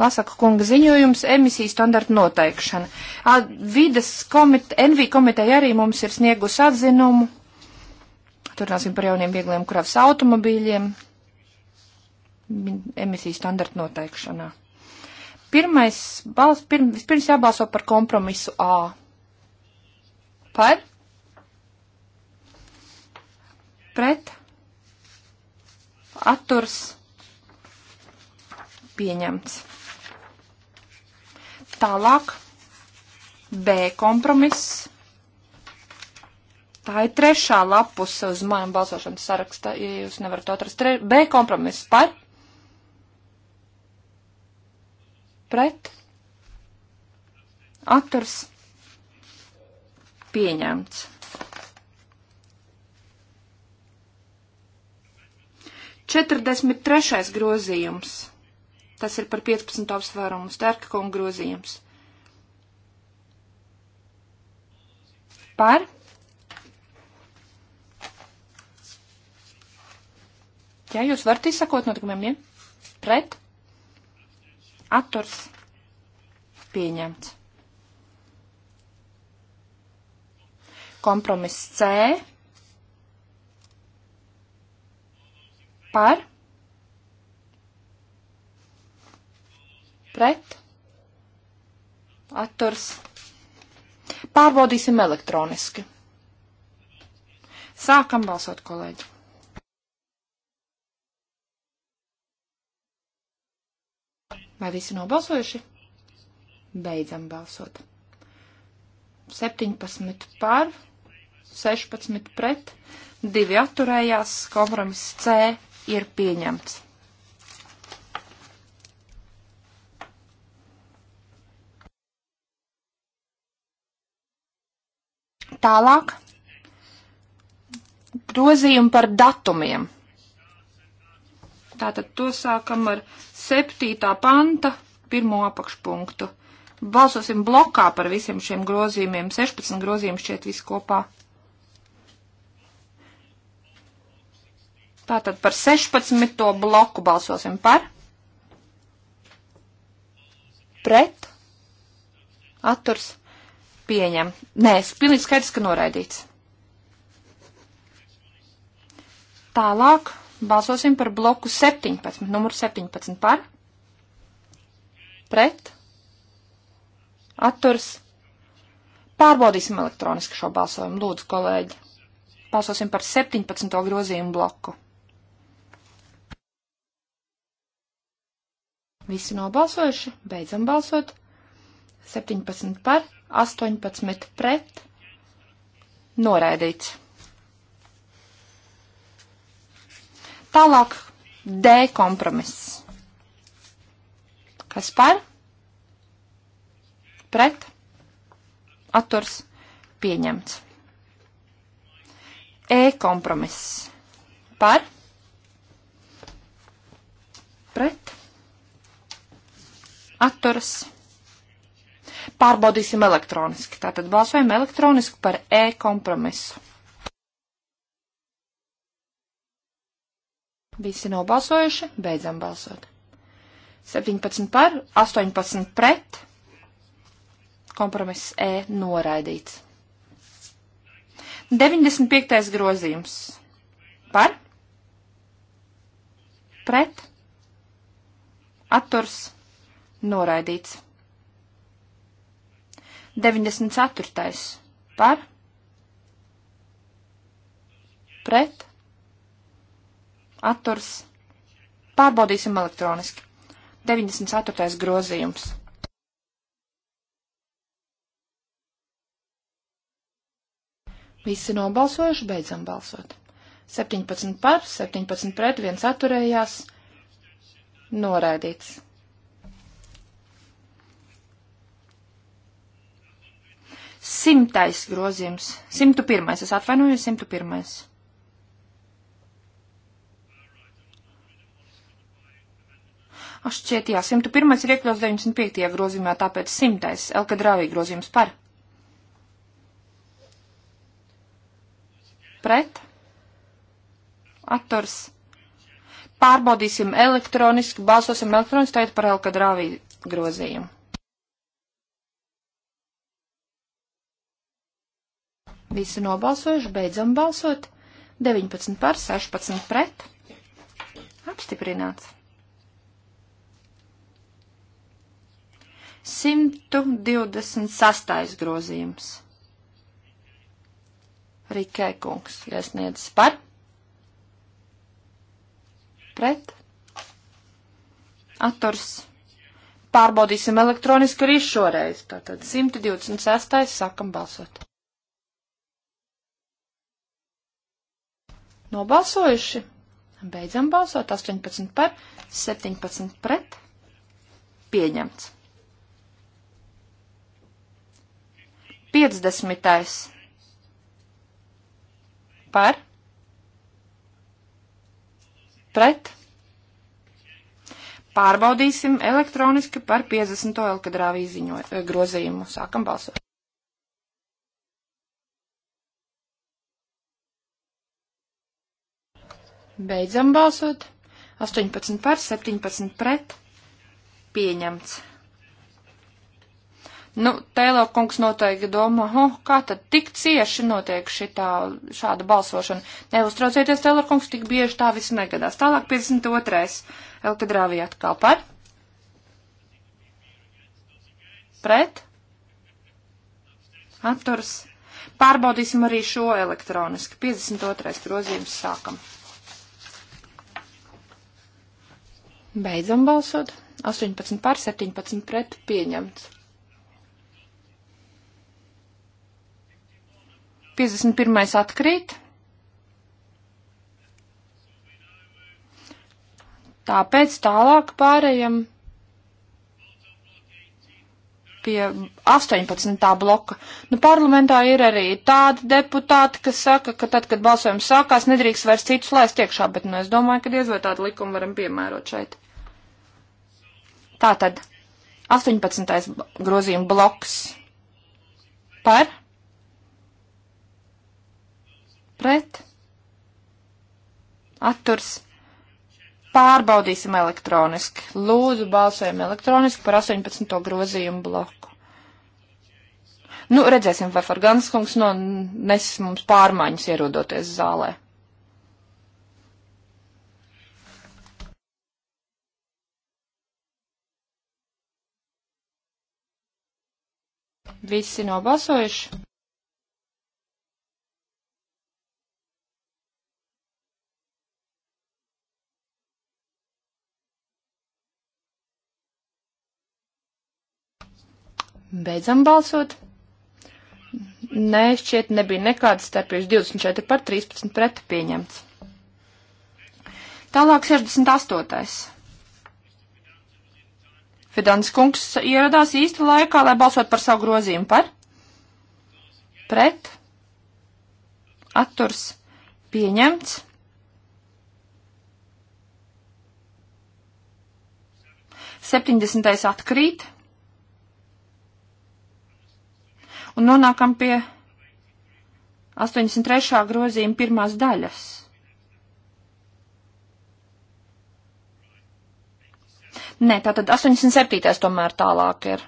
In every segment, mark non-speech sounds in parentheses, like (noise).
Lasaka kunga ziņojums emisiju standartu noteikšana. A, vides komite, NV komiteja arī mums ir sniegus atzinumu. Turpināsim par jauniem viegliem kravas automobīļiem emisiju standartu noteikšanā. Pirmais, bals, pirm, vispirms jābalso par kompromisu A. Par? Pret? Atturs? Pieņemts. Tālāk B kompromiss. Tā ir trešā lapus uz mājām balsošanas saraksta, ja jūs nevarat to atrast. Tre... B kompromiss par. Pret. Atturs. Pieņemts. Četrdesmit trešais grozījums. Tas ir par 15 apsvērumu stērka kunga grozījums. Par? Jā, jūs varat izsakot notikumiem, ja? Pret? Atturs? Pieņemts. Kompromiss C. Par? pret, atturs. Pārbaudīsim elektroniski. Sākam balsot, kolēģi. Vai visi nobalsojuši? Beidzam balsot. 17 par, 16 pret, 2 atturējās, kompromiss C ir pieņemts. Tālāk grozījumi par datumiem. Tātad to sākam ar 7. panta pirmo apakšpunktu. Balsosim blokā par visiem šiem grozījumiem. 16 grozījumi šķiet viss kopā. Tātad par 16. bloku balsosim par. Pret. Atturs pieņem. Nē, pilnīgi skaidrs, ka noraidīts. Tālāk balsosim par bloku 17, numuru 17 par, pret, atturs. Pārbaudīsim elektroniski šo balsojumu, lūdzu, kolēģi. Balsosim par 17. grozījumu bloku. Visi nobalsojuši, beidzam balsot. 17 par, 18 pret, noraidīts. Tālāk D kompromiss. Kas par? Pret. Atturs pieņemts. E kompromiss. Par. Pret. Atturs pieņemts Pārbaudīsim elektroniski. Tātad balsojam elektroniski par e-kompromisu. Visi nobalsojuši, beidzam balsot. 17 par, 18 pret, kompromiss E noraidīts. 95. grozījums. Par? Pret? Atturs? Noraidīts. 94. par pret atturs pārbaudīsim elektroniski. 94. grozījums. Visi nobalsojuši, beidzam balsot. 17 par, 17 pret, viens atturējās, noraidīts. Simtais grozījums. 101. Es atvainojos, 101. Aš šķiet, jā, 101. ir iekļauts 95. grozījumā, tāpēc 100. Elka drāvī grozījums par. Pret. Atturs. Pārbaudīsim elektroniski, balsosim elektroniski, tagad par Elka drāvī grozījumu. Visi nobalsojuši, beidzam balsot. 19 par, 16 pret. Apstiprināts. 126. grozījums. Rikē kungs iesniedz par, pret, atturs. Pārbaudīsim elektroniski arī šoreiz. Tātad 126. sākam balsot. Nobalsojuši. Beidzam balsot. 18 par, 17 pret. Pieņemts. 50. Par. Pret. Pārbaudīsim elektroniski par 50. elektrāvīziņu eh, grozījumu. Sākam balsot. Beidzam balsot. 18 par, 17 pret. Pieņemts. Nu, Tēlo kungs noteikti domā, oh, kā tad tik cieši notiek šitā, šāda balsošana. Neuztraucieties, Tēlo kungs, tik bieži tā viss negadās. Tālāk 52. Elkadrāvī atkal par. Pret. Atturs. Pārbaudīsim arī šo elektroniski. 52. grozījums sākam. Beidzam balsot. 18 pār 17 pret pieņemts. 51. atkrīt. Tāpēc tālāk pārējam pie 18. bloka. Nu, parlamentā ir arī tādi deputāti, kas saka, ka tad, kad balsojums sākās, nedrīkst vairs citus laist iekšā, bet, nu, es domāju, ka diez vai tādu likumu varam piemērot šeit. Tātad, 18. grozījuma bloks par, pret, atturs, Pārbaudīsim elektroniski. Lūdzu, balsojam elektroniski par 18. grozījumu bloku. Nu, redzēsim, vai Farganas kungs no nesis mums pārmaiņas ierodoties zālē. Visi nobalsojuši? Beidzam balsot. Nē, šķiet nebija nekādas starpības 24 par 13 pret pieņemts. Tālāk 68. Fidans kungs ieradās īsta laikā, lai balsot par savu grozījumu par pret atturs pieņemts. Septiņdesmitais atkrīt. Un nonākam pie 83. grozījuma pirmās daļas. Nē, tātad 87. tomēr tālāk ir.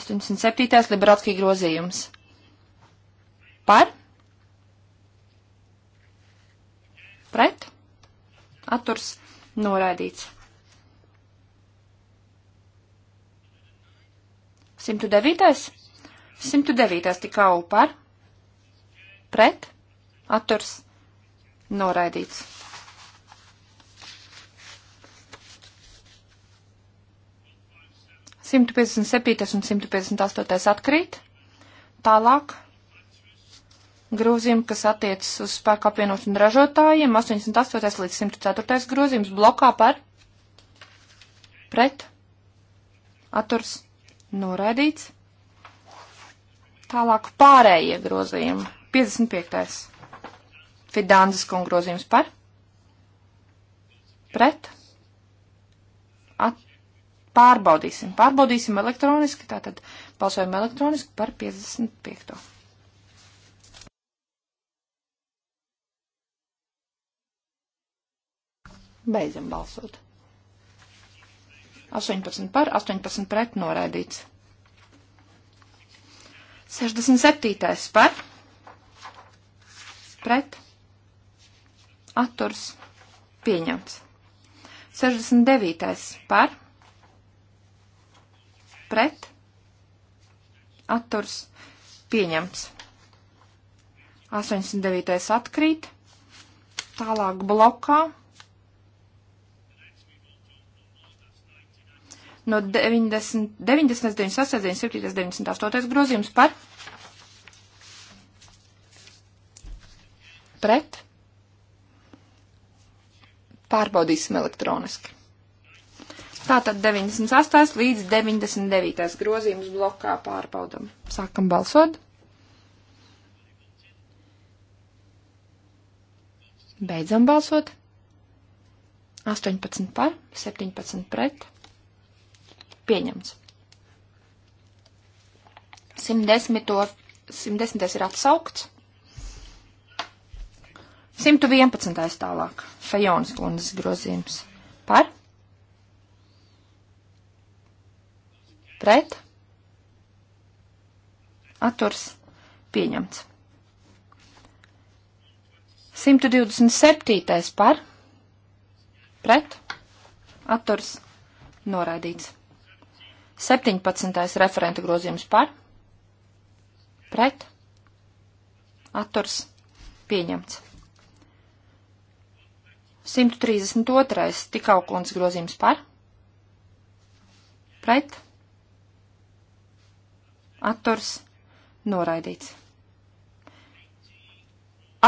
87. Liberatskī grozījums. Par? Pret? Atturs noraidīts. 109. 109. tikau par, pret, atturs, noraidīts. Simt piecdesmit septītais un simt piecdesmit astotais atkrīt. Tālāk grozījumi, kas attiecas uz spēku apvienošanu ražotājiem, 88. līdz 104. grozījums blokā par pret, atturs, noraidīts. Tālāk pārējie grozījumi. 55. Fidanzas kunga grozījums par? Pret? At, pārbaudīsim. Pārbaudīsim elektroniski, tātad balsojam elektroniski par 55. Beidzam balsot. 18 par, 18 pret noraidīts. 67. par pret atturs pieņemts. 69. par pret atturs pieņemts. 89. atkrīt. Tālāk blokā no 90, 90 98, 97, 98 grozījums par pret. Pārbaudīsim elektroniski. Tātad 98 līdz 99 grozījums blokā pārbaudam. Sākam balsot. Beidzam balsot. 18 par, 17 pret. Pieņemts. 110. 110. ir atsaukts. 111. tālāk. Fajonas kundzes grozījums. Par? Pret? Atturs? Pieņemts. 127. par? Pret? Atturs? Noraidīts. 17. referenta grozījums par, pret, atturs, pieņemts. 132. tikauklons grozījums par, pret, atturs, noraidīts.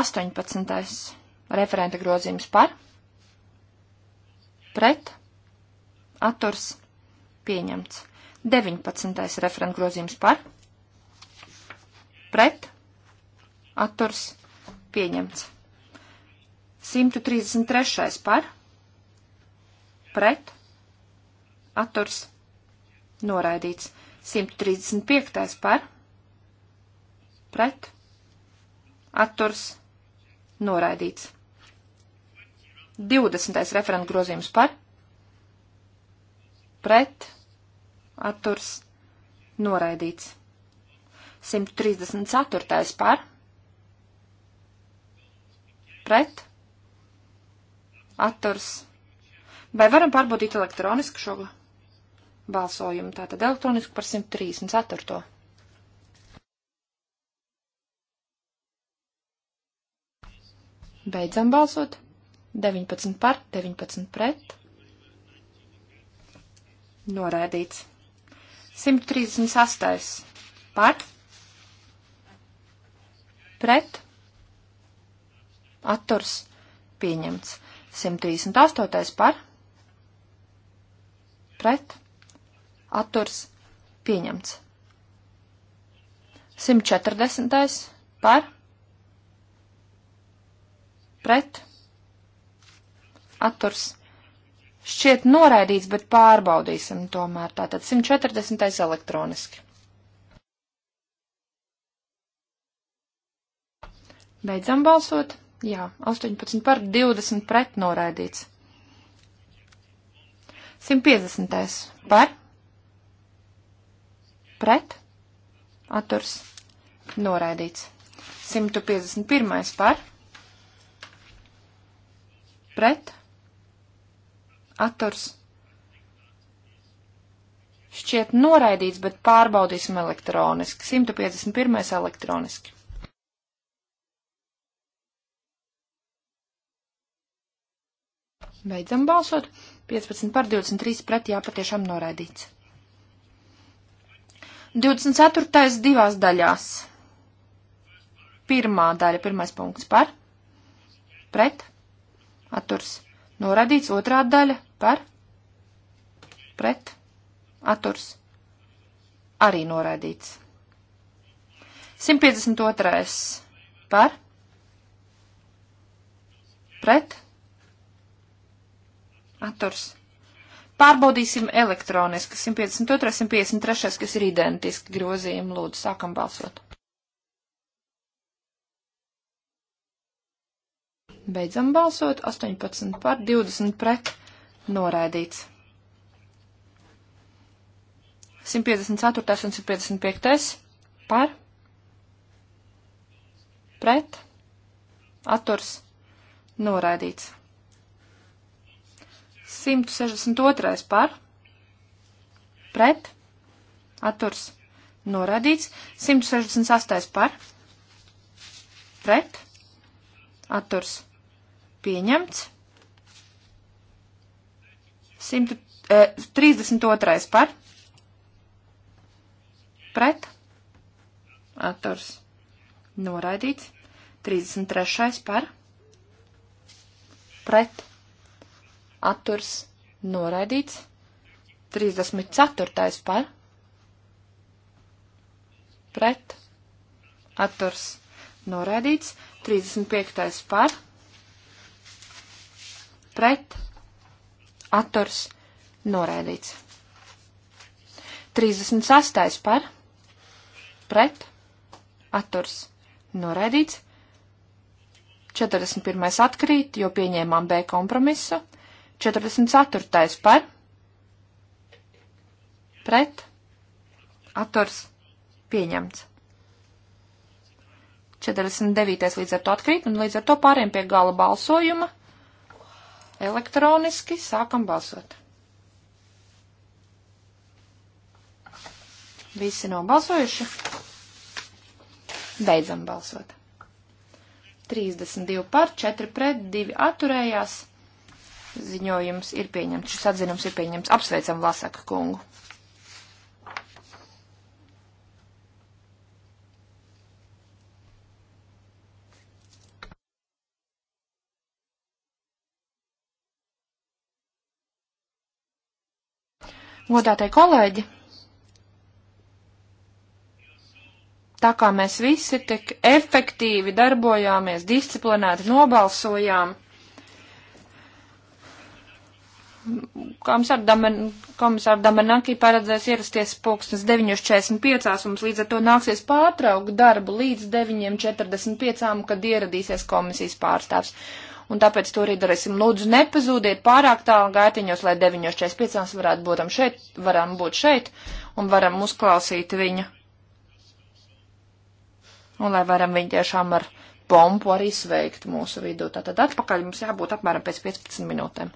18. referenta grozījums par, pret, atturs, pieņemts. 19. referenta grozījums par, pret, atturs, pieņemts. 133. par, pret, atturs, noraidīts. 135. par, pret, atturs, noraidīts. 20. referenta grozījums par, pret, atturs, noraidīts atturs noraidīts. 134. par pret atturs. Vai varam pārbaudīt elektronisku šo balsojumu? Tātad elektronisku par 134. Beidzam balsot. 19 par, 19 pret. Noraidīts. 138. Par? Pret? Atturs pieņemts. 138. Par? Pret? Atturs pieņemts. 140. Par? Pret? Atturs pieņemts Šķiet noraidīts, bet pārbaudīsim tomēr. Tātad 140. elektroniski. Beidzam balsot. Jā, 18 par 20 pret noraidīts. 150. par pret atturs noraidīts. 151. par pret atturs. Šķiet noraidīts, bet pārbaudīsim elektroniski. 151. elektroniski. Beidzam balsot. 15 par 23 pret jā, patiešām noraidīts. 24. divās daļās. Pirmā daļa, pirmais punkts par, pret, atturs Noradīts otrā daļa par pret aturs. Arī noraidīts. 152. par pret aturs. Pārbaudīsim elektroniski 152, 153, kas ir identiski grozījumi. Lūdzu, sākam balsot. Beidzam balsot. 18 par 20 pret. Noraidīts. 154. un 155. par. Pret. Atturs. Noraidīts. 162. par. Pret. Atturs. Noraidīts. 168. par. Pret. Atturs Pieņemts. 100, eh, 32. par. Pret. Atturs. Noraidīts. 33. par. Pret. Atturs. Noraidīts. 34. par. Pret. Atturs. Noraidīts. 35. par pret, atturs, noraidīts. 36. par, pret, atturs, noraidīts. 41. atkrīt, jo pieņēmām B kompromisu. 44. par, pret, atturs, pieņemts. 49. līdz ar to atkrīt, un līdz ar to pāriem pie gala balsojuma Elektroniski sākam balsot. Visi nobalsojuši. Beidzam balsot. 32 par, 4 pret, 2 atturējās. Ziņojums ir pieņemts, šis atzinums ir pieņemts. Apsveicam Lasaka kungu. godātai kolēģi, tā kā mēs visi tik efektīvi darbojāmies, disciplinēti nobalsojām, komisāra Damen, Damenaki paredzēs ierasties pulkstens 9.45, mums līdz ar to nāksies pārtraukt darbu līdz 9.45, kad ieradīsies komisijas pārstāvs un tāpēc to arī darīsim. Lūdzu, nepazūdiet pārāk tālu gaitiņos, lai 9.45 varētu būt šeit, varam būt šeit un varam uzklausīt viņu. Un lai varam viņu tiešām ar pompu arī sveikt mūsu vidū. Tātad atpakaļ mums jābūt apmēram pēc 15 minūtēm.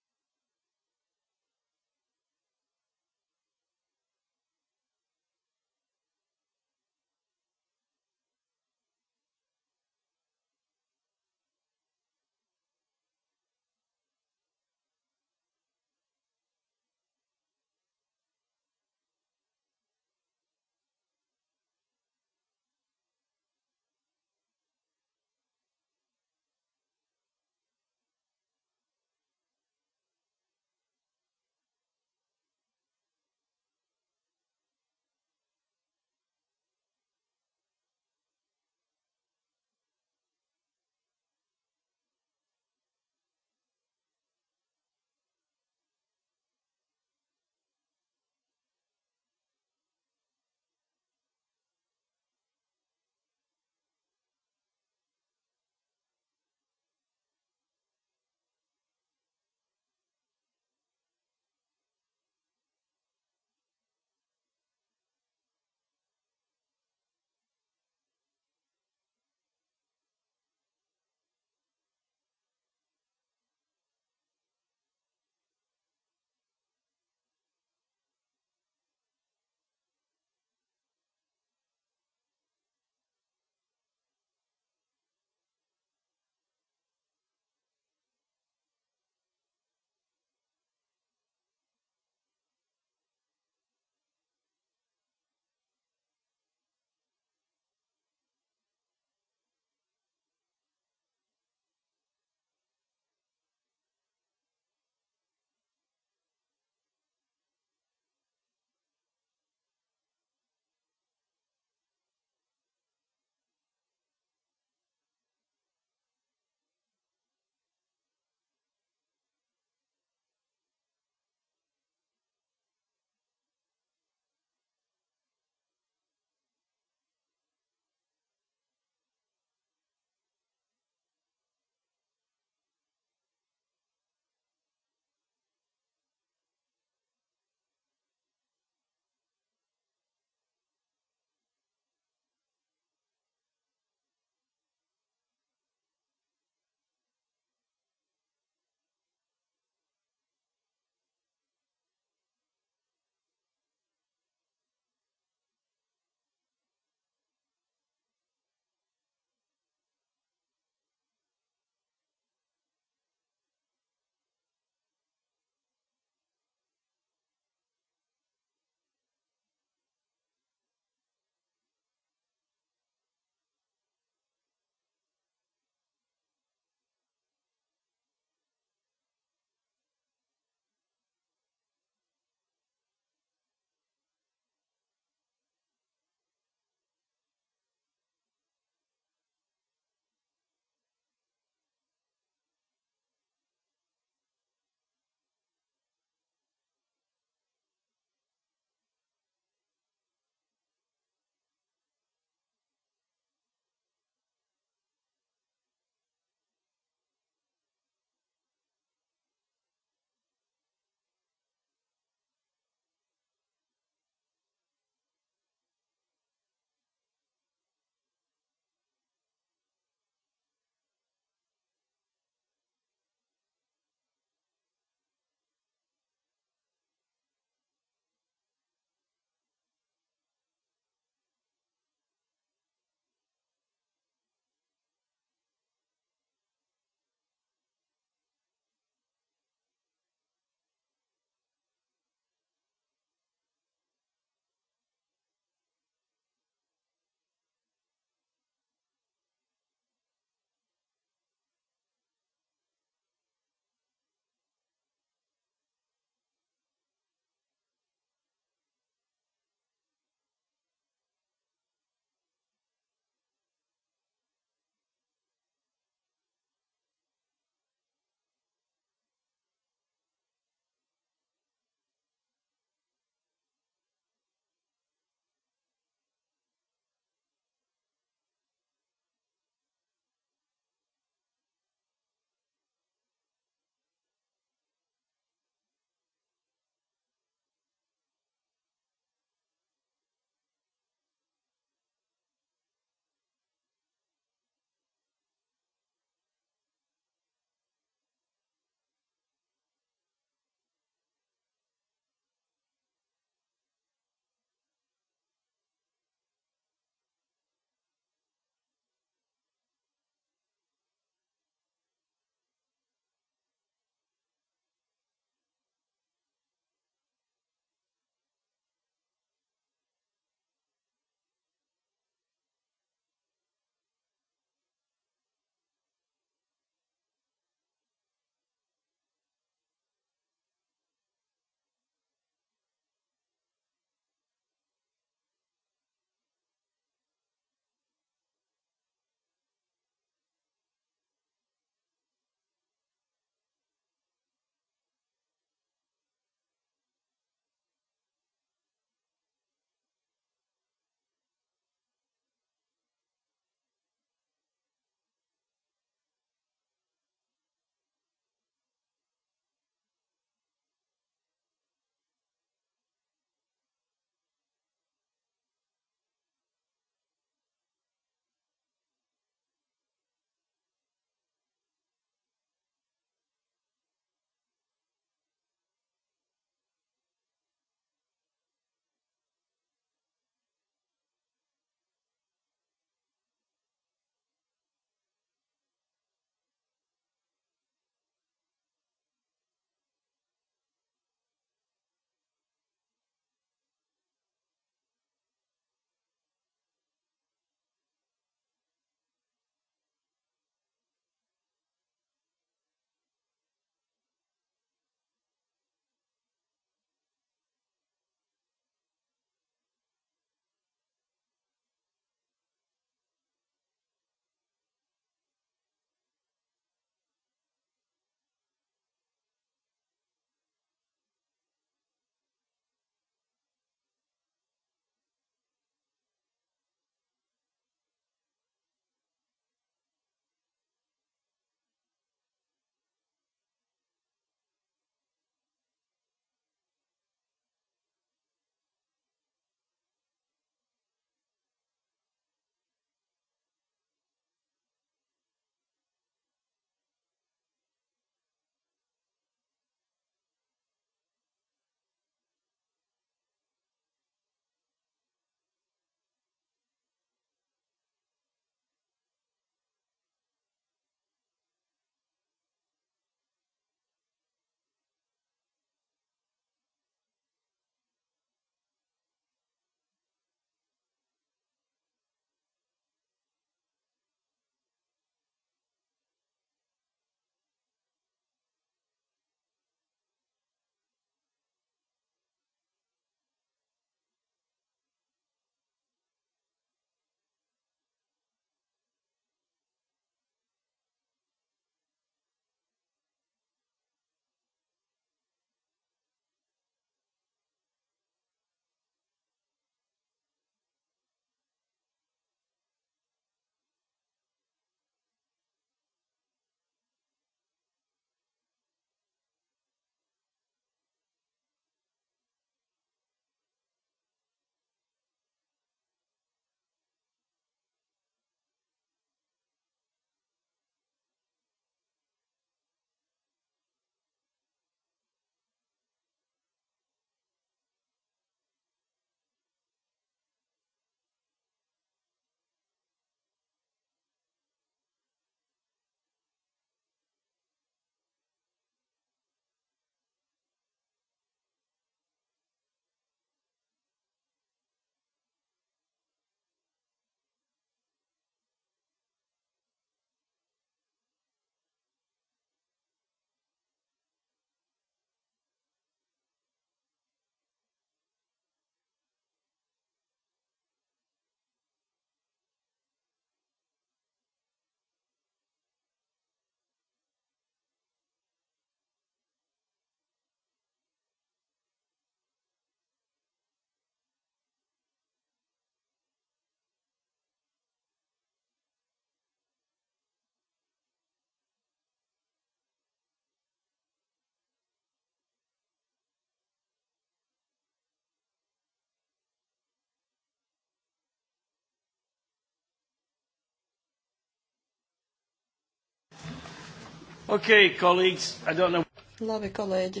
Okay, colleagues, I don't know. Labi, kolēģi.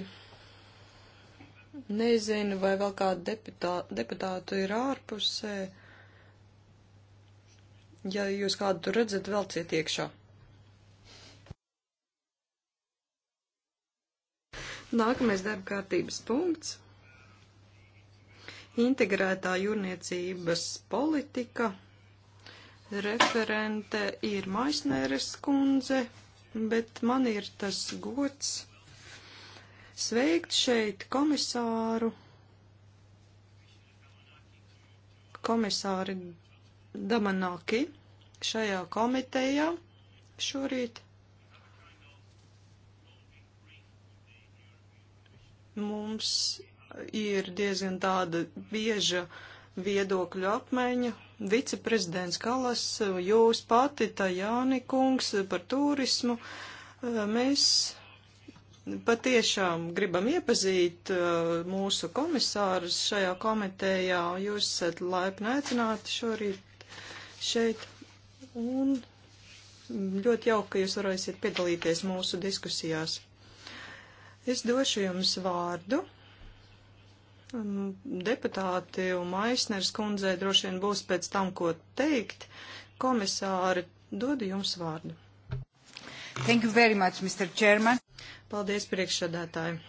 Nezinu, vai vēl kādu deputā, deputātu ir ārpusē. Ja jūs kādu tur redzat, velciet iekšā. Nākamais darba kārtības punkts. Integrētā jūrniecības politika. Referente ir Maisnēres kundze bet man ir tas gods sveikt šeit komisāru, komisāri Damanaki šajā komitejā šorīt. Mums ir diezgan tāda bieža viedokļu apmaiņa viceprezidents Kalas, jūs pati, tā Jānikungs, par turismu. Eh, mēs patiešām gribam iepazīt eh, mūsu komisārus šajā komitejā. Jūs esat laipni aicināti šorīt šeit. Un ļoti jauki, ka jūs varēsiet piedalīties mūsu diskusijās. Es došu jums vārdu Nu, deputāti un Maisners kundzei droši vien būs pēc tam, ko teikt. Komisāri, dodu jums vārdu. Thank you very much, Mr. Chairman. Paldies, priekšsēdētāji.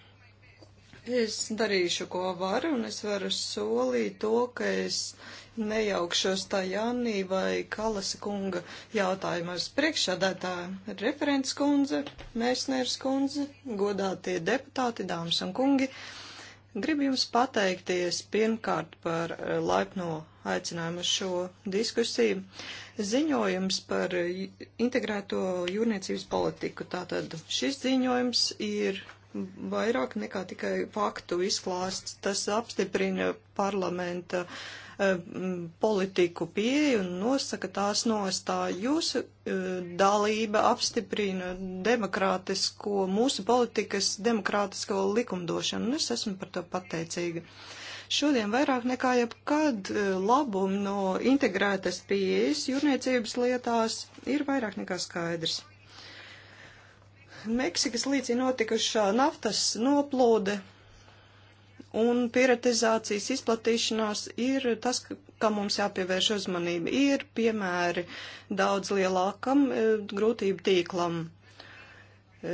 Es darīšu, ko varu, un es varu solīt to, ka es nejaukšos tā Jānī vai Kalasa kunga jautājumos priekšsādātāja referents kundze, mēsnērs kundze, godātie deputāti, dāmas un kungi. Uh, Gribu jums pateikties pirmkārt par eh, laipno aicinājumu uz šo diskusiju. Ziņojums par integrēto jūrniecības politiku. Tātad šis ziņojums ir vairāk nekā tikai faktu izklāsts. Tas apstiprina parlamenta uh, politiku pieeja un nosaka tās nostāju. Jūsu e, dalība apstiprina demokrātisko, mūsu politikas demokrātisko likumdošanu, un es esmu par to pateicīga. Šodien vairāk nekā jebkad e, labumu no integrētas pieejas jūrniecības lietās ir vairāk nekā skaidrs. Meksikas līcī notikušā naftas noplūde un piratizācijas izplatīšanās ir tas, kam mums jāpievērš uzmanība. Ir piemēri daudz lielākam e, grūtību tīklam. E,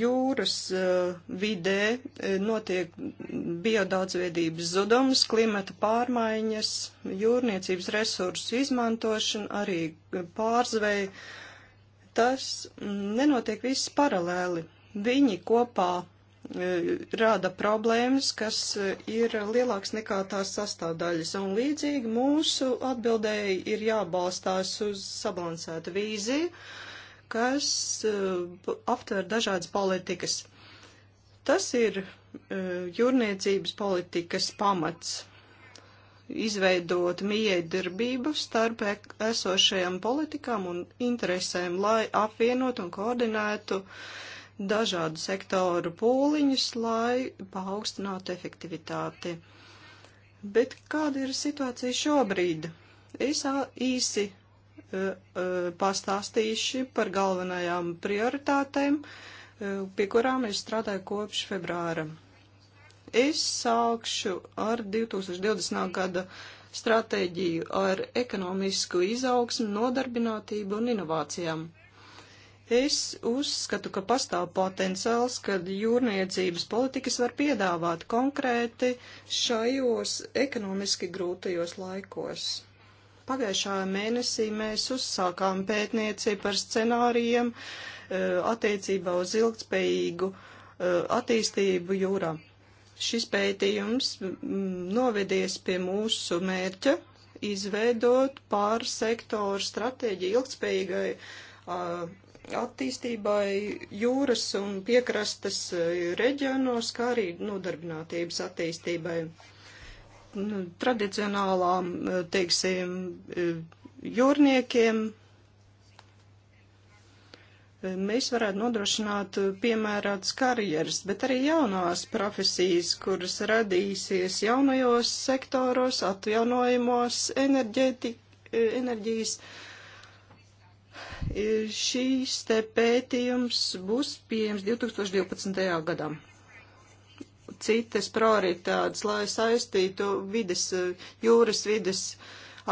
jūras e, vidē e, notiek biodaudzveidības zudums, klimata pārmaiņas, jūrniecības resursu izmantošana, arī pārzveja. Tas nenotiek viss paralēli. Viņi kopā E, rada problēmas, kas e, ir lielāks nekā tās sastāvdaļas. Un līdzīgi mūsu atbildēji ir jābalstās uz sabalansētu vīziju, kas e, aptver dažādas politikas. Tas ir jūrniecības politikas pamats izveidot miedarbību starp esošajām politikām un interesēm, lai apvienot un koordinētu uh, dažādu sektoru pūliņus, lai paaugstinātu efektivitāti. Bet kāda ir situācija šobrīd? Es īsi pastāstīšu par galvenajām prioritātēm, pie kurām es strādāju kopš februāra. Es sākšu ar 2020. gada stratēģiju ar ekonomisku izaugsmu, nodarbinātību un inovācijām. Es uzskatu, ka pastāv potenciāls, kad jūrniecības politikas var piedāvāt konkrēti šajos ekonomiski grūtajos laikos. Pagājušā mēnesī mēs uzsākām pētniecību par scenārijiem eh, attiecībā uz ilgtspējīgu eh, attīstību jūrā. Šis pētījums mm, novedies pie mūsu mērķa izveidot pārsektoru stratēģiju ilgtspējīgai eh, attīstībai jūras un piekrastes eh, reģionos, kā arī nodarbinātības attīstībai. Nu, tradicionālām, eh, teiksim, eh, jūrniekiem mēs varētu nodrošināt piemērotas karjeras, bet arī jaunās profesijas, kuras radīsies jaunajos sektoros, atjaunojumos enerģēti, enerģijas. enerģijas šīs te pētījums būs pieejams 2012. gadā. Citas prioritātes, lai saistītu vides, jūras vides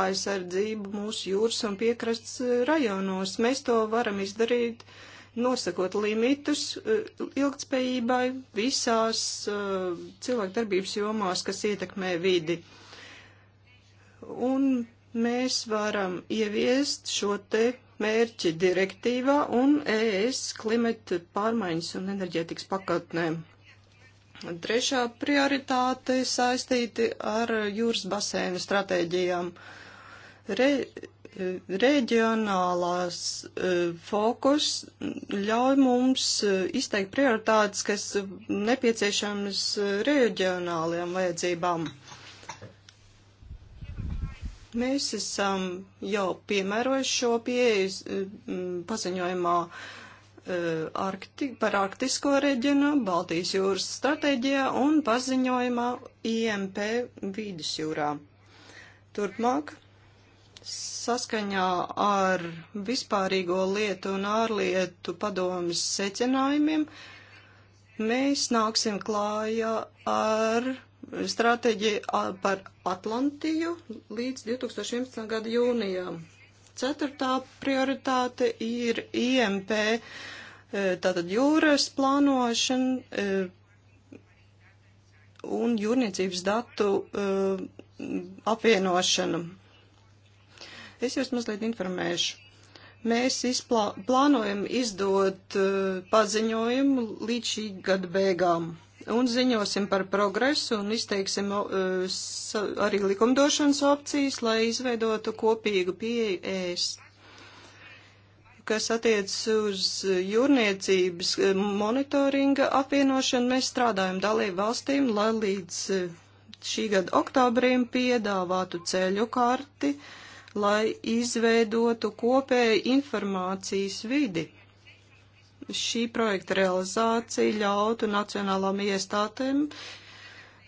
aizsardzību mūsu jūras un piekrasts rajonos. Mēs to varam izdarīt, nosakot limitus uh, ilgtspējībai visās uh, cilvēkdarbības jomās, kas ietekmē vidi. Un mēs varam ieviest šo te mērķi direktīvā un ES klimata pārmaiņas un enerģētikas pakotnēm. Trešā prioritāte saistīti ar jūras basēnu stratēģijām. Re, reģionālās e, fokus ļauj mums e, izteikt prioritātes, kas nepieciešamas reģionālajām vajadzībām Mēs esam jau piemērojuši šo pieeju eh, paziņojumā eh, arkti, par arktisko reģionu, Baltijas jūras stratēģijā un paziņojumā IMP vidusjūrā. Turpmāk, saskaņā ar vispārīgo lietu un ārlietu padomas secinājumiem, mēs nāksim klājā ar stratēģija par Atlantiju līdz 2011. gada jūnijam. Ceturtā prioritāte ir IMP, e, tātad jūras plānošana e, un jūrniecības datu e, apvienošana. Es jūs mazliet informēšu. Mēs izplā, plānojam izdot paziņojumu līdz šī gada beigām un ziņosim par progresu un izteiksim e, arī likumdošanas opcijas, lai izveidotu kopīgu pieeju ēs kas attiecas uz jūrniecības e, monitoringa apvienošanu, mēs strādājam dalību valstīm, lai līdz e, šī gada oktobrim piedāvātu ceļu karti, lai izveidotu kopēju informācijas vidi šī projekta realizācija ļautu nacionālām iestātēm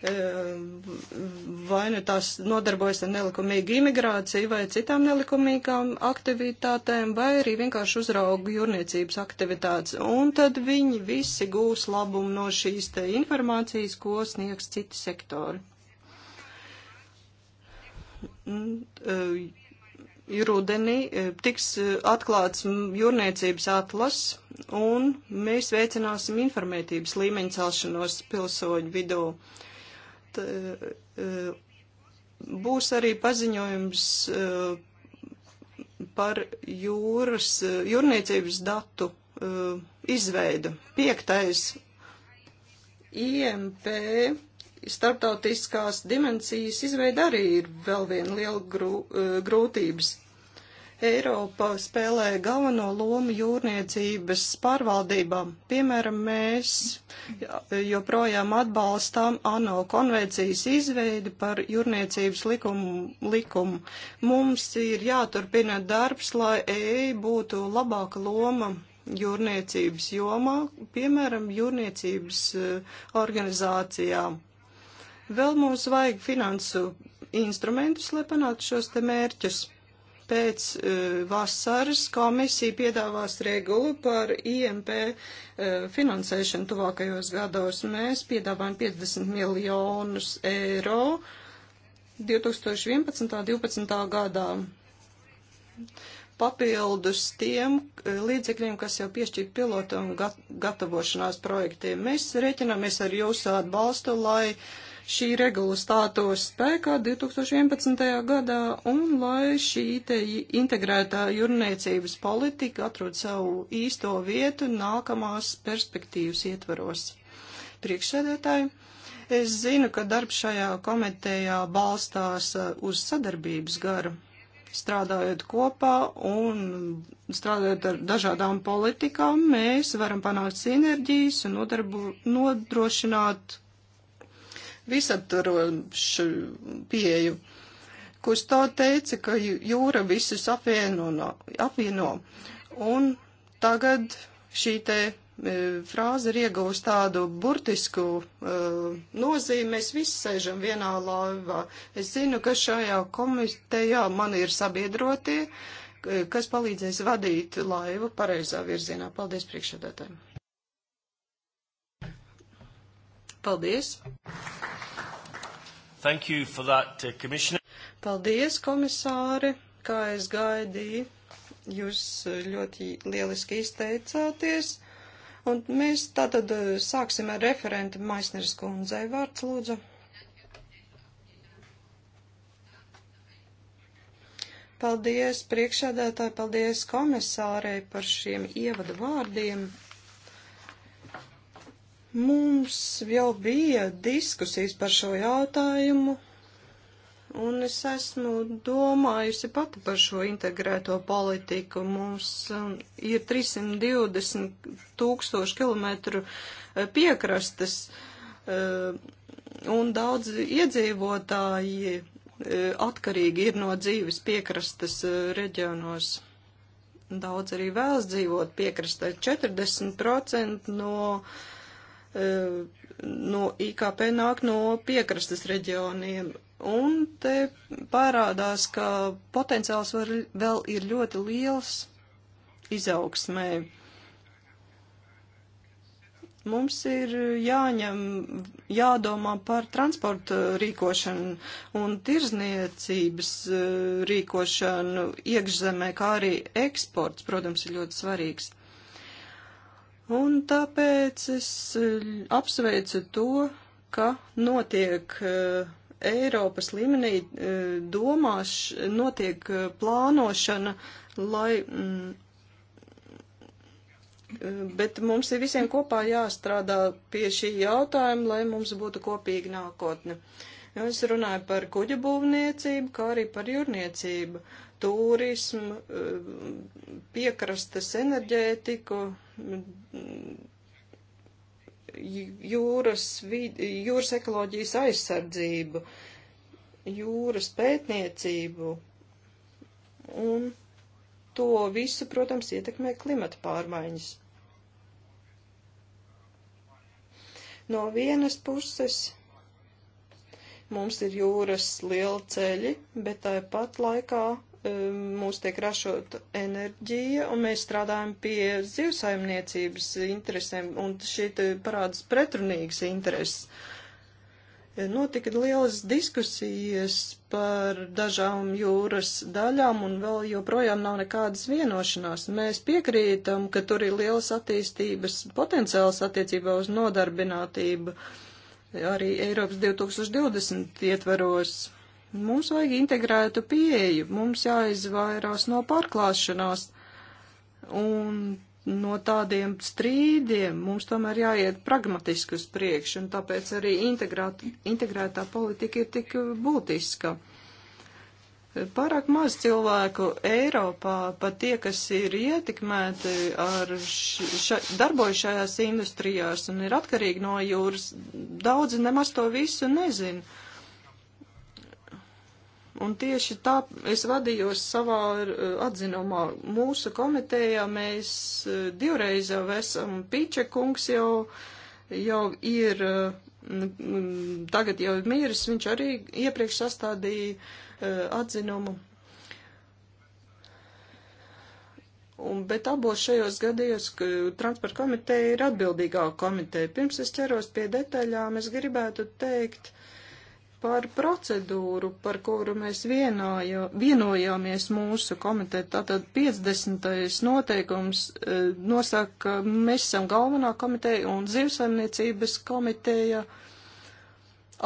eh, vai nu tās nodarbojas ar nelikumīgu imigrāciju vai citām nelikumīgām aktivitātēm, vai arī vienkārši uzraugu jūrniecības aktivitātes. Un tad viņi visi gūs labumu no šīs te informācijas, ko sniegs citi sektori. Un, eh, rudenī e, tiks e, atklāts jūrniecības atlas, un mēs veicināsim informētības līmeņa celšanos pilsoņu vidū. Tā, e, būs arī paziņojums par jūras, jūrniecības datu izveidu. Piektais IMP starptautiskās dimensijas izveida arī ir vēl viena liela grū, e, grūtības. Eiropa spēlē galveno lomu jūrniecības pārvaldībā. Piemēram, mēs joprojām atbalstām ANO konvencijas izveidi par jūrniecības likumu. likumu. Mums ir jāturpina darbs, lai EI būtu labāka loma jūrniecības jomā, piemēram, jūrniecības e, organizācijām Vēl mums vajag finansu instrumentus, lai panāktu šos te mērķus. Pēc uh, vasaras komisija piedāvās regulu par IMP uh, e, finansēšanu tuvākajos gados. Mēs piedāvājam 50 miljonus eiro 2011. un 2012. gadā papildus tiem e, līdzekļiem, kas jau piešķir pilotam gat gatavošanās projektiem. Mēs rēķināmies ar jūsu atbalstu, lai uh, šī regula stātos spēkā 2011. gadā un lai šī te integrētā jūrniecības politika atrod savu īsto vietu nākamās perspektīvas ietvaros. Priekšsēdētāji, es zinu, ka darbs šajā komitejā balstās uh, uz sadarbības garu strādājot kopā un strādājot ar dažādām politikām, mēs varam panākt sinerģijas un nodarbu, nodrošināt visaptvarošu pieju, kurš tā teica, ka jūra visus apvieno, apvieno. Un tagad šī te e, frāze ir iegūst tādu burtisku uh, nozīmi, mēs visi sēžam vienā laivā. Es zinu, ka šajā komitejā man ir sabiedrotie, e, kas palīdzēs vadīt laivu pareizā virzienā. Paldies priekšsēdētājiem! Paldies! Thank you for that, uh, Paldies, komisāri, kā es gaidīju. Jūs uh, ļoti lieliski izteicāties. Un mēs tātad uh, sāksim ar referenti Maisneres kundzei vārds, lūdzu. Paldies priekšādētāji, paldies komisārei par šiem ievadu vārdiem. Mums jau bija diskusijas par šo jautājumu, un es esmu domājusi pati par šo integrēto politiku. Mums um, ir 320 tūkstoši kilometru uh, piekrastes, uh, un daudz iedzīvotāji uh, atkarīgi ir no dzīves piekrastes reģionos. Daudz arī vēlas dzīvot piekrastē. 40% no uh, Eh, no IKP nāk no piekrastes reģioniem, un te parādās, ka potenciāls var, vēl ir ļoti liels izaugsmē. Mums ir jāņem, jādomā par transporta rīkošanu un tirzniecības eh, rīkošanu iekšzemē, kā arī eksports, protams, ir ļoti svarīgs. Un tāpēc es eh, apsveicu to, ka notiek eh, Eiropas līmenī eh, domāš, notiek plānošana, lai. Mm, bet mums ir visiem kopā jāstrādā pie šī jautājuma, lai mums būtu kopīga nākotne. Es runāju par kuģa būvniecību, kā arī par jūrniecību turismu, piekrastes enerģētiku, jūras, vid, jūras ekoloģijas aizsardzību, jūras pētniecību un to visu, protams, ietekmē klimata pārmaiņas. No vienas puses mums ir jūras liela ceļi, bet tāpat laikā mums tiek rašot enerģija, un mēs strādājam pie zivsaimniecības interesēm, un šeit parādas pretrunīgas intereses. Notika lielas diskusijas par dažām jūras daļām, un vēl joprojām nav nekādas vienošanās. Mēs piekrītam, ka tur ir lielas attīstības potenciāls attiecībā uz nodarbinātību arī Eiropas 2020 ietveros Mums vajag integrētu pieeju, mums jāizvairās no pārklāšanās un no tādiem strīdiem. Mums tomēr jāiet pragmatiski uz priekšu, un tāpēc arī integrēt, integrētā politika ir tik būtiska. Pārāk maz cilvēku Eiropā, pat tie, kas ir ietekmēti ar ša, darbojušajās industrijās un ir atkarīgi no jūras, daudzi nemaz to visu nezina Un tieši tā es vadījos savā eh, atzinumā. Mūsu komitejā mēs eh, divreiz jau esam, Pīče kungs jau, jau ir, eh, tagad jau ir miris, viņš arī iepriekš sastādīja atzinumu. Un, bet abos šajos gadījos transporta komiteja ir atbildīgā komiteja. Pirms es ķeros pie detaļām, es gribētu teikt, uh, par procedūru, par kuru mēs vienāja, vienojāmies mūsu komitē. Tātad 50. noteikums e, nosaka, ka mēs esam galvenā komiteja un zivsaimniecības komiteja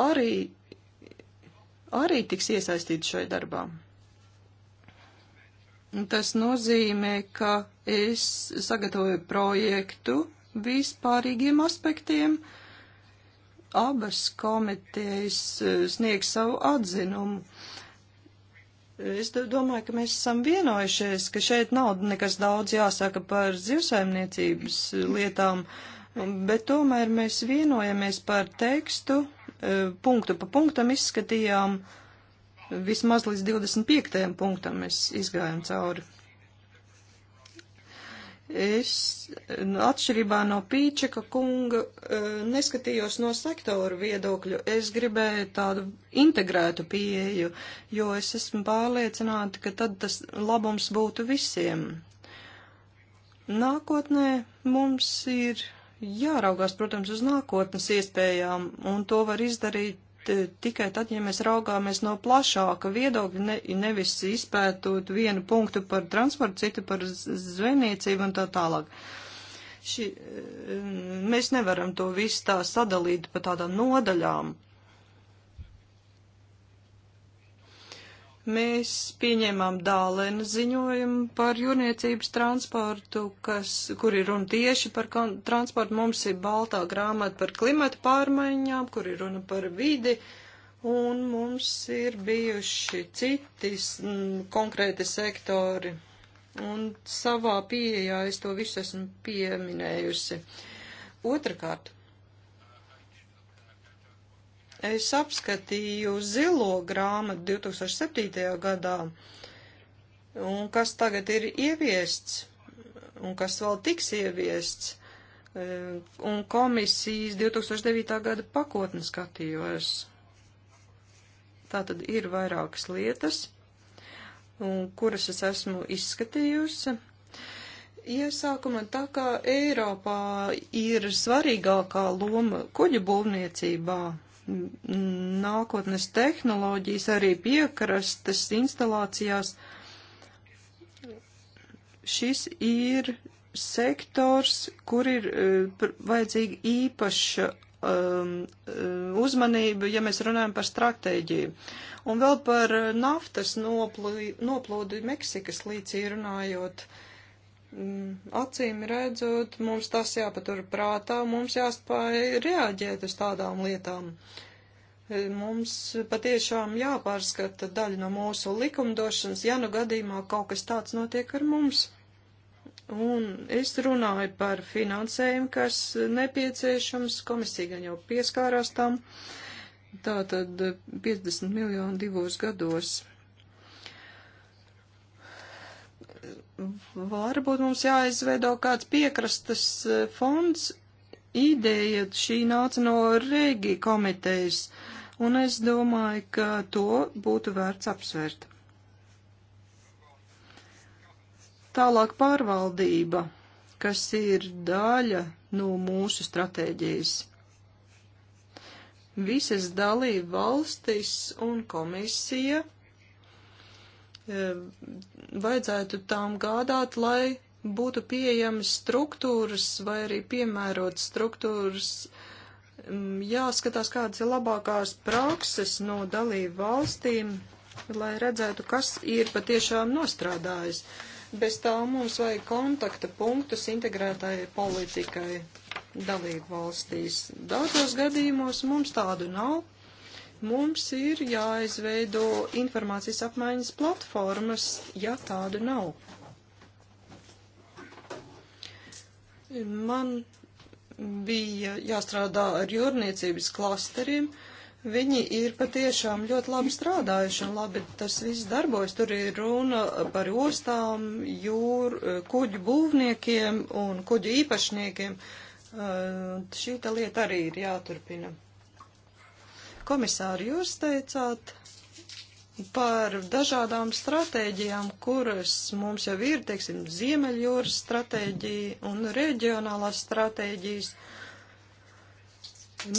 arī, arī tiks iesaistīta šai darbā. Tas nozīmē, ka es sagatavoju projektu vispārīgiem aspektiem. Uh, abas komitejas e, sniegs savu atzinumu. E, es domāju, ka mēs esam vienojušies, ka šeit nav nekas daudz jāsaka par zivsaimniecības lietām, bet tomēr mēs vienojamies par tekstu, e, punktu pa punktam izskatījām, vismaz līdz 25. punktam mēs izgājām cauri. Es nu, atšķirībā no Pīčeka kunga e, neskatījos no sektoru viedokļu. Es gribēju tādu integrētu pieeju, jo es esmu pārliecināta, ka tad tas labums būtu visiem. Nākotnē mums ir jāraugās, protams, uz nākotnes iespējām, un to var izdarīt Eh, tikai tad, ja mēs raugāmies no plašāka viedokļa, ne, nevis izpētot vienu punktu par transportu, citu par zvejniecību un tā tālāk. Ši, eh, mēs nevaram to visu tā sadalīt pa tādām nodaļām. Mēs pieņēmām dālēnu ziņojumu par jūrniecības transportu, kas, kur ir runa tieši par transportu. Mums ir baltā grāmata par klimatu pārmaiņām, kur ir runa par vidi, un mums ir bijuši citi konkrēti sektori. Un savā pieejā es to visu esmu pieminējusi. Otrakārt, Es apskatīju zilo grāmatu 2007. gadā, un kas tagad ir ieviests, un kas vēl tiks ieviests, e, un komisijas 2009. gada pakotni skatījos. Tā tad ir vairākas lietas, un kuras es esmu izskatījusi. Iesākumā tā kā Eiropā ir svarīgākā loma kuģu būvniecībā nākotnes tehnoloģijas arī piekrastes instalācijās. Šis ir sektors, kur ir e, vajadzīga īpaša um, e, uzmanība, ja mēs runājam par stratēģiju. Un vēl par naftas noplūdi Meksikas līcī runājot. Uh, Mm, acīm redzot, mums tas jāpatur prātā, mums jāspēj reaģēt uz tādām lietām. E, mums patiešām jāpārskata daļa no mūsu likumdošanas, ja nu gadījumā kaut kas tāds notiek ar mums. Un es runāju par finansējumu, kas nepieciešams, komisija gan jau pieskārās tam, tātad 50 e, miljonu divos gados. varbūt mums jāizveido kāds piekrastas e, fonds. Ideja šī nāca no Rēgi komitejas, un es domāju, ka to būtu vērts apsvērt. Tālāk pārvaldība, kas ir daļa no mūsu stratēģijas. Visas dalība valstis un komisija Ehm, vajadzētu tām gādāt, lai būtu pieejamas struktūras vai arī piemērot struktūras. Ehm, jāskatās, kādas ir labākās prakses no dalību valstīm, lai redzētu, kas ir patiešām nostrādājis. Bez tā mums vajag kontakta punktus integrētai politikai dalību valstīs. Daudzos gadījumos mums tādu nav Mums ir jāizveido informācijas apmaiņas platformas, ja tādu nav. Man bija jāstrādā ar jūrniecības klasteriem. Viņi ir patiešām ļoti labi strādājuši un labi tas viss darbojas. Tur ir runa par ostām, jūr, kuģu būvniekiem un kuģu īpašniekiem. Uh, šī lieta arī ir jāturpina. Komisāri, jūs teicāt par dažādām stratēģijām, kuras mums jau ir, teiksim, Ziemeļjūras stratēģija un reģionālās stratēģijas.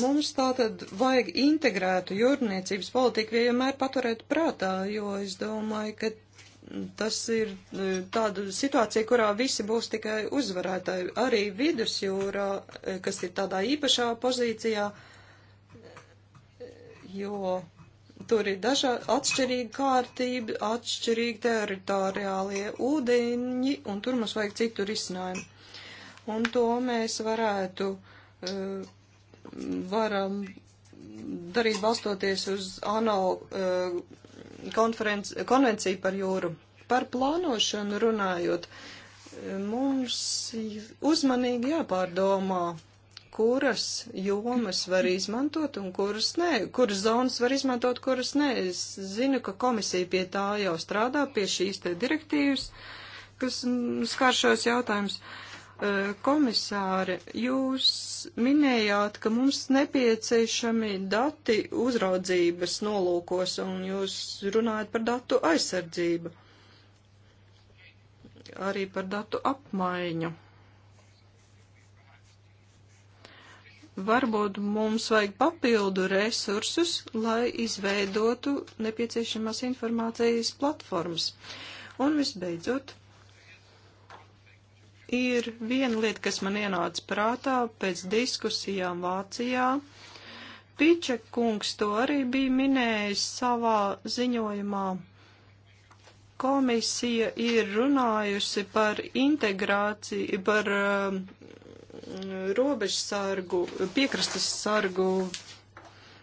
Mums tātad vajag integrētu jūrniecības politiku vienmēr paturēt prātā, jo es domāju, ka tas ir e, tāda situācija, kurā visi būs tikai uzvarētāji. Arī vidusjūrā, e, kas ir tādā īpašā pozīcijā, uh, jo tur ir dažādi atšķirīga kārtība, atšķirīgi teritoriālie ūdeņi, un tur mums vajag citu risinājumu. Un to mēs varētu, eh, varam darīt balstoties uz ANO eh, konvenciju par jūru. Par plānošanu runājot, eh, mums uzmanīgi jāpārdomā kuras jomas var izmantot un kuras nē, kuras zonas var izmantot, kuras nē. Es zinu, ka komisija pie tā jau strādā, pie šīs te direktīvas, kas mm, skar šos jautājumus. Komisāri, jūs minējāt, ka mums nepieciešami dati uzraudzības nolūkos, un jūs runājat par datu aizsardzību, arī par datu apmaiņu. Varbūt mums vajag papildu resursus, lai izveidotu nepieciešamās informācijas platformas. Un visbeidzot, ir viena lieta, kas man ienāca prātā pēc diskusijām Vācijā. Piča kungs to arī bija minējis savā ziņojumā. Komisija ir runājusi par integrāciju, par um, robežsargu, piekrastes sargu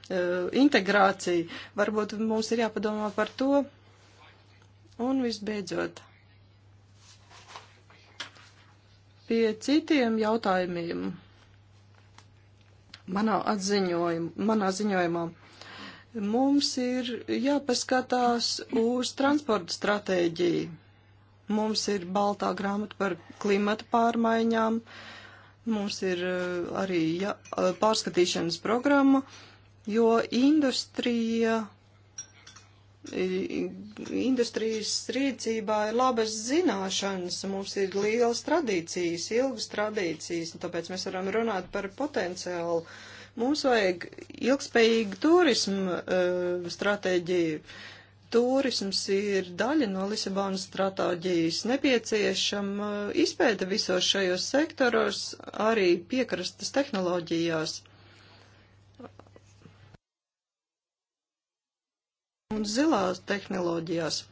e, integrāciju. Varbūt mums ir jāpadomā par to. Un visbeidzot, pie citiem jautājumiem manā atziņojumā, manā ziņojumā mums ir jāpaskatās uz transporta stratēģiju. Mums ir baltā grāmata par klimata pārmaiņām. Uh, Mums ir eh, arī ja, eh, pārskatīšanas programma, jo industrija, industrijas rīcībā ir labas zināšanas, mums ir lielas tradīcijas, ilgas tradīcijas, un tāpēc mēs varam runāt par potenciālu. Mums vajag ilgspējīgu turismu eh, stratēģiju turisms ir daļa no Lisabonas stratēģijas. Nepieciešama izpēta visos šajos sektoros, arī piekrastes tehnoloģijās. Un zilās tehnoloģijās.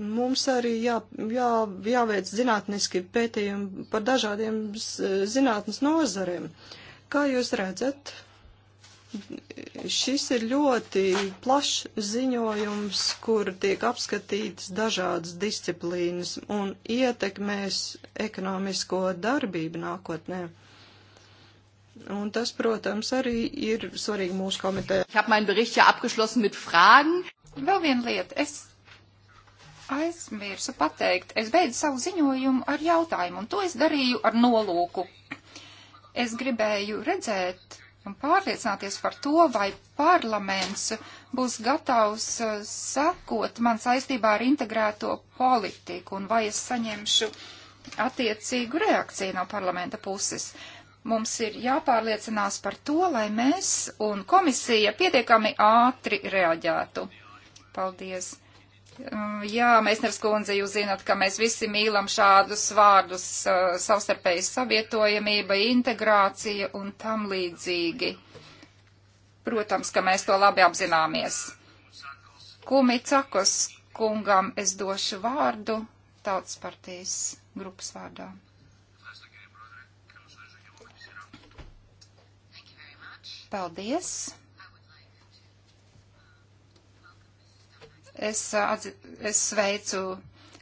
Mums arī jā, jā, jāveic zinātniski pētījumi par dažādiem zinātnes nozarēm. Kā jūs redzat, Šis ir ļoti plašs ziņojums, kur tiek apskatītas dažādas disciplīnas un ietekmēs ekonomisko darbību nākotnē. Un tas, protams, arī ir svarīgi mūsu komitē. Vēl viena lieta. Es aizmirsu pateikt. Es beidzu savu ziņojumu ar jautājumu, un to es darīju ar nolūku. Es gribēju redzēt, un pārliecināties par to, vai parlaments būs gatavs uh, sekot man saistībā ar integrēto politiku un vai es saņemšu attiecīgu reakciju no parlamenta puses. Mums ir jāpārliecinās par to, lai mēs un komisija pietiekami ātri reaģētu. Paldies! Mm, jā, Mēsners kundze, jūs zinat, ka mēs visi mīlam šādus vārdus uh, - savstarpējas savietojamība, integrācija un tam līdzīgi. Protams, ka mēs to labi apzināmies. Kumi Cakos kungam es došu vārdu Tautas partijas grupas vārdā. Paldies! Es, atzi, es sveicu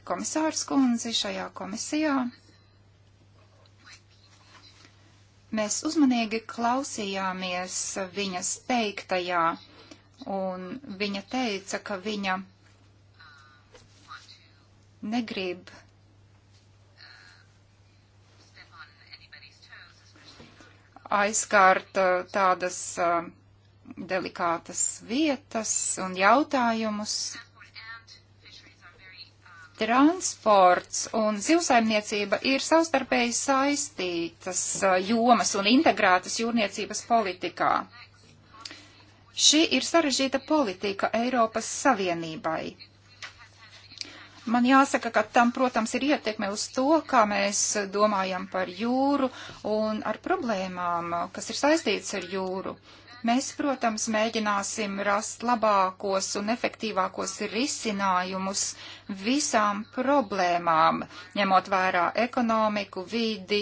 komisārs kundzi šajā komisijā. Mēs uzmanīgi klausījāmies viņas teiktajā, un viņa teica, ka viņa negrib aizkārt tādas uh, delikātas vietas un jautājumus. Transports un zivsaimniecība ir savstarpēji saistītas jomas un integrētas jūrniecības politikā. Šī ir sarežģīta politika Eiropas Savienībai. Man jāsaka, ka tam, protams, ir ietekme uz to, kā mēs domājam par jūru un ar problēmām, kas ir saistīts ar jūru. Uh, Mēs, protams, mēģināsim rast labākos un efektīvākos risinājumus visām problēmām, ņemot vērā ekonomiku, vidi,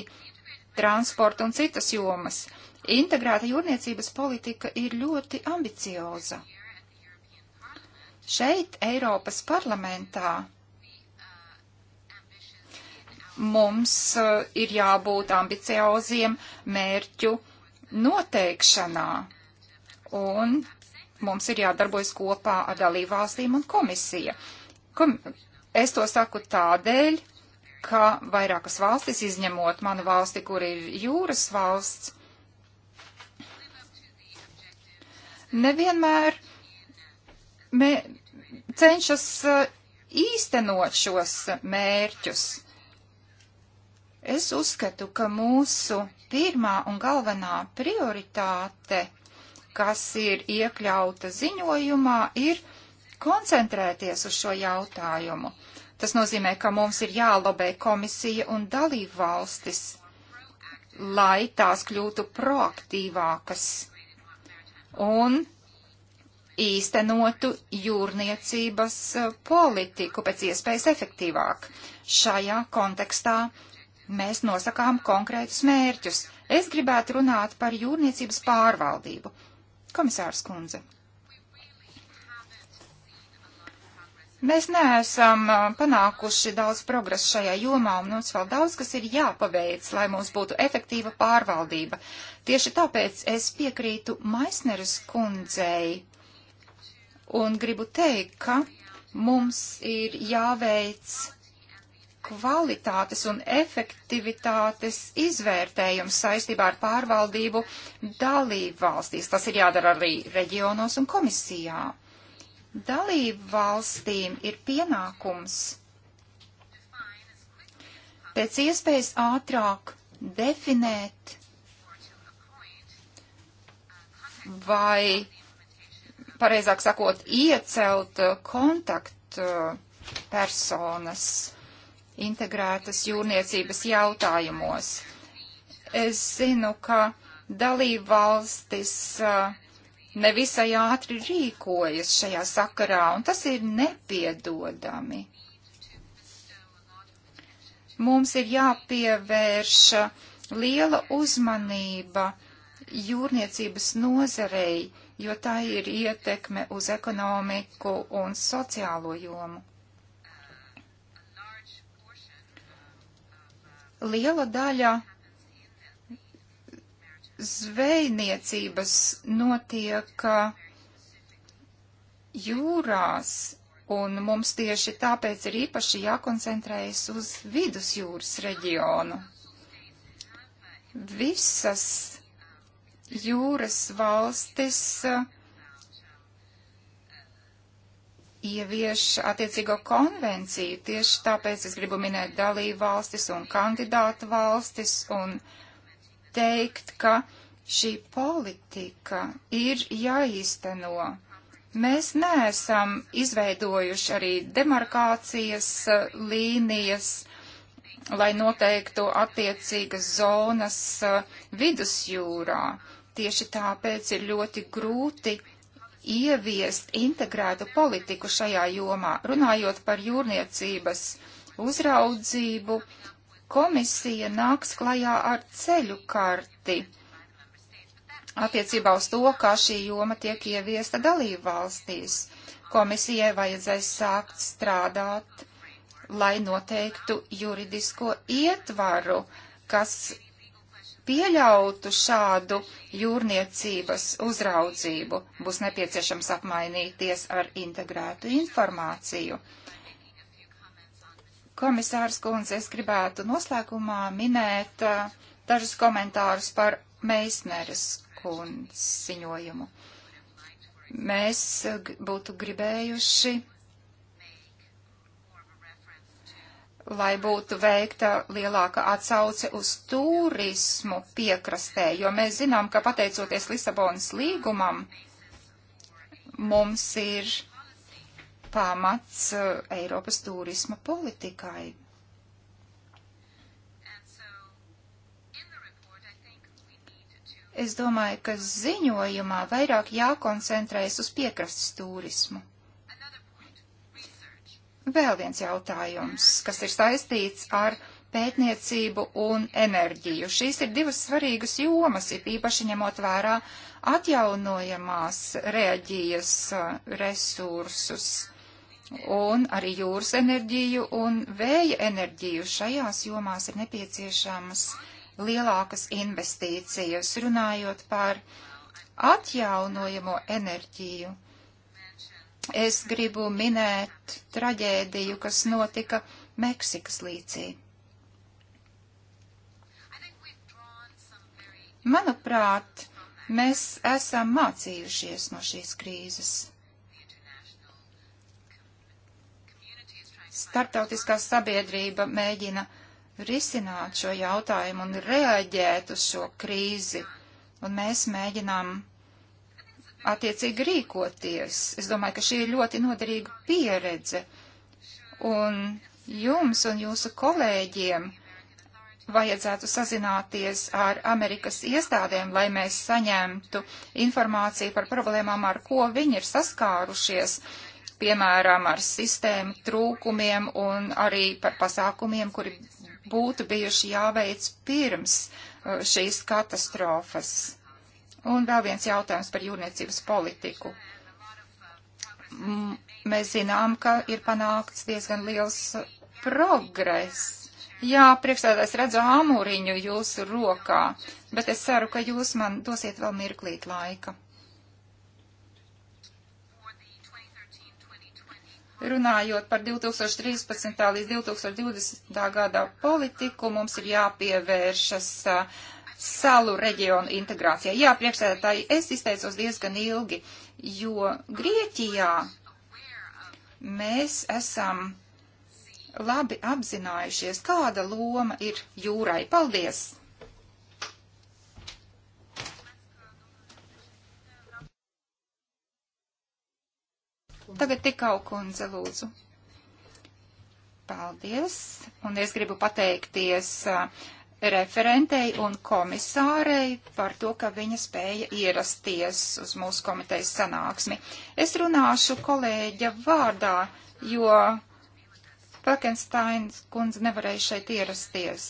transportu un citas jomas. Integrēta jūrniecības politika ir ļoti ambicioza. Šeit, Eiropas parlamentā, mums uh, ir jābūt ambicioziem mērķu noteikšanā un mums ir jādarbojas kopā ar dalībvalstīm un komisija. Kom es to saku tādēļ, ka vairākas valstis, izņemot manu valsti, kur ir jūras valsts, nevienmēr cenšas eh, īstenot šos mērķus. Es uzskatu, ka mūsu pirmā un galvenā prioritāte kas ir iekļauta ziņojumā, ir koncentrēties uz šo jautājumu. Tas nozīmē, ka mums ir jālobē komisija un dalību valstis, lai tās kļūtu proaktīvākas un īstenotu jūrniecības eh, politiku pēc iespējas efektīvāk. Šajā kontekstā mēs nosakām konkrētus mērķus. Es gribētu runāt par jūrniecības pārvaldību. Komisārs kundze. Mēs neesam uh, panākuši daudz progresu šajā jomā, un mums vēl daudz, kas ir jāpaveic, lai mums būtu efektīva pārvaldība. Tieši tāpēc es piekrītu Maisneras kundzei un gribu teikt, ka mums ir jāveic kvalitātes un efektivitātes izvērtējums saistībā ar pārvaldību dalību valstīs. Tas ir jādara arī reģionos un komisijā. Dalību valstīm ir pienākums pēc iespējas ātrāk definēt vai, pareizāk sakot, iecelt kontaktu personas integrētas jūrniecības jautājumos. Es zinu, ka dalību valstis uh, nevisai ātri rīkojas šajā sakarā, un tas ir nepiedodami. Mums ir jāpievērš liela uzmanība jūrniecības nozarei, jo tā ir ietekme uz ekonomiku un sociālo jomu. liela daļa zvejniecības notiek uh, jūrās, un mums tieši tāpēc ir īpaši jākoncentrējas uz vidusjūras reģionu. Visas jūras valstis uh, ievieš attiecīgo konvenciju. Tieši tāpēc es gribu minēt dalību valstis un kandidātu valstis un teikt, ka šī politika ir jāīsteno. Mēs neesam izveidojuši arī demarkācijas eh, līnijas, lai noteiktu attiecīgas zonas eh, vidusjūrā. Tieši tāpēc ir ļoti grūti ieviest integrētu politiku šajā jomā, runājot par jūrniecības uzraudzību. Komisija nāks klajā ar ceļu karti attiecībā uz to, kā šī joma tiek ieviesta dalību valstīs. Komisijai vajadzēs sākt strādāt, lai noteiktu juridisko ietvaru, kas pieļautu šādu jūrniecības uzraudzību, būs nepieciešams apmainīties ar integrētu informāciju. Komisārs Kunze, es gribētu noslēgumā minēt uh, dažus komentārus par Meisneres kundziņojumu. Mēs uh, būtu gribējuši lai būtu veikta lielāka atsauce uz turismu piekrastē, jo mēs zinām, ka pateicoties Lisabonas līgumam, mums ir pamats uh, Eiropas turisma politikai. Es domāju, ka ziņojumā vairāk jākoncentrējas uz piekrastes turismu. Vēl viens jautājums, kas ir saistīts ar pētniecību un enerģiju. Šīs ir divas svarīgas jomas, ir īpaši ņemot vērā atjaunojamās reaģijas eh, resursus un arī jūras enerģiju un vēja enerģiju. Šajās jomās ir nepieciešamas lielākas investīcijas, runājot par atjaunojamo enerģiju es gribu minēt traģēdiju, kas notika Meksikas līcī. Manuprāt, mēs esam mācījušies no šīs krīzes. Startautiskā sabiedrība mēģina risināt šo jautājumu un reaģēt uz šo krīzi, un mēs mēģinām attiecīgi rīkoties. Es domāju, ka šī ir ļoti noderīga pieredze. Un jums un jūsu kolēģiem vajadzētu sazināties ar Amerikas iestādēm, lai mēs saņemtu informāciju par problēmām, ar ko viņi ir saskārušies, piemēram, ar sistēmu trūkumiem un arī par pasākumiem, kuri būtu bijuši jāveic pirms uh, šīs katastrofas. Un vēl viens jautājums par jūrniecības politiku. M mēs zinām, ka ir panākts diezgan liels uh, progress. Jā, priekšstādājs redzu āmuriņu jūsu rokā, bet es ceru, ka jūs man dosiet vēl mirklīt laika. Runājot par 2013. līdz 2020. gadā politiku, mums ir jāpievēršas uh, salu reģionu integrācijai. Jā, priekšsēdētāji, es izteicos diezgan ilgi, jo Grieķijā mēs esam labi apzinājušies, kāda loma ir jūrai. Paldies! Tagad tikau kundze lūdzu. Paldies! Un es gribu pateikties uh, referentei un komisārei par to, ka viņa spēja ierasties uz mūsu komitejas sanāksmi. Es runāšu kolēģa vārdā, jo Falkensteins kundze nevarēja šeit ierasties.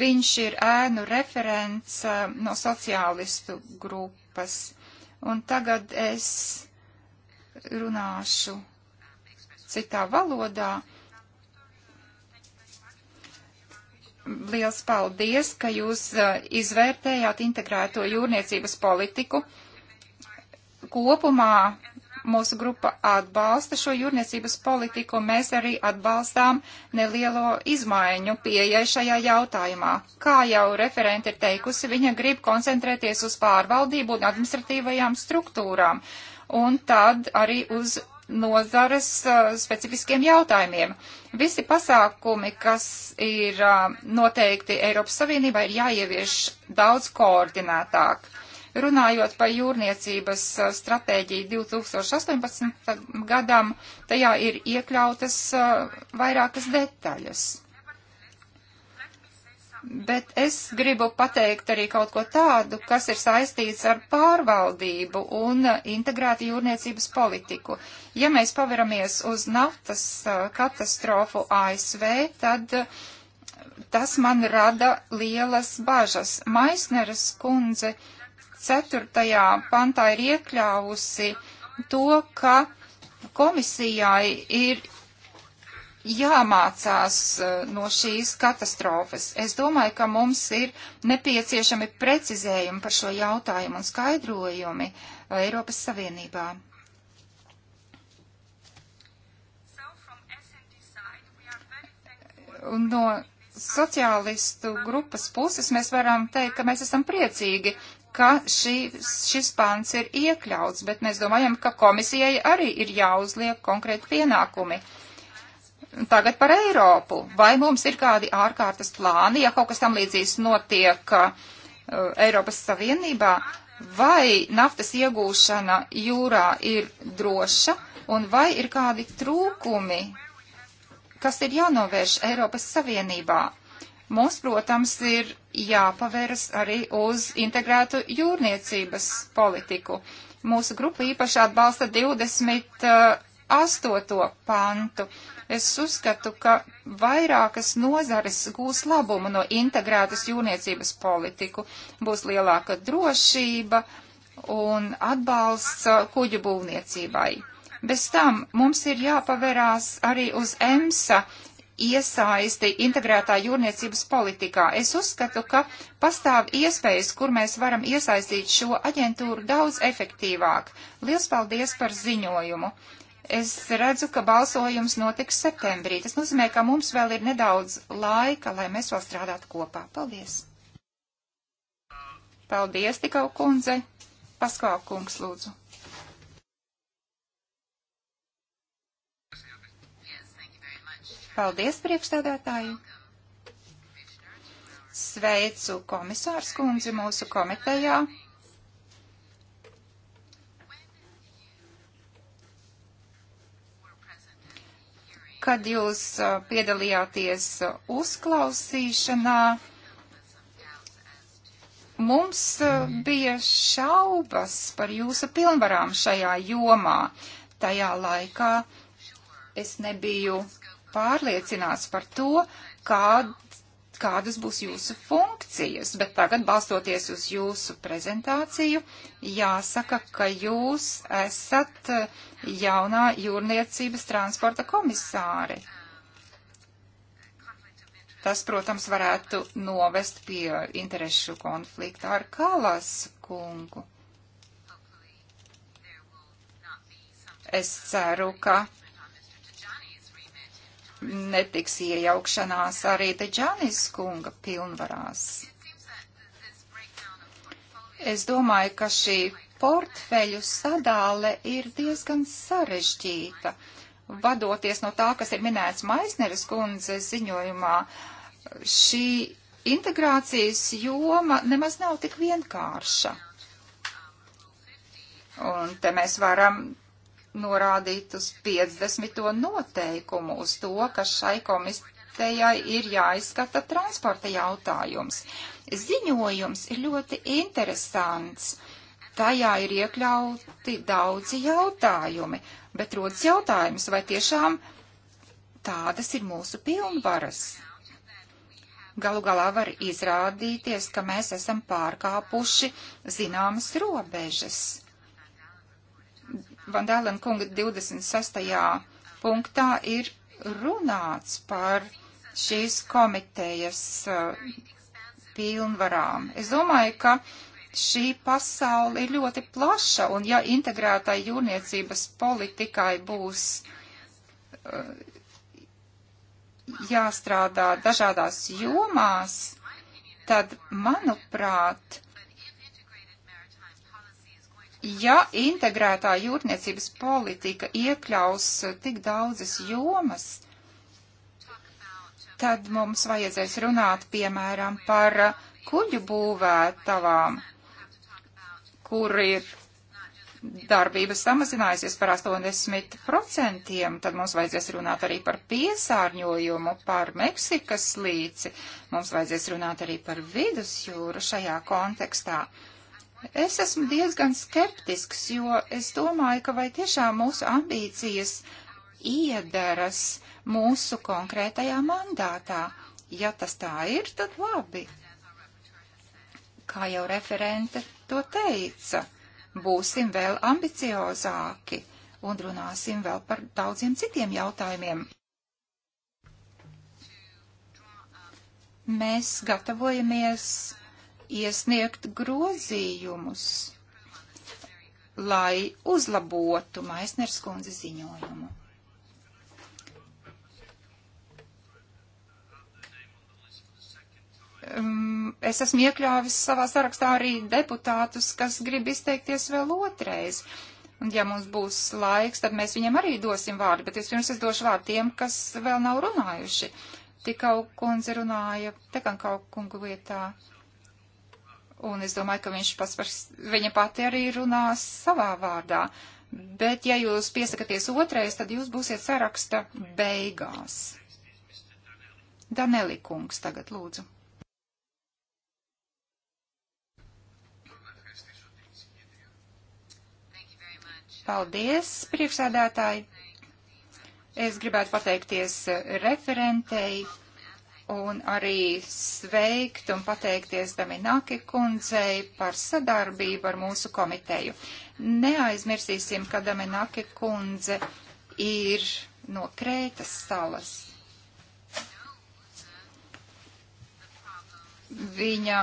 Viņš ir ēnu referents eh, no sociālistu grupas. Un tagad es runāšu citā valodā. liels paldies, ka jūs izvērtējāt integrēto jūrniecības politiku. Kopumā mūsu grupa atbalsta šo jūrniecības politiku, mēs arī atbalstām nelielo izmaiņu pieejai šajā jautājumā. Kā jau referenti ir teikusi, viņa grib koncentrēties uz pārvaldību un administratīvajām struktūrām, un tad arī uz nozares uh, specifiskiem jautājumiem. Visi pasākumi, kas ir uh, noteikti Eiropas Savienībā, ir jāievieš daudz koordinētāk. Runājot par jūrniecības uh, stratēģiju 2018. gadam, tajā ir iekļautas vairākas detaļas bet es gribu pateikt arī kaut ko tādu, kas ir saistīts ar pārvaldību un uh, integrētu jūrniecības politiku. Ja mēs paveramies uz naftas uh, katastrofu ASV, tad uh, tas man rada lielas bažas. Maisneras kundze ceturtajā pantā ir iekļāvusi to, ka komisijai ir jāmācās eh, no šīs katastrofas. Es domāju, ka mums ir nepieciešami precizējumi par šo jautājumu un skaidrojumi eh, Eiropas Savienībā. No sociālistu grupas puses mēs varam teikt, ka mēs esam priecīgi, ka šī, šis pāns ir iekļauts, bet mēs domājam, ka komisijai arī ir jāuzliek konkrēti pienākumi. Uh, Tagad par Eiropu. Vai mums ir kādi ārkārtas plāni, ja kaut kas tam līdzīgs notiek uh, Eiropas Savienībā? Vai naftas iegūšana jūrā ir droša un vai ir kādi trūkumi, kas ir jānovērš Eiropas Savienībā? Mums, protams, ir jāpaveras arī uz integrētu jūrniecības politiku. Mūsu grupa īpaši atbalsta 28. Uh, pantu, Es uzskatu, ka vairākas nozares gūs labumu no integrētas jūniecības politiku. Būs lielāka drošība un atbalsts uh, kuģu būvniecībai. Bez tam mums ir jāpavērās arī uz EMSA iesaisti integrētā jūrniecības politikā. Es uzskatu, ka pastāv iespējas, kur mēs varam iesaistīt šo aģentūru daudz efektīvāk. Lielas paldies par ziņojumu! Es redzu, ka balsojums notiks septembrī. Tas nozīmē, ka mums vēl ir nedaudz laika, lai mēs vēl strādātu kopā. Paldies! Paldies, tikau kundze! Paskā kungs, lūdzu! Paldies, priekšstādātāji! Sveicu komisārs kundzi mūsu komitejā! kad jūs piedalījāties uzklausīšanā. Mums bija šaubas par jūsu pilnvarām šajā jomā. Tajā laikā es nebiju pārliecināts par to, kāda kādas būs jūsu funkcijas, bet tagad balstoties uz jūsu prezentāciju, jāsaka, ka jūs esat eh, jaunā jūrniecības transporta komisāre. Tas, protams, varētu novest pie interešu konflikta ar Kalas kungu. Es ceru, ka netiks iejaukšanās arī Teģanis kunga pilnvarās. Es domāju, ka šī portfeļu sadāle ir diezgan sarežģīta. Vadoties no tā, kas ir minēts Maisneres kundzes ziņojumā, šī integrācijas joma nemaz nav tik vienkārša. Un te mēs varam norādīt uz 50. noteikumu, uz to, ka šai komitejai ir jāizskata transporta jautājums. Ziņojums ir ļoti interesants. Tajā ir iekļauti daudzi jautājumi, bet rodas jautājums, vai tiešām tādas ir mūsu pilnvaras. Galu galā var izrādīties, ka mēs esam pārkāpuši zināmas robežas. Vandēlēna kunga 26. punktā ir runāts par šīs komitejas uh, pilnvarām. Es domāju, ka šī pasaule ir ļoti plaša, un ja integrētai jūrniecības politikai būs uh, jāstrādā dažādās jomās, tad, manuprāt, Ja integrētā jūrniecības politika iekļaus tik daudzas jomas, tad mums vajadzēs runāt, piemēram, par kuģu būvētavām, kur ir darbības samazinājusies par 80%, tad mums vajadzēs runāt arī par piesārņojumu, par Meksikas līci, mums vajadzēs runāt arī par vidusjūru šajā kontekstā. Uh, Es esmu diezgan skeptisks, jo es domāju, ka vai tiešām mūsu ambīcijas iedaras mūsu konkrētajā mandātā. Ja tas tā ir, tad labi. Kā jau referente to teica, būsim vēl ambiciozāki un runāsim vēl par daudziem citiem jautājumiem. Mēs gatavojamies iesniegt grozījumus, lai uzlabotu Maisners kundze ziņojumu. Um, es esmu iekļāvis savā sarakstā arī deputātus, kas grib izteikties vēl otrais. Un ja mums būs laiks, tad mēs viņam arī dosim vārdu, bet vispirms es došu vārdu tiem, kas vēl nav runājuši. Tikau kundze runāja Tekankau kungu vietā. Uh, Un es domāju, ka viņš pats par viņa pati arī runās savā vārdā. Bet ja jūs piesakaties otrais, tad jūs būsiet saraksta beigās. Daneli kungs tagad lūdzu. Paldies, priekšsēdētāji! Es gribētu pateikties referentei un arī sveikt un pateikties Daminaki kundzei par sadarbību ar mūsu komiteju. Neaizmirsīsim, ka Daminaki kundze ir no Krētas salas. Viņa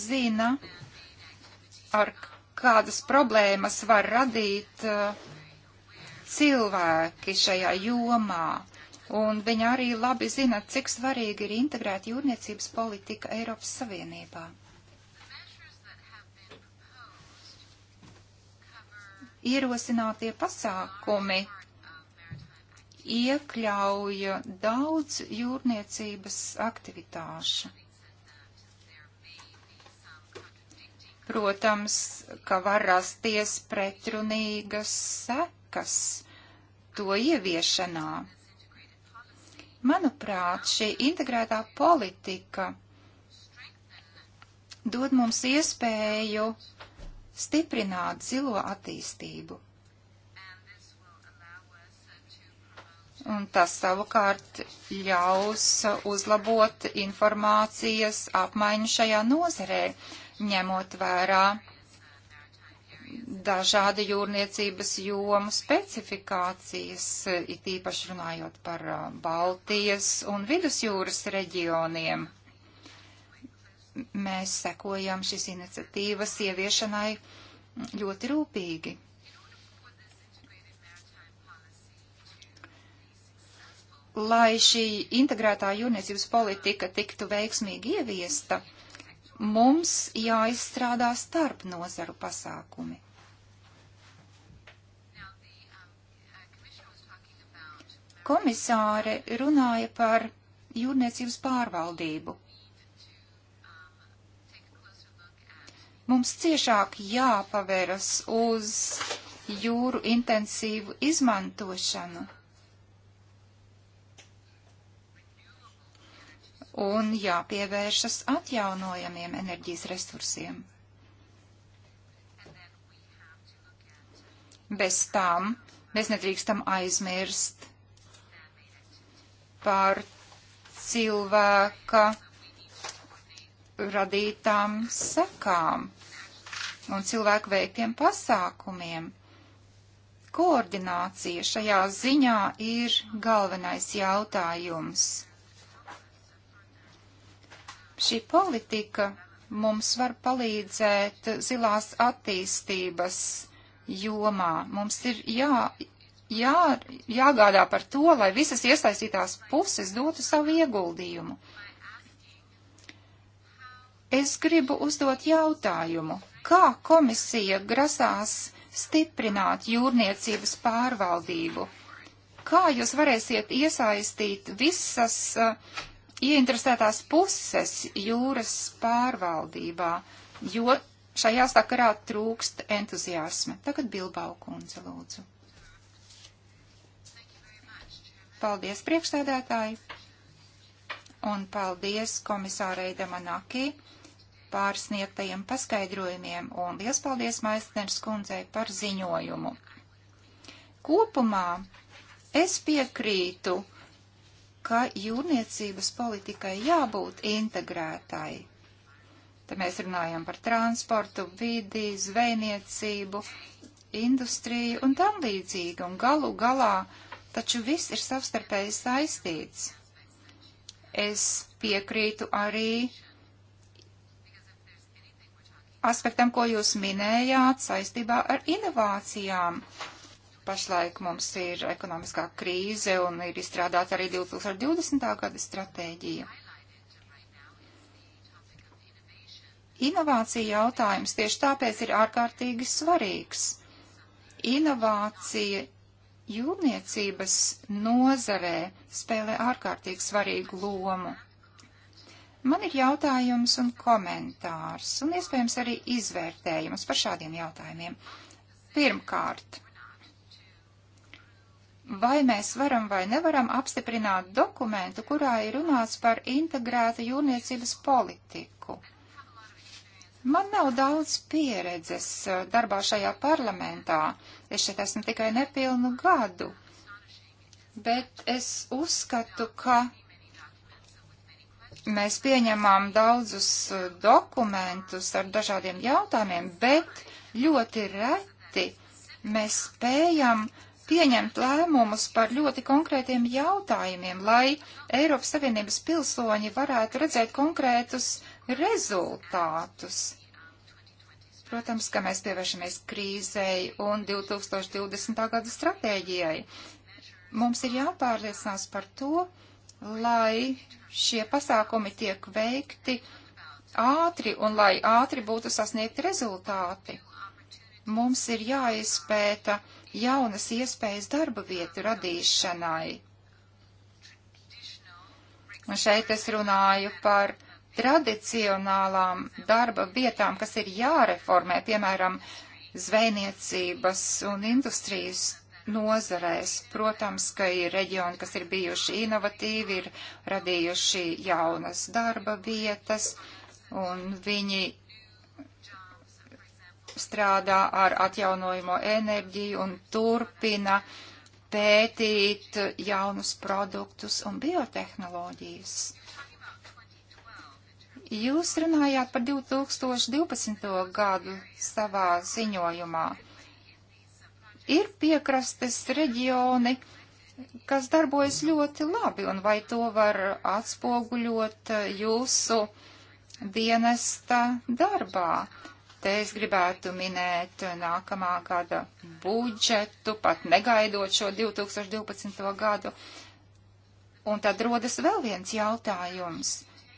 zina, ar kādas problēmas var radīt uh, cilvēki šajā jomā Un viņa arī labi zina, cik svarīgi ir integrēt jūrniecības politika Eiropas Savienībā. Ierosinātie pasākumi iekļauj daudz jūrniecības aktivitāšu. Protams, ka var rasties pretrunīgas sekas to ieviešanā. Manuprāt, šī integrētā politika dod mums iespēju stiprināt zilo attīstību. Un tas savukārt ļaus uzlabot informācijas apmaiņu šajā nozarē, ņemot vērā dažādi jūrniecības jomu specifikācijas, it īpaši runājot par uh, Baltijas un Vidusjūras reģioniem. Mēs sekojam šīs iniciatīvas ieviešanai ļoti rūpīgi. Lai šī integrētā jūrniecības politika tiktu veiksmīgi ieviesta, mums jāizstrādā starp nozaru pasākumi. Komisāre runāja par jūrniecības pārvaldību. Mums ciešāk jāpaveras uz jūru intensīvu izmantošanu. un jāpievēršas atjaunojamiem enerģijas resursiem. Bez tām mēs nedrīkstam aizmirst par cilvēka radītām sekām un cilvēku veiktiem pasākumiem. Koordinācija šajā ziņā ir galvenais jautājums. Šī politika mums var palīdzēt zilās attīstības jomā. Mums ir jā, jā, jāgādā par to, lai visas iesaistītās puses dotu savu ieguldījumu. Es gribu uzdot jautājumu, kā komisija grasās stiprināt jūrniecības pārvaldību? Kā jūs varēsiet iesaistīt visas uh, ieinteresētās puses jūras pārvaldībā, jo šajā sakarā trūkst entuziasma. Tagad Bilbao kundze lūdzu. Paldies priekšstādētāji un paldies komisārei Damanaki pār sniegtajiem paskaidrojumiem un liels paldies Maistners kundzei par ziņojumu. Kopumā es piekrītu ka jūrniecības politikai jābūt integrētai. Te mēs runājam par transportu, vidi, zvejniecību, industriju un tam līdzīgi, un galu galā taču viss ir savstarpēji saistīts. Es piekrītu arī aspektam, ko jūs minējāt saistībā ar inovācijām. Uh, Pašlaik mums ir ekonomiskā krīze un ir izstrādāta arī 2020. gada stratēģija. Inovācija jautājums tieši tāpēc ir ārkārtīgi svarīgs. Inovācija jūrniecības nozarē spēlē ārkārtīgi svarīgu lomu. Man ir jautājums un komentārs, un iespējams arī izvērtējums par šādiem jautājumiem. Pirmkārt, vai mēs varam vai nevaram apstiprināt dokumentu, kurā ir runāts par integrētu jūrniecības politiku. Man nav daudz pieredzes uh, darbā šajā parlamentā. Es šeit esmu tikai nepilnu gadu. Bet es uzskatu, ka mēs pieņemām daudzus uh, dokumentus ar dažādiem jautājumiem, bet ļoti reti mēs spējam uh, pieņemt lēmumus par ļoti konkrētiem jautājumiem, lai Eiropas Savienības pilsoņi varētu redzēt konkrētus rezultātus. Protams, ka mēs pievēršamies krīzei un 2020. gada stratēģijai. Mums ir jāpārliecinās par to, lai šie pasākumi tiek veikti ātri un lai ātri būtu sasniegti rezultāti. Mums ir jāizpēta uh, jaunas iespējas darba vietu radīšanai. Un šeit es runāju par tradicionālām darba vietām, kas ir jāreformē, piemēram, zvejniecības un industrijas nozarēs. Protams, ka ir reģioni, kas ir bijuši inovatīvi, ir radījuši jaunas darba vietas, un viņi strādā ar atjaunojumu enerģiju un turpina pētīt jaunus produktus un biotehnoloģijas. Jūs runājāt par 2012. gadu savā ziņojumā. Ir piekrastes reģioni, kas darbojas ļoti labi, un vai to var atspoguļot jūsu dienesta darbā? te es gribētu minēt nākamā gada budžetu, pat negaidot šo 2012. gadu. Un tad rodas vēl viens jautājums.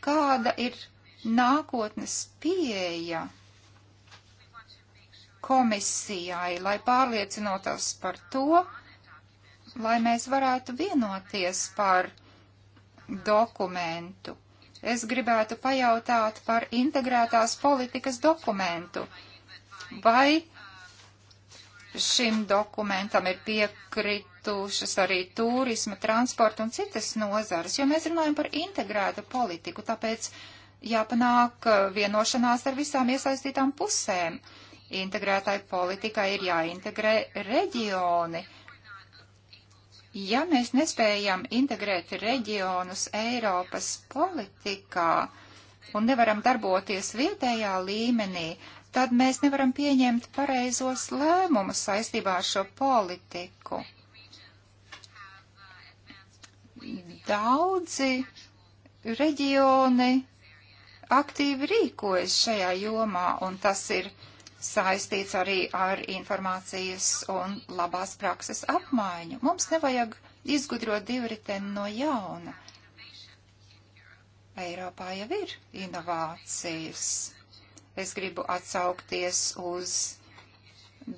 Kāda ir nākotnes pieeja komisijai, lai pārliecinotos par to, lai mēs varētu vienoties par dokumentu, es gribētu pajautāt par integrētās politikas dokumentu. Vai šim dokumentam ir piekritušas arī turisma, transporta un citas nozares, jo mēs runājam par integrētu politiku, tāpēc jāpanāk uh, vienošanās ar visām iesaistītām pusēm. Integrētai politikai ir jāintegrē reģioni Ja mēs nespējam integrēt reģionus Eiropas politikā un nevaram darboties vietējā līmenī, tad mēs nevaram pieņemt pareizos lēmumus saistībā ar šo politiku. Daudzi reģioni aktīvi rīkojas šajā jomā, un tas ir saistīts arī ar informācijas un labās prakses apmaiņu. Mums nevajag izgudrot divriteni no jauna. Eiropā jau ir inovācijas. Es gribu atsaukties uz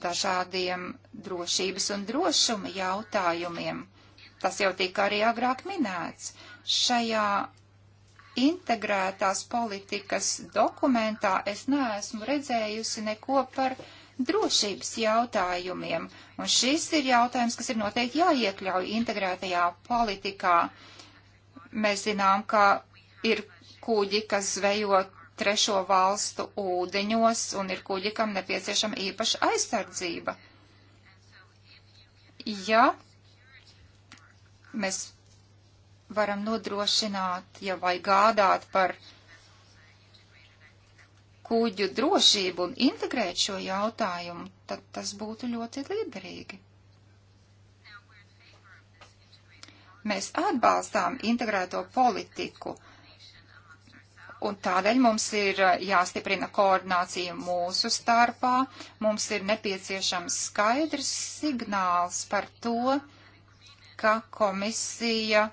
dažādiem drošības un drošuma jautājumiem. Tas jau tika arī agrāk minēts. Šajā integrētās politikas dokumentā es neesmu redzējusi neko par drošības jautājumiem, un šis ir jautājums, kas ir noteikti jāiekļauj integrētajā politikā. Mēs zinām, ka ir kuģi, kas zvejo trešo valstu ūdeņos, un ir kuģi, kam nepieciešama īpaša aizsardzība. Ja mēs varam nodrošināt, ja vai gādāt par kuģu drošību un integrēt šo jautājumu, tad tas būtu ļoti liederīgi. Mēs atbalstām integrēto politiku, un tādēļ mums ir eh, jāstiprina koordinācija mūsu starpā, mums ir nepieciešams skaidrs signāls par to, ka komisija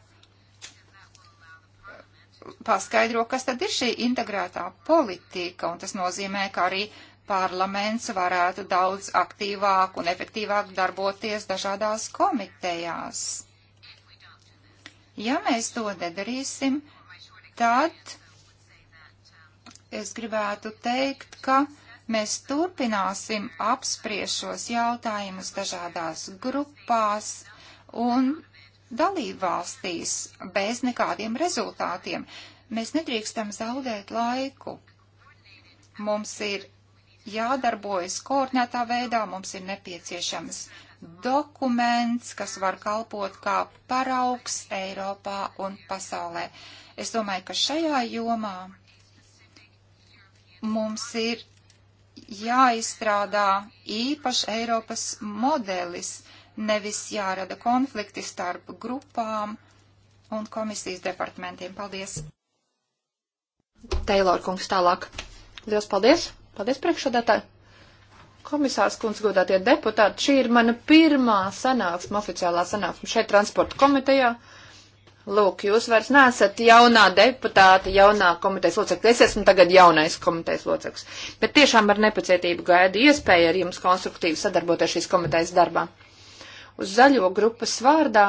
paskaidro, kas tad ir šī integrētā politika, un tas nozīmē, ka arī parlaments varētu daudz aktīvāk un efektīvāk darboties dažādās komitejās. Ja mēs to nedarīsim, tad es gribētu teikt, ka mēs turpināsim apspriešos jautājumus dažādās grupās un dalībvalstīs bez nekādiem rezultātiem. Mēs nedrīkstam zaudēt laiku. Mums ir jādarbojas koordinētā veidā, mums ir nepieciešams dokuments, kas var kalpot kā paraugs Eiropā un pasaulē. Es domāju, ka šajā jomā mums ir jāizstrādā īpaši Eiropas modelis, uh, nevis jārada konflikti starp grupām un komisijas departamentiem. Paldies! Teilor kungs tālāk. Liels paldies! Paldies priekšsādātāji! Komisārs kundze, godātie deputāti, šī ir mana pirmā sanāksme, oficiālā sanāksme šeit transporta komitejā. Lūk, jūs vairs nesat jaunā deputāta, jaunā komitejas locekļa. Es esmu tagad jaunais komitejas loceklis. Bet tiešām ar nepacietību gaidu iespēju ar jums konstruktīvi sadarboties šīs komitejas darbā. Uz zaļo grupas vārdā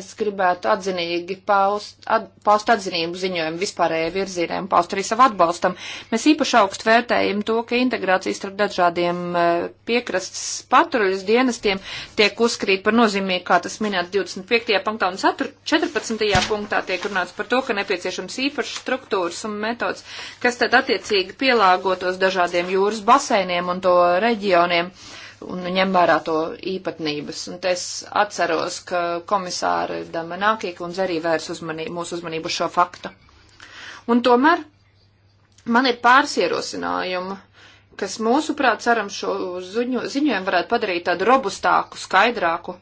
es gribētu atzinīgi paust, at, paust atzinību ziņojumu vispārējai virzieniem, paust arī savu atbalstam. Mēs īpaši augstu vērtējam to, ka integrācijas starp dažādiem eh, piekrastes patruļas dienestiem tiek uzskrīt par nozīmīgi, kā tas minēts 25. punktā un 14. punktā tiek runāts par to, ka nepieciešams īpašas struktūras un metods, kas tad attiecīgi pielāgotos dažādiem jūras baseiniem un to reģioniem. Uh, un ņem vērā to īpatnības. Un es atceros, ka komisāra Damanākī kundze arī vērs uzmanību, mūsu uzmanību šo faktu. Un tomēr man ir pāris ierosinājumu, kas mūsuprāt ceram šo ziņo, ziņojumu varētu padarīt tādu robustāku, skaidrāku.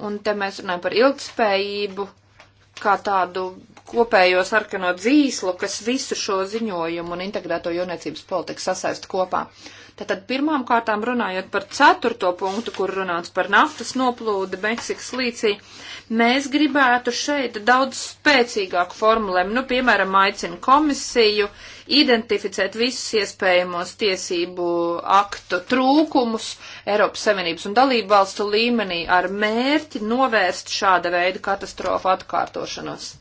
Un te mēs runājam par ilgtspējību kā tādu kopējo sarkano dzīslu, kas visu šo ziņojumu un integrēto jūrniecības politiku sasaist kopā. Tātad pirmām kārtām runājot par ceturto punktu, kur runāts par naftas noplūdi Meksikas līcī, mēs gribētu šeit daudz spēcīgāku formulēm, nu, piemēram, aicinu komisiju identificēt visus iespējamos tiesību aktu trūkumus Eiropas Savienības un dalību valstu līmenī ar mērķi novērst šāda veida katastrofu atkārtošanos.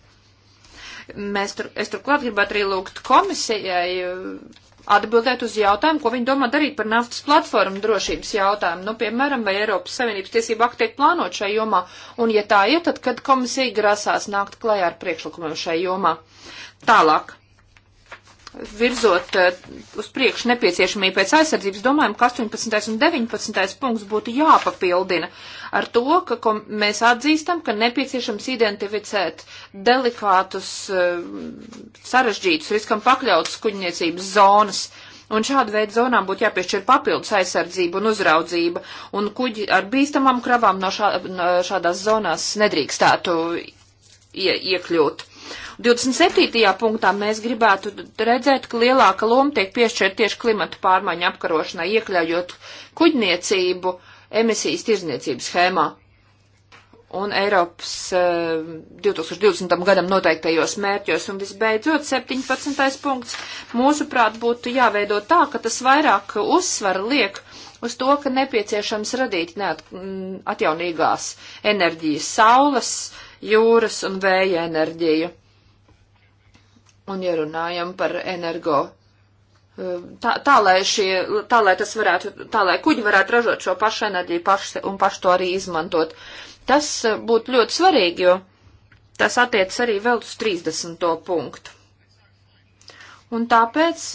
Mēs tur, es turklāt gribētu arī lūgt komisijai uh, atbildēt uz jautājumu, ko viņi domā darīt par naftas platformu drošības jautājumu. Nu, piemēram, vai Eiropas Savienības tiesība akti tiek plānot šai jomā, un ja tā ir, tad kad komisija grasās nākt klajā ar priekšlikumiem šai jomā. Tālāk virzot eh, uz priekšu nepieciešamību pēc aizsardzības, domājam, ka 18. un 19. punkts būtu jāpapildina ar to, ka ko mēs atzīstam, ka nepieciešams identificēt delikātus, eh, sarežģītus, riskam pakļautus kuģniecības zonas. Un šāda veida zonām būtu jāpiešķir papildus aizsardzība un uzraudzība, un kuģi ar bīstamām kravām no, šā, no šādās zonās nedrīkstētu ie, iekļūt. 27. punktā mēs gribētu redzēt, ka lielāka loma tiek piešķirta tieši klimatu pārmaiņu apkarošanai, iekļaujot kuģniecību emisijas tirzniecības schēmā un Eiropas uh, eh, 2020. gadam noteiktajos mērķos. Un visbeidzot, 17. punkts, mūsuprāt, būtu jāveido tā, ka tas vairāk uzsvaru liek uz to, ka nepieciešams radīt neat, mm, atjaunīgās enerģijas saules, jūras un vēja enerģiju. Un ja runājam par energo e, Tā, tā, lai šie, tā, lai tas varētu, tā, lai kuģi varētu ražot šo pašu enerģiju paši, un paši to arī izmantot. Tas e, būtu ļoti svarīgi, jo tas attiec arī vēl uz 30. punktu. Un tāpēc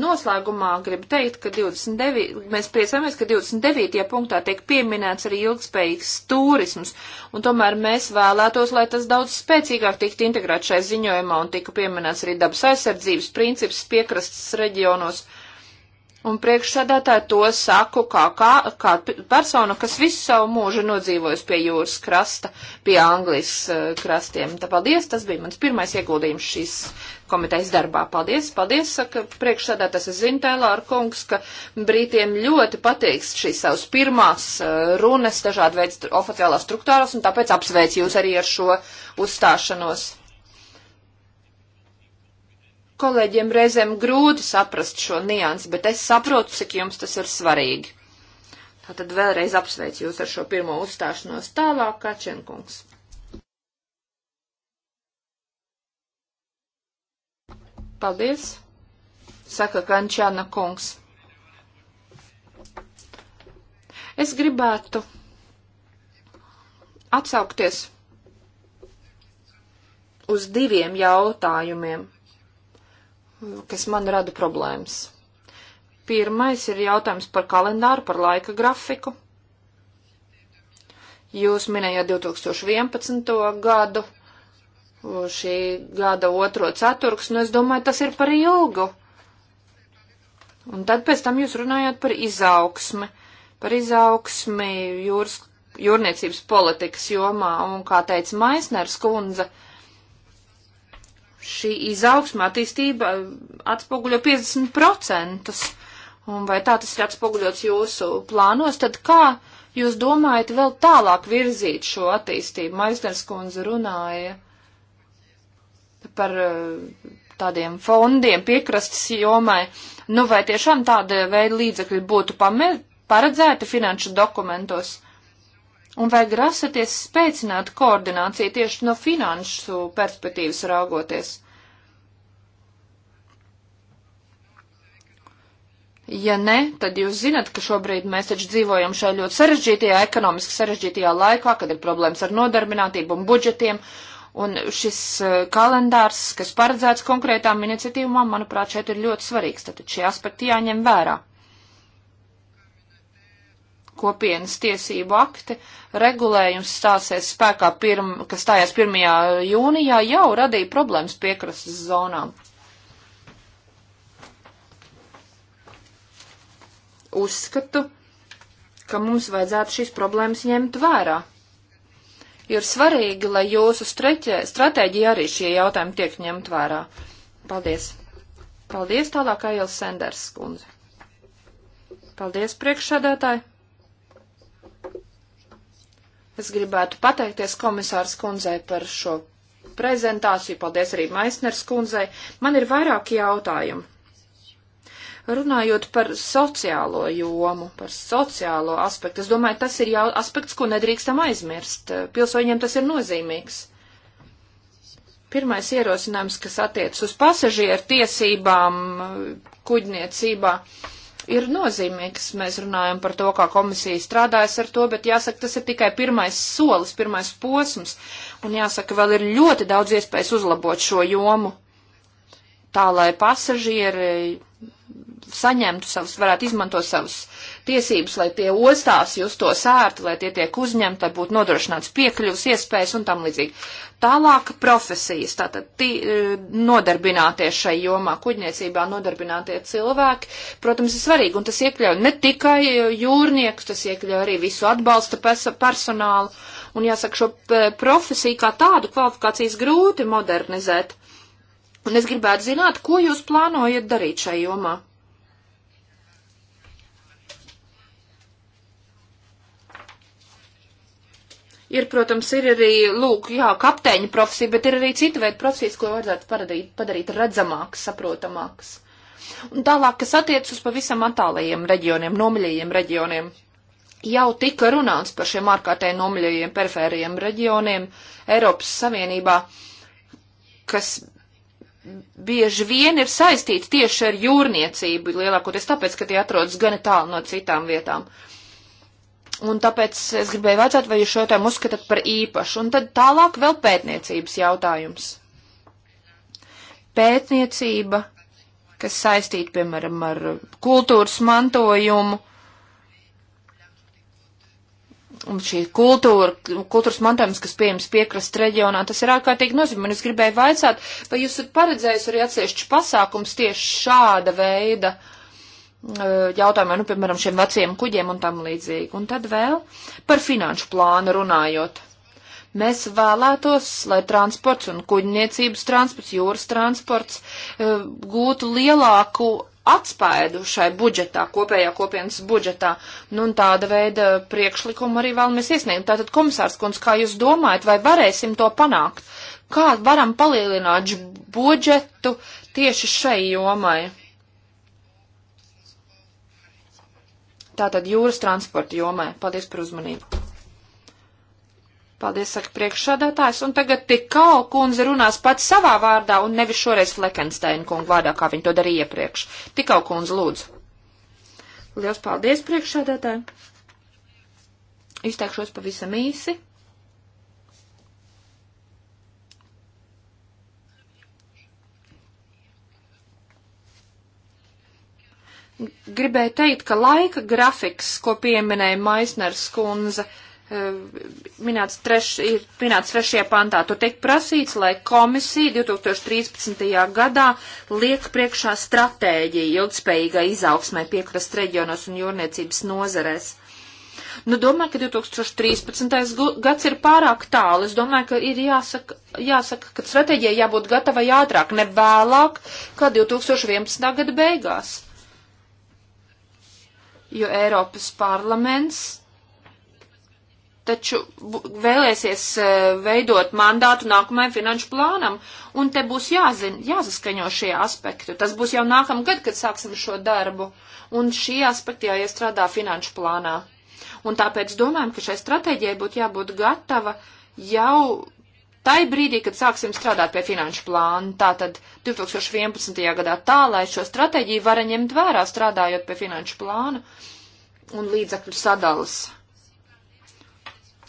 noslēgumā gribu teikt, ka 29, mēs priecājamies, ka 29. punktā tiek pieminēts arī ilgspējīgs turisms, un tomēr mēs vēlētos, lai tas daudz spēcīgāk tiktu integrēts šai ziņojumā, un tika pieminēts arī dabas aizsardzības princips piekrastas reģionos. Un priekšsādātāji to saku kā, kā, kā persona, kas visu savu mūžu nodzīvojas pie jūras krasta, pie Anglijas eh, krastiem. Tā paldies, tas bija mans pirmais ieguldījums šīs komitejas darbā. Paldies, paldies, saka priekšsēdētājs Zintēlā ar kungs, ka brītiem ļoti patīks šīs savas pirmās eh, runas, dažādi veidi oficiālās struktūras, un tāpēc apsveic jūs arī ar šo uzstāšanos. Kolēģiem reizēm grūti saprast šo niansi, bet es saprotu, cik jums tas ir svarīgi. Tātad vēlreiz apsveicu jūs ar šo pirmo uzstāšanos tālāk, Kačenkungs. Paldies, saka Kančāna kungs. Es gribētu atsaukties uz diviem jautājumiem, kas man rada problēmas. Pirmais ir jautājums par kalendāru, par laika grafiku. Jūs minējāt 2011. gadu šī gada otro ceturksni, nu, es domāju, tas ir par ilgu. Un tad pēc tam jūs runājāt par izaugsmi, par izaugsmi jūras, jūrniecības politikas jomā, un kā teica Maisners kundze, šī izaugsma attīstība atspoguļo 50%, un vai tā tas ir atspoguļots jūsu plānos, tad kā jūs domājat vēl tālāk virzīt šo attīstību? Maisners kundze runāja. Uh, par eh, tādiem fondiem piekrastes jomai. Nu, vai tiešām tāda veida līdzekļi būtu paredzēti finanšu dokumentos? Un vai grasaties spēcināt koordināciju tieši no finanšu perspektīvas raugoties? Ja ne, tad jūs zinat, ka šobrīd mēs taču dzīvojam šajā ļoti sarežģītajā, ekonomiski sarežģītajā laikā, kad ir problēmas ar nodarbinātību un budžetiem, uh, Un šis eh, kalendārs, kas paredzēts konkrētām iniciatīvām, manuprāt, šeit ir ļoti svarīgs. Tātad šie aspekti jāņem vērā. Kopienas tiesību akti regulējums stāsies spēkā, pirm, kas stājās 1. jūnijā, jau radīja problēmas piekrastes zonām. Uzskatu, ka mums vajadzētu šīs problēmas ņemt vērā ir svarīgi, lai jūsu stratēģija arī šie jautājumi tiek ņemt vērā. Paldies! Paldies tālāk, Ails Senders kundze. Paldies, priekšsādātāji! Es gribētu pateikties komisārs kundzei par šo prezentāciju. Paldies arī Maisners kundzei. Man ir vairāki jautājumi. Runājot par sociālo jomu, par sociālo aspektu, es domāju, tas ir jau aspekts, ko nedrīkstam aizmirst. Pilsoņiem tas ir nozīmīgs. Pirmais ierosinājums, kas attiec uz pasažieru tiesībām kuģniecībā, ir nozīmīgs. Mēs runājam par to, kā komisija strādājas ar to, bet jāsaka, tas ir tikai pirmais solis, pirmais posms. Un jāsaka, vēl ir ļoti daudz iespējas uzlabot šo jomu. Tā, lai pasažieri saņemtu savus, varētu izmantot savus tiesības, lai tie ostās justos ērti, lai tie tiek uzņemti, lai būtu nodrošināts piekļuvs iespējas un tam līdzīgi. Tālāk profesijas, tātad tī, e, nodarbinātie šai jomā, kuģniecībā nodarbinātie cilvēki, protams, ir svarīgi, un tas iekļauj ne tikai jūrniekus, tas iekļauj arī visu atbalsta personālu, un jāsaka, šo e, profesiju kā tādu kvalifikācijas grūti modernizēt. Un es gribētu zināt, ko jūs plānojat darīt šai jomā? Ir, protams, ir arī, lūk, jā, kapteiņa profesija, bet ir arī cita veida profesijas, ko vajadzētu padarīt, padarīt redzamākas, saprotamākas. Un tālāk, kas attiec uz pavisam attālajiem reģioniem, nomaļajiem reģioniem, jau tika runāts par šiem ārkārtēji nomaļajiem perifēriem reģioniem Eiropas Savienībā, kas bieži vien ir saistīti tieši ar jūrniecību, lielākoties tāpēc, ka tie atrodas gan tālu no citām vietām. Uh, Un tāpēc es gribēju vaicāt, vai jūs šo jautājumu uzskatāt par īpašu. Un tad tālāk vēl pētniecības jautājums. Pētniecība, kas saistīta, piemēram, ar kultūras mantojumu. Un šī kultūra, kultūras mantojums, kas pieejams piekrast reģionā, tas ir ārkārtīgi nozīmīgi. Un es gribēju vaicāt, vai jūs esat paredzējis arī atsevišķu pasākums tieši šāda veida uh, jautājumā, nu, piemēram, šiem veciem kuģiem un tam līdzīgi. Un tad vēl par finanšu plānu runājot. Mēs vēlētos, lai transports un kuģniecības transports, jūras transports gūtu lielāku atspēdu šai budžetā, kopējā kopienas budžetā. Nu, un tāda veida priekšlikumu arī vēlamies iesniegt. Tātad, komisārs kundz, kā jūs domājat, vai varēsim to panākt? Kā varam palielināt budžetu tieši šai jomai? Tātad jūras transporta jomē. Paldies par uzmanību. Paldies, saka priekšsādātājs. Un tagad tikau kundze runās pats savā vārdā un nevis šoreiz Fleckensteina kungu vārdā, kā viņa to darīja iepriekš. Tikau kundze, lūdzu. Liels paldies priekšsādātājiem. Izteikšos pavisam īsi. gribēju teikt, ka laika grafiks, ko pieminēja Maisners kundze, e, minēts, treš, ir minēts trešajā pantā. Tur tiek prasīts, lai komisija 2013. gadā liek priekšā stratēģiju ilgspējīgai izaugsmai piekrast reģionos un jūrniecības nozarēs. Nu, domāju, ka 2013. gads ir pārāk tālu. Es domāju, ka ir jāsaka, jāsaka ka stratēģijai jābūt gatavai ātrāk, ne vēlāk, kā 2011. gada beigās jo Eiropas parlaments taču vēlēsies e, veidot mandātu nākamajam finanšu plānam, un te būs jāzina, jāsaskaņo šie aspekti. Tas būs jau nākamgad, kad sāksim šo darbu, un šie aspekti jāiestrādā finanšu plānā. Un tāpēc domājam, ka šai stratēģijai būtu jābūt gatava jau Tā ir brīdī, kad sāksim strādāt pie finanšu plāna, tātad 2011. gadā tā, lai šo stratēģiju vara ņemt vērā strādājot pie finanšu plāna un līdzakļu sadalas.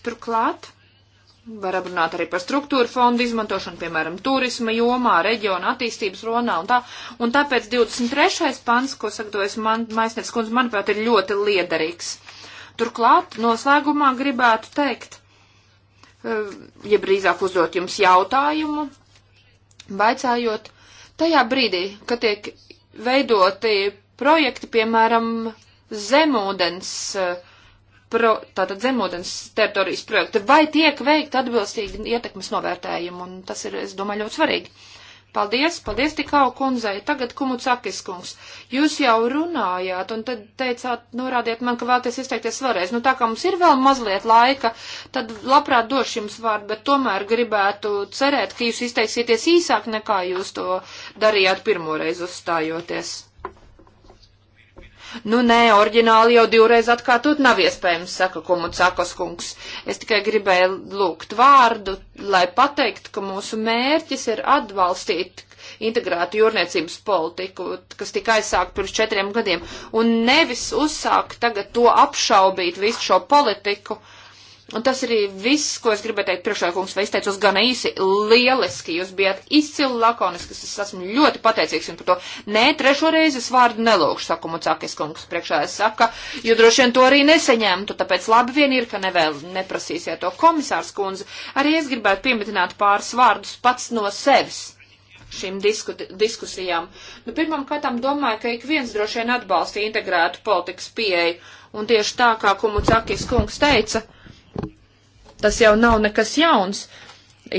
Turklāt var runāt arī par struktūra fondu izmantošanu, piemēram, turisma jomā, reģiona attīstības ronā un tā. Un tāpēc 23. pants, ko sagatavojas man, Maisnieks kundze, manuprāt, ir ļoti liederīgs. Turklāt, noslēgumā gribētu teikt, Eh, ja drīzāk uzdot jums jautājumu, vaicājot tajā brīdī, kad tiek veidoti projekti, piemēram, zemūdens, eh, pro, tātad zemūdens teritorijas projekti, vai tiek veikt atbilstīgi ietekmes novērtējumi, un tas ir, es domāju, ļoti svarīgi. Paldies, paldies tikau kundzei. Tagad Kumucakis kungs. Jūs jau runājāt un tad teicāt, norādiet man, ka vēlaties izteikties vēlreiz. Nu tā kā mums ir vēl mazliet laika, tad labprāt došu jums vārdu, bet tomēr gribētu cerēt, ka jūs izteiksieties īsāk nekā jūs to darījāt pirmoreiz uzstājoties. Nu, nē, oriģināli jau divreiz atkārtot nav iespējams, saka Komucakos kungs. Es tikai gribēju lūgt vārdu, lai pateikt, ka mūsu mērķis ir atbalstīt integrētu jūrniecības politiku, kas tika aizsākt pirms četriem gadiem, un nevis uzsākt tagad to apšaubīt visu šo politiku Un tas arī viss, ko es gribēju teikt priekšlēkums, vai izteicos gan īsi, lieliski, jūs bijāt izcili lakoniskas, es esmu ļoti pateicīgs jums par to. Nē, trešo reizi es vārdu nelūkšu, saku Mucākis kungs priekšā, es saku, jo droši vien to arī neseņemtu, tāpēc labi vien ir, ka nevēl neprasīsiet to komisārs kundze. Arī es gribētu pieminēt pāris vārdus pats no sevis šīm disku, diskusijām. Nu, pirmam kārtām domāju, ka ik viens droši vien atbalsta integrētu politikas pieeju, un tieši tā, kā Kumucakis kungs teica, Tas jau nav nekas jauns.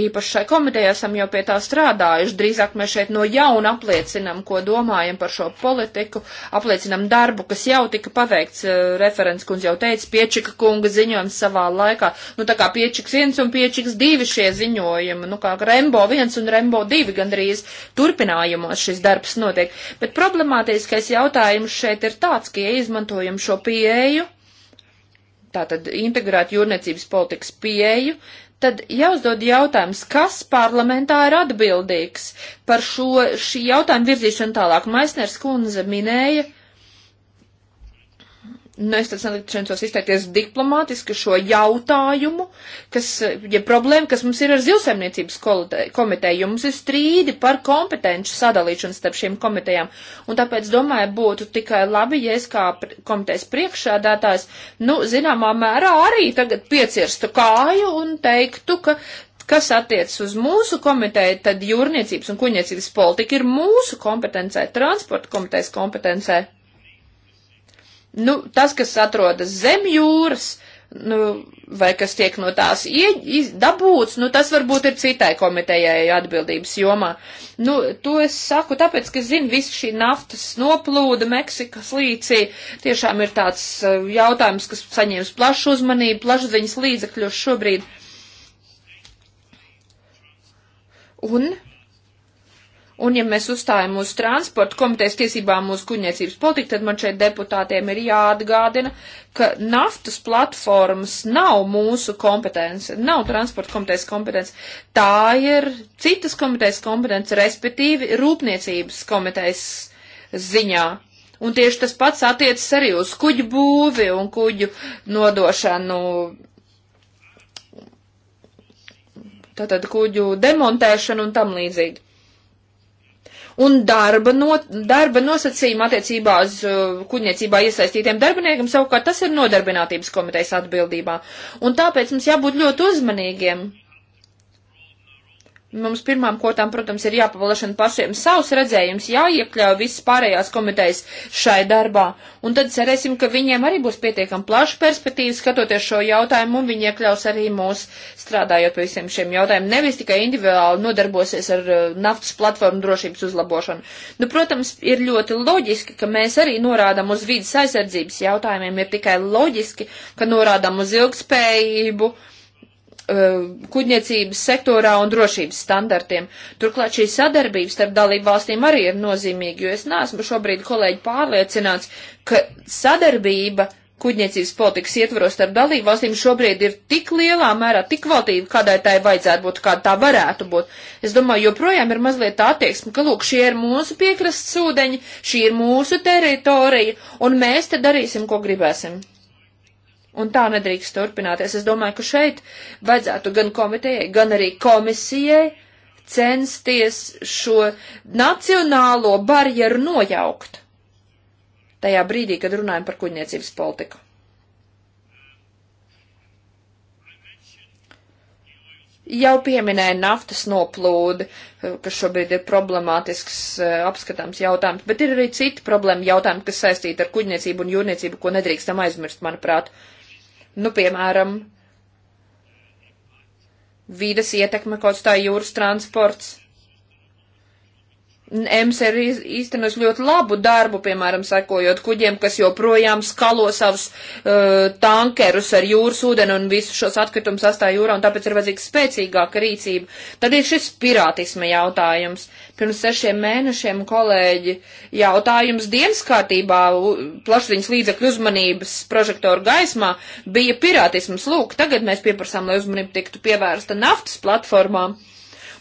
Īpaši šai komitejai esam jau pie tā strādājuši. Drīzāk mēs šeit no jauna apliecinam, ko domājam par šo politiku, apliecinam darbu, kas jau tika paveikts. Eh, referents kundze jau teica, piečika kunga ziņojums savā laikā. Nu tā kā piečiks viens un piečiks divi šie ziņojumi, nu kā Rembo viens un Rembo divi gandrīz turpinājumos šis darbs notiek. Bet problemātiskais jautājums šeit ir tāds, ka ja izmantojam šo pieeju, tātad integrētu jūrniecības politikas pieeju, tad jāuzdod jautājums, kas parlamentā ir atbildīgs par šo, šī jautājuma virzīšanu tālāk. Maisners kundze minēja Nu, es tad centos izteikties diplomātiski šo jautājumu, kas, ja problēma, kas mums ir ar zivsaimniecības komiteju, jo mums ir strīdi par kompetenci sadalīšanu starp šīm komitejām. Un tāpēc, domāju, būtu tikai labi, ja es kā komitejas priekšsēdētājs, nu, zināmā mērā arī tagad piecirstu kāju un teiktu, ka kas attiecas uz mūsu komiteju, tad jūrniecības un kuģniecības politika ir mūsu kompetencē, transporta komitejas kompetencē nu, tas, kas atrodas zem jūras, nu, vai kas tiek no tās ie, dabūts, nu, tas varbūt ir citai komitejai atbildības jomā. Nu, to es saku tāpēc, ka zinu, visa šī naftas noplūda Meksikas līcī tiešām ir tāds uh, jautājums, kas saņems plašu uzmanību, plašsaziņas līdzekļos šobrīd. Un Un ja mēs uzstājam uz transporta komitejas tiesībām uz kuģniecības politiku, tad man šeit deputātiem ir jāatgādina, ka naftas platformas nav mūsu kompetence, nav transporta komitejas kompetence. Tā ir citas komitejas kompetence, respektīvi rūpniecības komitejas ziņā. Un tieši tas pats attiecas arī uz kuģu būvi un kuģu nodošanu tātad kuģu demontēšanu un tam līdzīgi un darba, no, darba nosacījuma attiecībā uz uh, kuģniecībā iesaistītiem darbiniekiem, savukārt tas ir nodarbinātības komitejas atbildībā. Un tāpēc mums jābūt ļoti uzmanīgiem Mums pirmām kārtām, protams, ir jāpavalašana pašiem savs redzējums, jāiekļauj visas pārējās komitejas šai darbā. Un tad cerēsim, ka viņiem arī būs pietiekam plaša perspektīva skatoties šo jautājumu, un viņi iekļaus arī mūs strādājot pie visiem šiem jautājumiem. Nevis tikai individuāli nodarbosies ar eh, naftas platformu drošības uzlabošanu. Nu, protams, ir ļoti loģiski, ka mēs arī norādam uz vidas aizsardzības jautājumiem, ir tikai loģiski, ka norādam uz ilgspējību Uh, kuģniecības sektorā un drošības standartiem. Turklāt šī sadarbība starp dalību valstīm arī ir nozīmīga, jo es neesmu šobrīd kolēģi pārliecināts, ka sadarbība kuģniecības politikas ietvaros starp dalību valstīm šobrīd ir tik lielā mērā, tik kvalitīva, kādai tai vajadzētu būt, kāda tā varētu būt. Es domāju, joprojām ir mazliet tā attieksme, ka lūk, šie ir mūsu piekrasts sūdeņi, šī ir mūsu teritorija, un mēs te darīsim, ko gribēsim. Un tā nedrīkst turpināties. Es domāju, ka šeit vajadzētu gan komitejai, gan arī komisijai censties šo nacionālo barjeru nojaukt. Tajā brīdī, kad runājam par kuģniecības politiku. Jau pieminēja naftas noplūdi, kas šobrīd ir problemātisks eh, apskatāms jautājums, bet ir arī citi problēma jautājumi, kas saistīti ar kuģniecību un jūrniecību, ko nedrīkstam aizmirst, manuprāt. Uh, Nu, piemēram, vīdes ietekme, kaut kā jūras transports. EMS ir īstenojis ļoti labu darbu, piemēram, sekojot kuģiem, kas joprojām skalo savus uh, tankerus ar jūras ūdeni un visus šos atkritumus astāja jūrā, un tāpēc ir vajadzīga spēcīgāka rīcība. Tad ir šis pirātisma jautājums. Uh, Pirms sešiem mēnešiem kolēģi jautājums dienas kārtībā plašsaziņas līdzekļu uzmanības prožektoru gaismā bija pirātisms. Lūk, tagad mēs pieprasām, lai uzmanība tiktu pievērsta naftas platformām. Uh,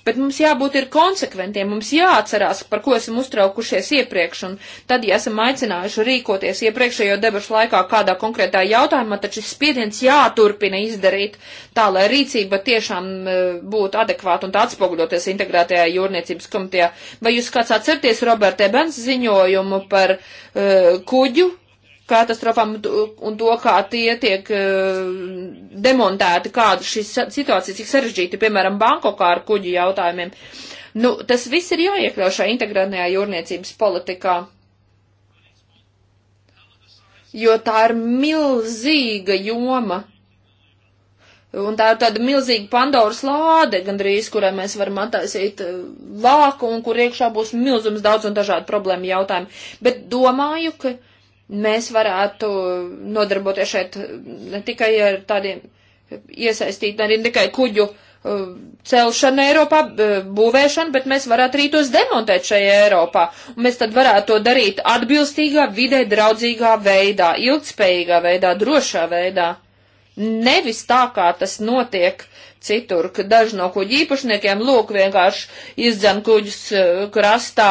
bet mums jābūt ir konsekventiem, mums jāatcerās, par ko esam uztraukušies iepriekš, un tad, ja esam aicinājuši rīkoties iepriekšējo debašu laikā kādā konkrētā jautājumā, tad šis spiediens jāturpina izdarīt tā, lai rīcība tiešām e, būtu adekvāta un tā atspoguļoties integrētajā jūrniecības komitejā. Vai jūs kāds atcerties Roberta Ebens ziņojumu par uh, kuģu katastrofām un to, kā tie tiek e, demontēti, kāda šī situācija, cik sarežģīta, piemēram, Bankokā ar kuģu jautājumiem. Nu, tas viss ir jāiekļauj šajā integrētajā jūrniecības politikā jo tā ir milzīga joma. Un tā ir tāda milzīga Pandoras lāde, gandrīz, kurai mēs varam attaisīt e, vāku un kur iekšā būs milzums daudz un dažādu problēmu jautājumu. Bet domāju, ka mēs varētu nodarboties šeit ne tikai ar tādiem iesaistīt, arī ne tikai kuģu uh, celšanu Eiropā, uh, būvēšanu, bet mēs varētu arī tos demontēt šajā Eiropā. Un mēs tad varētu to darīt atbilstīgā, vidē draudzīgā veidā, ilgspējīgā veidā, drošā veidā. Nevis tā, kā tas notiek citur, ka daži no kuģi īpašniekiem lūk vienkārši izdzen kuģus eh, krastā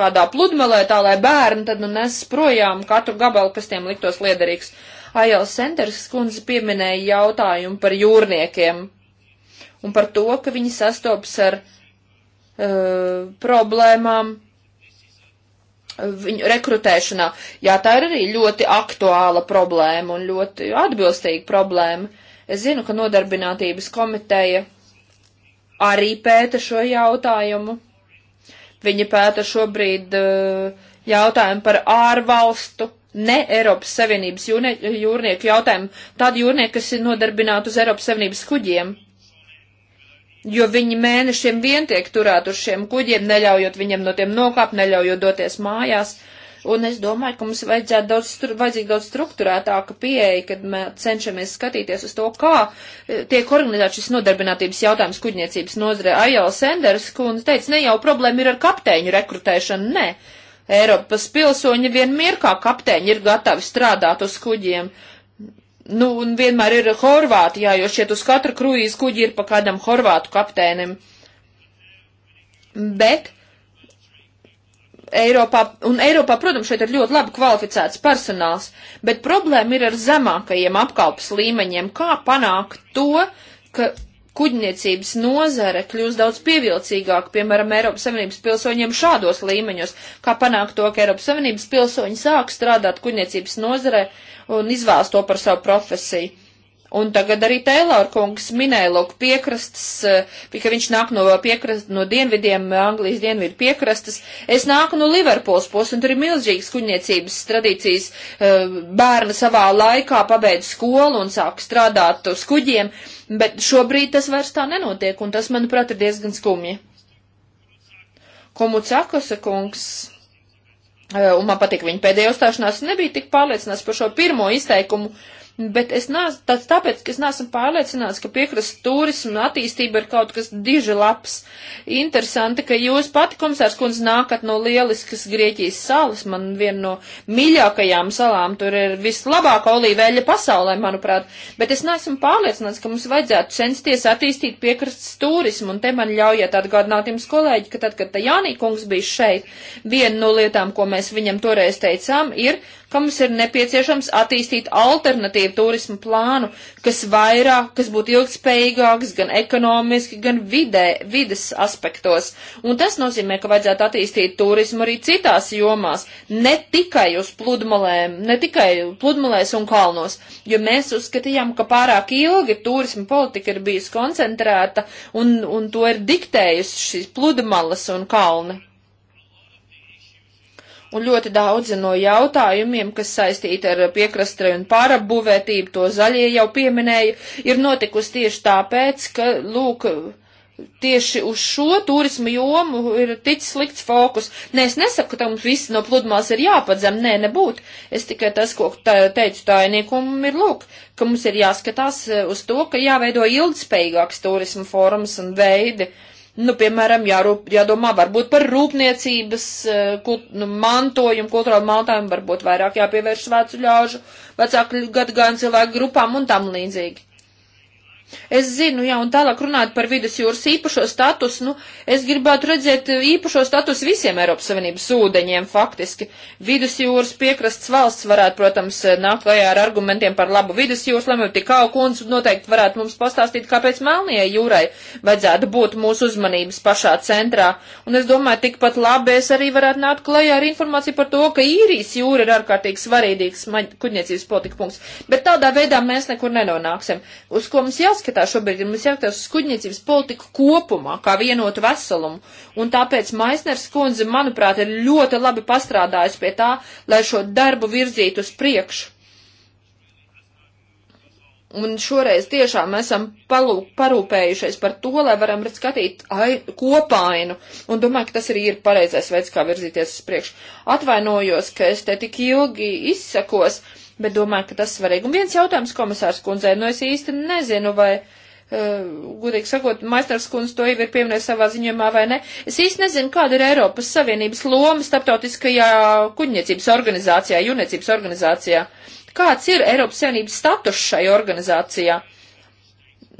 kādā pludmelē, tā lai bērni tad nu nes projām katru gabalu, kas tiem liktos liederīgs. Ajel Sanders kundze pieminēja jautājumu par jūrniekiem un par to, ka viņi sastops ar uh, problēmām viņu rekrutēšanā. Jā, tā ir arī ļoti aktuāla problēma un ļoti atbilstīga problēma. Es zinu, ka nodarbinātības komiteja arī pēta šo jautājumu. Viņa pēta šobrīd uh, jautājumu par ārvalstu, ne Eiropas Savienības jūrnieku jautājumu, tādu jūrnieku, kas ir nodarbināti uz Eiropas Savienības kuģiem jo viņi mēnešiem vien tiek turēt uz šiem kuģiem, neļaujot viņiem no tiem nokāpt, neļaujot doties mājās. Un es domāju, ka mums vajadzētu daudz, vajadzīgi daudz struktūrētāka pieeja, kad mēs cenšamies skatīties uz to, kā e, tiek organizēts šis nodarbinātības jautājums kuģniecības nozare. Ajala Senders kundze teica, ne jau problēma ir ar kapteiņu rekrutēšanu, nē. Eiropas pilsoņi vienmēr kā kapteiņi ir gatavi strādāt uz kuģiem, Nu, un vienmēr ir Horvātijā, jo šeit uz katra kruīz kuģi ir pa kādam Horvātu kapteinim. Bet Eiropā, un Eiropā, protams, šeit ir ļoti labi kvalificēts personāls, bet problēma ir ar zemākajiem apkalpas līmeņiem. Kā panākt to, ka kuģniecības nozare kļūst daudz pievilcīgāk, piemēram, Eiropas Savienības pilsoņiem šādos līmeņos, kā panākt to, ka Eiropas Savienības pilsoņi sāk strādāt kuģniecības nozarē un izvēlas to par savu profesiju. Un tagad arī Taylor kungs minēja, lūk, piekrastes, eh, ka viņš nāk no, piekrast, no dienvidiem, Anglijas dienvidu piekrastes. Es nāku no Liverpools puses, un tur ir milzīgas kuģniecības tradīcijas. Eh, bērni savā laikā pabeidz skolu un sāk strādāt uz kuģiem, bet šobrīd tas vairs tā nenotiek, un tas, manuprāt, ir diezgan skumji. Komucakosa eh, kungs Eh, un man patīk viņa pēdējā uzstāšanās, nebija tik pārliecināts par šo pirmo izteikumu, bet es nāc, tāds tāpēc, ka es neesmu pārliecināts, ka piekrasts turismu attīstība ir kaut kas diži labs. Interesanti, ka jūs pati, komisārs kundze, nākat no lieliskas Grieķijas salas, man viena no mīļākajām salām, tur ir vislabākā olīveļa pasaulē, manuprāt, bet es neesmu pārliecināts, ka mums vajadzētu censties attīstīt piekrasts turismu, un te man ļaujiet atgādināt jums, kolēģi, ka tad, kad Tajānī kungs bija šeit, viena no lietām, ko mēs viņam toreiz teicām, ir, ka mums ir nepieciešams attīstīt alternatīvu turismu plānu, kas vairāk, kas būtu ilgspējīgāks gan ekonomiski, gan vidē, vides aspektos. Un tas nozīmē, ka vajadzētu attīstīt turismu arī citās jomās, ne tikai uz pludmalēm, ne tikai pludmalēs un kalnos, jo mēs uzskatījām, ka pārāk ilgi turismu politika ir bijusi koncentrēta un, un to ir diktējusi šīs pludmalas un kalni. Un ļoti daudzi no jautājumiem, kas saistīti ar piekrastre un pārapbūvētību, to zaļie jau pieminēja, ir notikusi tieši tāpēc, ka, lūk, tieši uz šo turismu jomu ir ticis likts fokus. Nē, es nesaku, ka tam viss no pludmales ir jāpadzem, nē, nebūtu. Es tikai tas, ko teicu tājniekumam, ir lūk, ka mums ir jāskatās eh, uz to, ka jāveido ilgspējīgāks turismu formas un veidi. Uh, nu, piemēram, jārūp, jādomā varbūt par rūpniecības eh, kult, nu, mantojumu, kultūrālu mantojumu, varbūt vairāk jāpievērš vecu ļaužu, vecāku gadgājumu cilvēku grupām un tam līdzīgi. Es zinu, jā, un tālāk runāt par vidus jūras īpašo statusu, nu, es gribētu redzēt e, īpašo statusu visiem Eiropas Savienības ūdeņiem faktiski. Vidus jūras piekrasts valsts varētu, protams, e, nākt klajā ar argumentiem par labu vidus jūras lemību, tik augu un noteikti varētu mums pastāstīt, kāpēc Melnijai jūrai vajadzētu būt mūsu uzmanības pašā centrā. Un es domāju, tikpat labi es arī varētu nākt klajā ar informāciju par to, ka īrijas jūra ir ārkārtīgi svarīgs kuģniecības politika punkts. Bet tādā veidā mēs nekur nenonāksim. Uz ko mums jāsaka? jāskatās šobrīd, ir mums jāskatās uz kuģniecības politiku kopumā, kā vienotu veselumu. Un tāpēc Maisners kundze, manuprāt, ir ļoti labi pastrādājis pie tā, lai šo darbu virzītu uz priekšu. Un šoreiz tiešām esam palūk, parūpējušies par to, lai varam skatīt ai, kopainu. Un domāju, ka tas arī ir pareizais veids, kā virzīties uz priekšu. Atvainojos, ka es te tik ilgi izsakos. Uh, bet domāju, ka tas svarīgi. Un viens jautājums komisārs kundzei, nu es īsti nezinu, vai, uh, eh, gudīgi sakot, maistars kundze to jau ir pieminējis savā ziņojumā vai ne. Es īsti nezinu, kāda ir Eiropas Savienības loma starptautiskajā kuģniecības organizācijā, jūniecības organizācijā. Kāds ir Eiropas Savienības status šai organizācijai?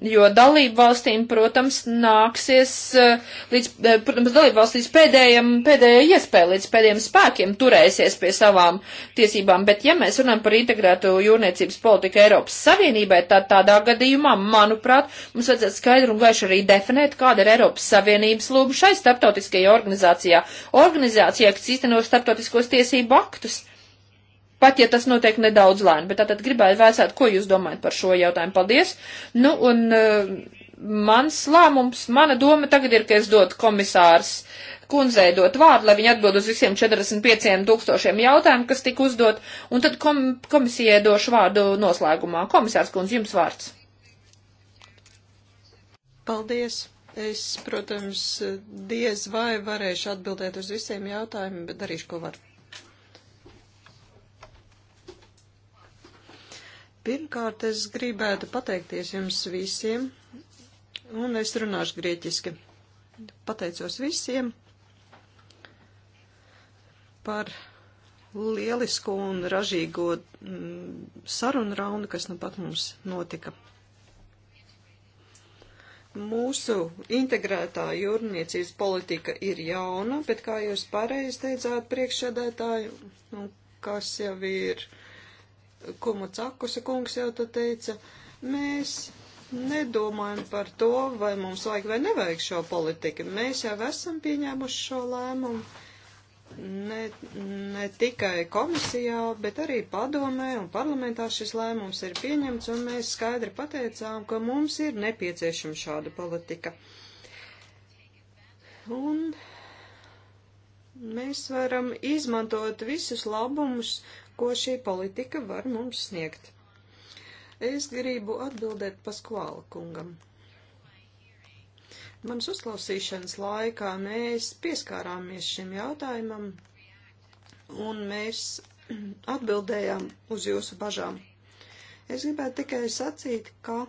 jo dalību valstīm, protams, nāksies eh, līdz, eh, protams, dalību valsts līdz pēdējiem, pēdējai iespēja, līdz pēdējiem spēkiem turēsies pie savām tiesībām, bet ja mēs runājam par integrētu jūrniecības politiku Eiropas Savienībai, tad tādā gadījumā, manuprāt, mums vajadzētu skaidru un gaišu arī definēt, kāda ir Eiropas Savienības lūba šai starptautiskajai organizācijā, organizācijai, kas īsteno starptautiskos tiesību aktus. Pat ja tas notiek nedaudz lēni, bet tātad gribētu vēsāt, ko jūs domājat par šo jautājumu. Paldies! Nu, un uh, mans lēmums, mana doma tagad ir, ka es dotu komisārs kundzei dot vārdu, lai viņa atbild uz visiem 45 tūkstošiem jautājumu, kas tika uzdot, un tad kom komisijai došu vārdu noslēgumā. Komisārs kundze, jums vārds. Paldies! Es, protams, diez vai varēšu atbildēt uz visiem jautājumiem, bet darīšu, ko varu. Pirmkārt, es gribētu pateikties jums visiem, un es runāšu grieķiski. Pateicos visiem par lielisku un ražīgo mm, sarunu raundu, kas nu pat mums notika mūsu integrētā jūrniecības politika ir jauna, bet kā jūs pareizi teicāt priekšsēdētāju, nu, kas jau ir Kumacakusa kungs jau tad teica, mēs nedomājam par to, vai mums vajag vai nevajag šo politiku. Mēs jau esam pieņēmuši šo lēmumu ne, ne tikai komisijā, bet arī padomē un parlamentā šis lēmums ir pieņemts, un mēs skaidri pateicām, ka mums ir nepieciešama šāda politika. Un mēs varam izmantot visus labumus ko šī politika var mums sniegt. Es gribu atbildēt Paskvāla kungam. Mans uzklausīšanas laikā mēs pieskārāmies šim jautājumam un mēs (clears throat) atbildējām uz jūsu bažām. Es gribētu tikai sacīt, ka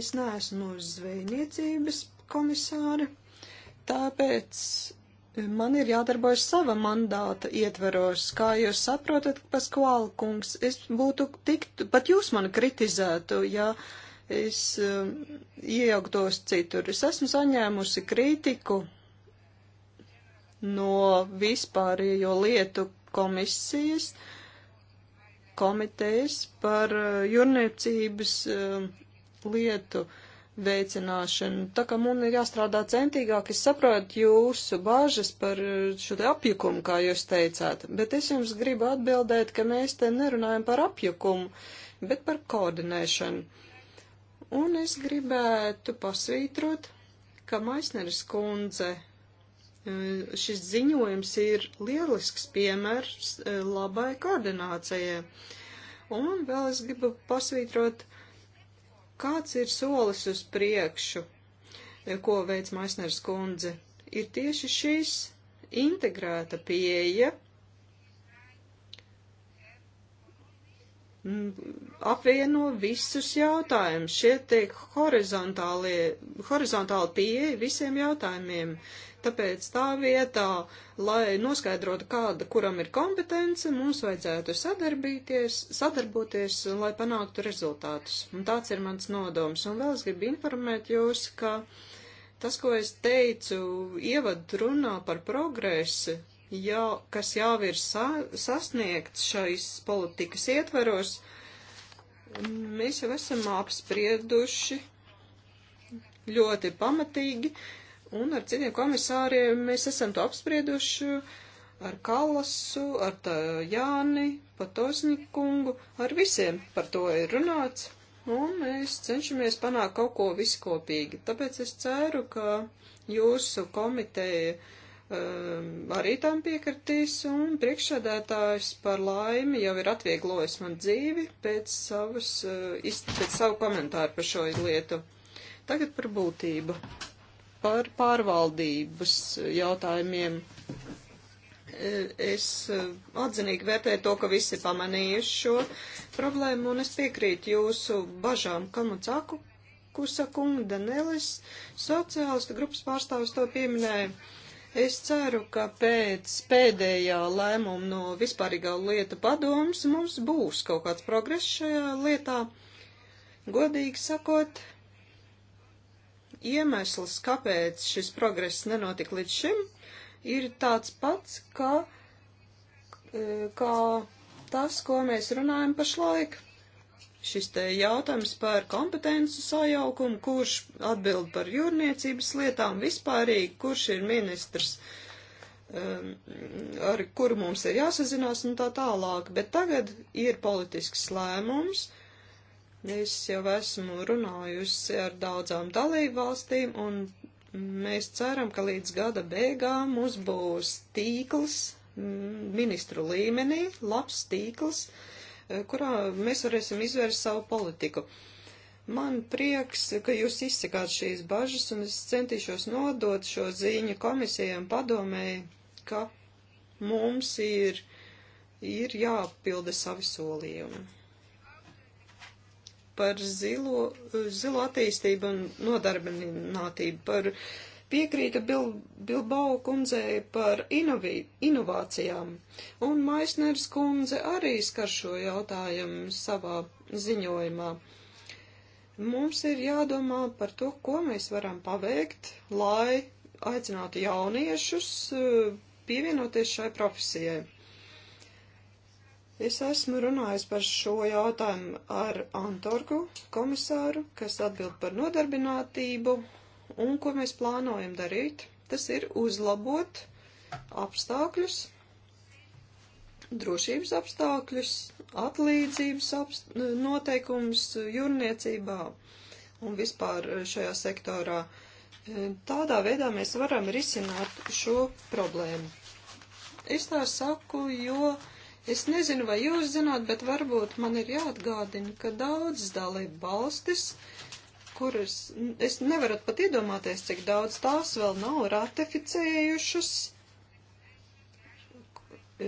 es neesmu zvejniecības komisāri, tāpēc Man ir jādarbojas sava mandāta ietveros, kā jūs saprotat, Paskvāla kungs, es būtu tik, pat jūs mani kritizētu, ja es um, iejauktos citur. Es esmu saņēmusi kritiku no vispārējo lietu komisijas, komitejas par uh, jūrniecības uh, lietu. Uh, veicināšanu. Tā kā man ir jāstrādā centīgāk, es saprotu jūsu bāžas par eh, šo te apjukumu, kā jūs teicāt, bet es jums gribu atbildēt, ka mēs te nerunājam par apjukumu, bet par koordinēšanu. Un es gribētu pasvītrot, ka Maisneris kundze eh, šis ziņojums ir lielisks piemērs eh, labai koordinācijai. Un vēl es gribu pasvītrot, Kāds ir solis uz priekšu, eh, ko veids Maisners kundze? Ir tieši šis integrēta pieeja apvieno visus jautājumus. Šie tiek horizontāli pieeja visiem jautājumiem. Tāpēc tā vietā, lai noskaidrotu, kāda kuram ir kompetence, mums vajadzētu sadarboties, lai panāktu rezultātus. Un tāds ir mans nodoms. Un vēl es gribu informēt jūs, ka tas, ko es teicu, ievad runā par progresi, jau, kas jau ir sa sasniegts šais politikas ietveros, mēs jau esam apsprieduši ļoti pamatīgi, Un ar citiem komisāriem mēs esam to apsprieduši ar Kallasu, ar tā Jāni, Patosņikungu, ar visiem par to ir runāts. Un mēs cenšamies panākt kaut ko viskopīgi. Tāpēc es ceru, ka jūsu komiteja um, arī tam piekritīs, un priekšsēdētājs par laimi jau ir atvieglojis man dzīvi pēc, savas, uh, pēc savu komentāru par šo lietu. Tagad par būtību par pārvaldības jautājumiem. Es eh, atzinīgi vērtēju to, ka visi pamanījuši šo problēmu, un es piekrītu jūsu bažām, kam un caku, kusa kunga Danelis, sociālistu grupas pārstāvis to pieminēja. Es ceru, ka pēc pēdējā lēmuma no vispārīgā lieta padomas mums būs kaut kāds progress šajā lietā. Godīgi sakot, iemesls, kāpēc šis progress nenotika līdz šim, ir tāds pats, kā, e, kā tas, ko mēs runājam pašlaik. Šis te jautājums par kompetenci sajaukumu, kurš atbild par jūrniecības lietām vispārīgi, kurš ir ministrs, e, ar kuru mums ir jāsazinās un tā tālāk. Bet tagad ir politisks lēmums Es jau esmu runājusi ar daudzām dalību valstīm, un mēs ceram, ka līdz gada beigām mums būs tīkls mm, ministru līmenī, labs tīkls, eh, kurā mēs varēsim izvērst savu politiku. Man prieks, ka jūs izsakāt šīs bažas, un es centīšos nodot šo ziņu komisijai un padomēji, ka mums ir, ir jāpilda savi solījumi par zilo, zilo attīstību un nodarbinātību, par piekrīta Bil, Bilbao kundzei par inovī, inovācijām, un Maisners kundze arī skar šo jautājumu savā ziņojumā. Mums ir jādomā par to, ko mēs varam paveikt, lai aicinātu jauniešus uh, pievienoties šai profesijai. Es esmu runājis par šo jautājumu ar Antorgu komisāru, kas atbild par nodarbinātību un ko mēs plānojam darīt. Tas ir uzlabot apstākļus, drošības apstākļus, atlīdzības apst noteikumus jūrniecībā un vispār šajā sektorā. Tādā veidā mēs varam risināt šo problēmu. Es tā saku, jo Es nezinu, vai jūs zināt, bet varbūt man ir jāatgādina, ka daudzas dalība valstis, kuras es nevaru pat iedomāties, cik daudz tās vēl nav ratificējušas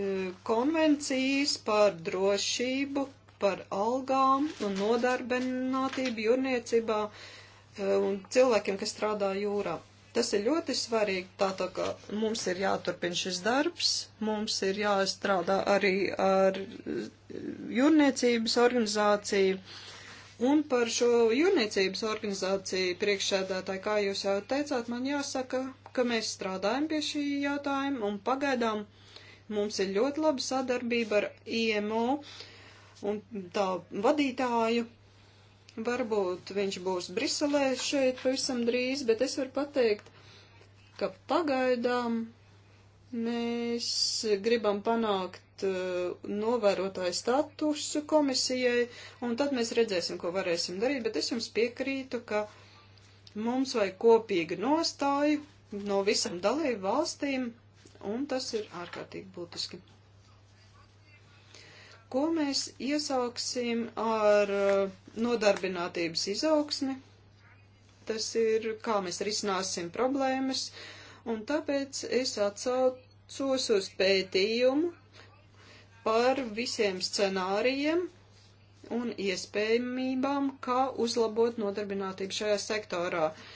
e, konvencijas par drošību, par algām un nodarbinātību jūrniecībā e, un cilvēkiem, kas strādā jūrā. Tas ir ļoti svarīgi, tā, tā kā mums ir jāturpina šis darbs, mums ir jāstrādā arī ar jūrniecības organizāciju. Un par šo jūrniecības organizāciju priekšsēdētāju, kā jūs jau teicāt, man jāsaka, ka mēs strādājam pie šī jautājuma un pagaidām mums ir ļoti laba sadarbība ar IMO un tā vadītāju Varbūt viņš būs Briselē šeit pavisam drīz, bet es varu pateikt, ka pagaidām mēs gribam panākt uh, novērotāju statusu komisijai, un tad mēs redzēsim, ko varēsim darīt, bet es jums piekrītu, ka mums vajag kopīgu nostāju no visam dalību valstīm, un tas ir ārkārtīgi būtiski. Ko mēs iesāksim ar uh, nodarbinātības izaugsmi. Tas ir, kā mēs risināsim problēmas, un tāpēc es atsaucos uz pētījumu par visiem scenārijiem un iespējamībām, kā uzlabot nodarbinātību šajā sektorā. Uh,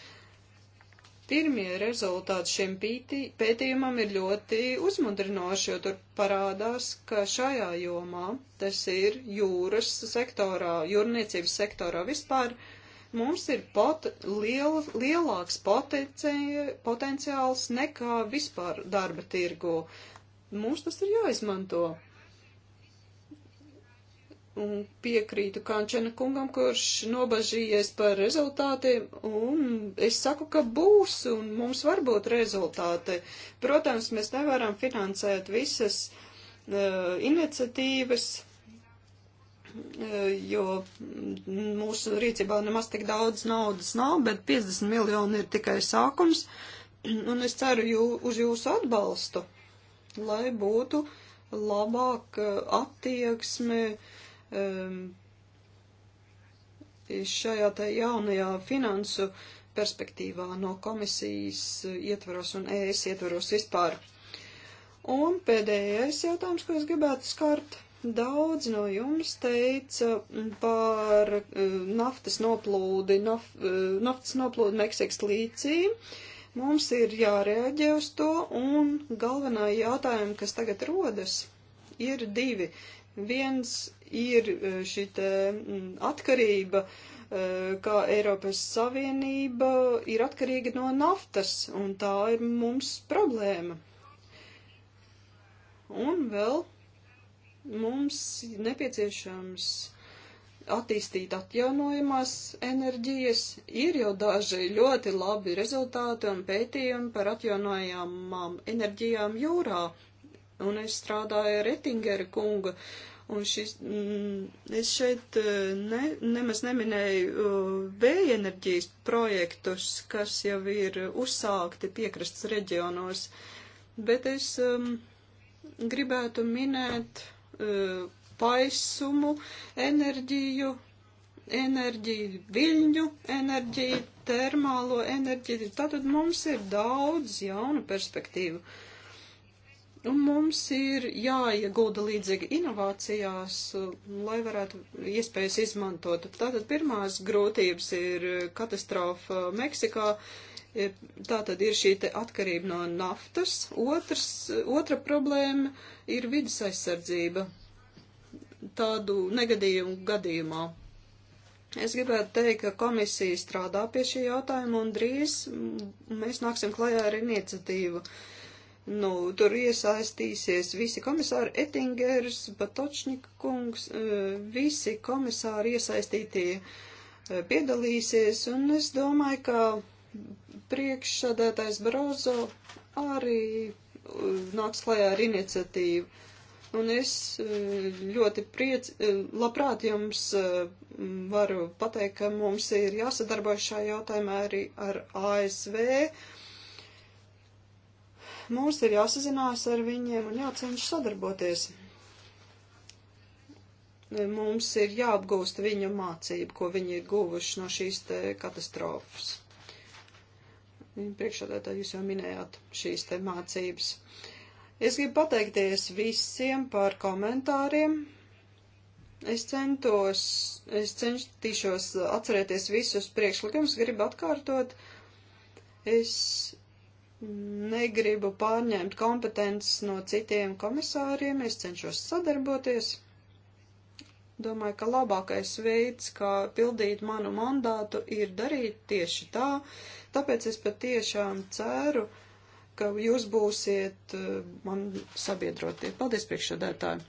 Pirmie rezultāti šim pītī, pētījumam ir ļoti uzmundrinoši, jo tur parādās, ka šajā jomā, tas ir jūras sektorā, jūrniecības sektorā vispār, mums ir pot, liel, lielāks potenci, potenciāls nekā vispār darba tirgu. Mums tas ir jāizmanto un piekrītu Kančena kungam, kurš nobažījies par rezultātiem, un es saku, ka būs, un mums var būt rezultāti. Protams, mēs nevaram finansēt visas uh, iniciatīvas, uh, jo mūsu rīcībā nemaz tik daudz naudas nav, bet 50 miljoni ir tikai sākums, (clears throat) un es ceru jū, uz jūsu atbalstu, lai būtu labāk uh, attieksme uh, um, šajā tā jaunajā finansu perspektīvā no komisijas ietvaros un ES ietvaros vispār. Un pēdējais jautājums, ko es gribētu skart, daudz no jums teica par eh, naftas noplūdi, naf, eh, naftas noplūdi Meksikas līcī. Mums ir jārēģē uz to, un galvenā jautājuma, kas tagad rodas, ir divi. Uh, Viens ir e, šī mm, atkarība, e, kā Eiropas Savienība ir atkarīga no naftas, un tā ir mums problēma. Un vēl mums nepieciešams attīstīt atjaunojumās enerģijas. Ir jau daži ļoti labi rezultāti un pētījumi par atjaunojamām enerģijām jūrā, un es strādāju ar Ettingera kunga. Un šis, mm, es šeit eh, ne, nemaz neminēju eh, vēja enerģijas projektus, kas jau ir uzsākti piekrastes reģionos, bet es um, gribētu minēt uh, paisumu enerģiju, enerģiju, viļņu enerģiju, termālo enerģiju. Tātad mums ir daudz jaunu perspektīvu. Uh, Un mums ir jāiegulda līdzīgi inovācijās, lai varētu iespējas izmantot. Tātad pirmās grūtības ir katastrofa Meksikā, tā tad ir šī atkarība no naftas. Otrs, otra problēma ir vidas aizsardzība tādu negadījumu gadījumā. Es gribētu teikt, ka komisija strādā pie šī jautājuma un drīz mēs nāksim klajā ar iniciatīvu. Uh, Nu, tur iesaistīsies visi komisāri Ettingers, Batočnika kungs, e, visi komisāri iesaistītie e, piedalīsies, un es domāju, ka priekšsādētājs Brozo arī e, nāks klajā ar iniciatīvu. Un es ļoti priec, labprāt jums varu pateikt, ka mums ir jāsadarbojas šajā jautājumā arī ar ASV Mums ir jāsazinās ar viņiem un jācenšas sadarboties. Mums ir jāapgūst viņu mācību, ko viņi ir guvuši no šīs te katastrofas. Priekšādētā jūs jau minējāt šīs te mācības. Es gribu pateikties visiem par komentāriem, Es centos, es centīšos atcerēties visus priekšlikumus, gribu atkārtot. Es negribu pārņemt kompetences no citiem komisāriem, es cenšos sadarboties. Domāju, ka labākais veids, kā pildīt manu mandātu, ir darīt tieši tā, tāpēc es patiešām ceru, ka jūs būsiet eh, man sabiedrotie. Paldies, priekšsēdētāji!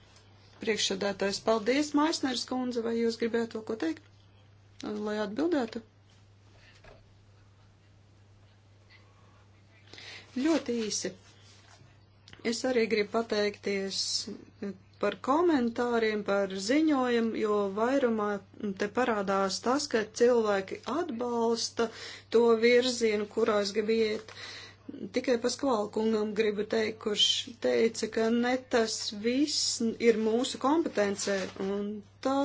Priekšsēdētājs, paldies, Maisners kundze, vai jūs gribētu to ko teikt, lai atbildētu? Ļoti īsi. Es arī gribu pateikties par komentāriem, par ziņojumu, jo vairumā te parādās tas, ka cilvēki atbalsta to virzienu, kurā es gribu iet. Tikai paskvalkungam gribu teikt, kurš teica, ka ne tas viss ir mūsu kompetencē, un tā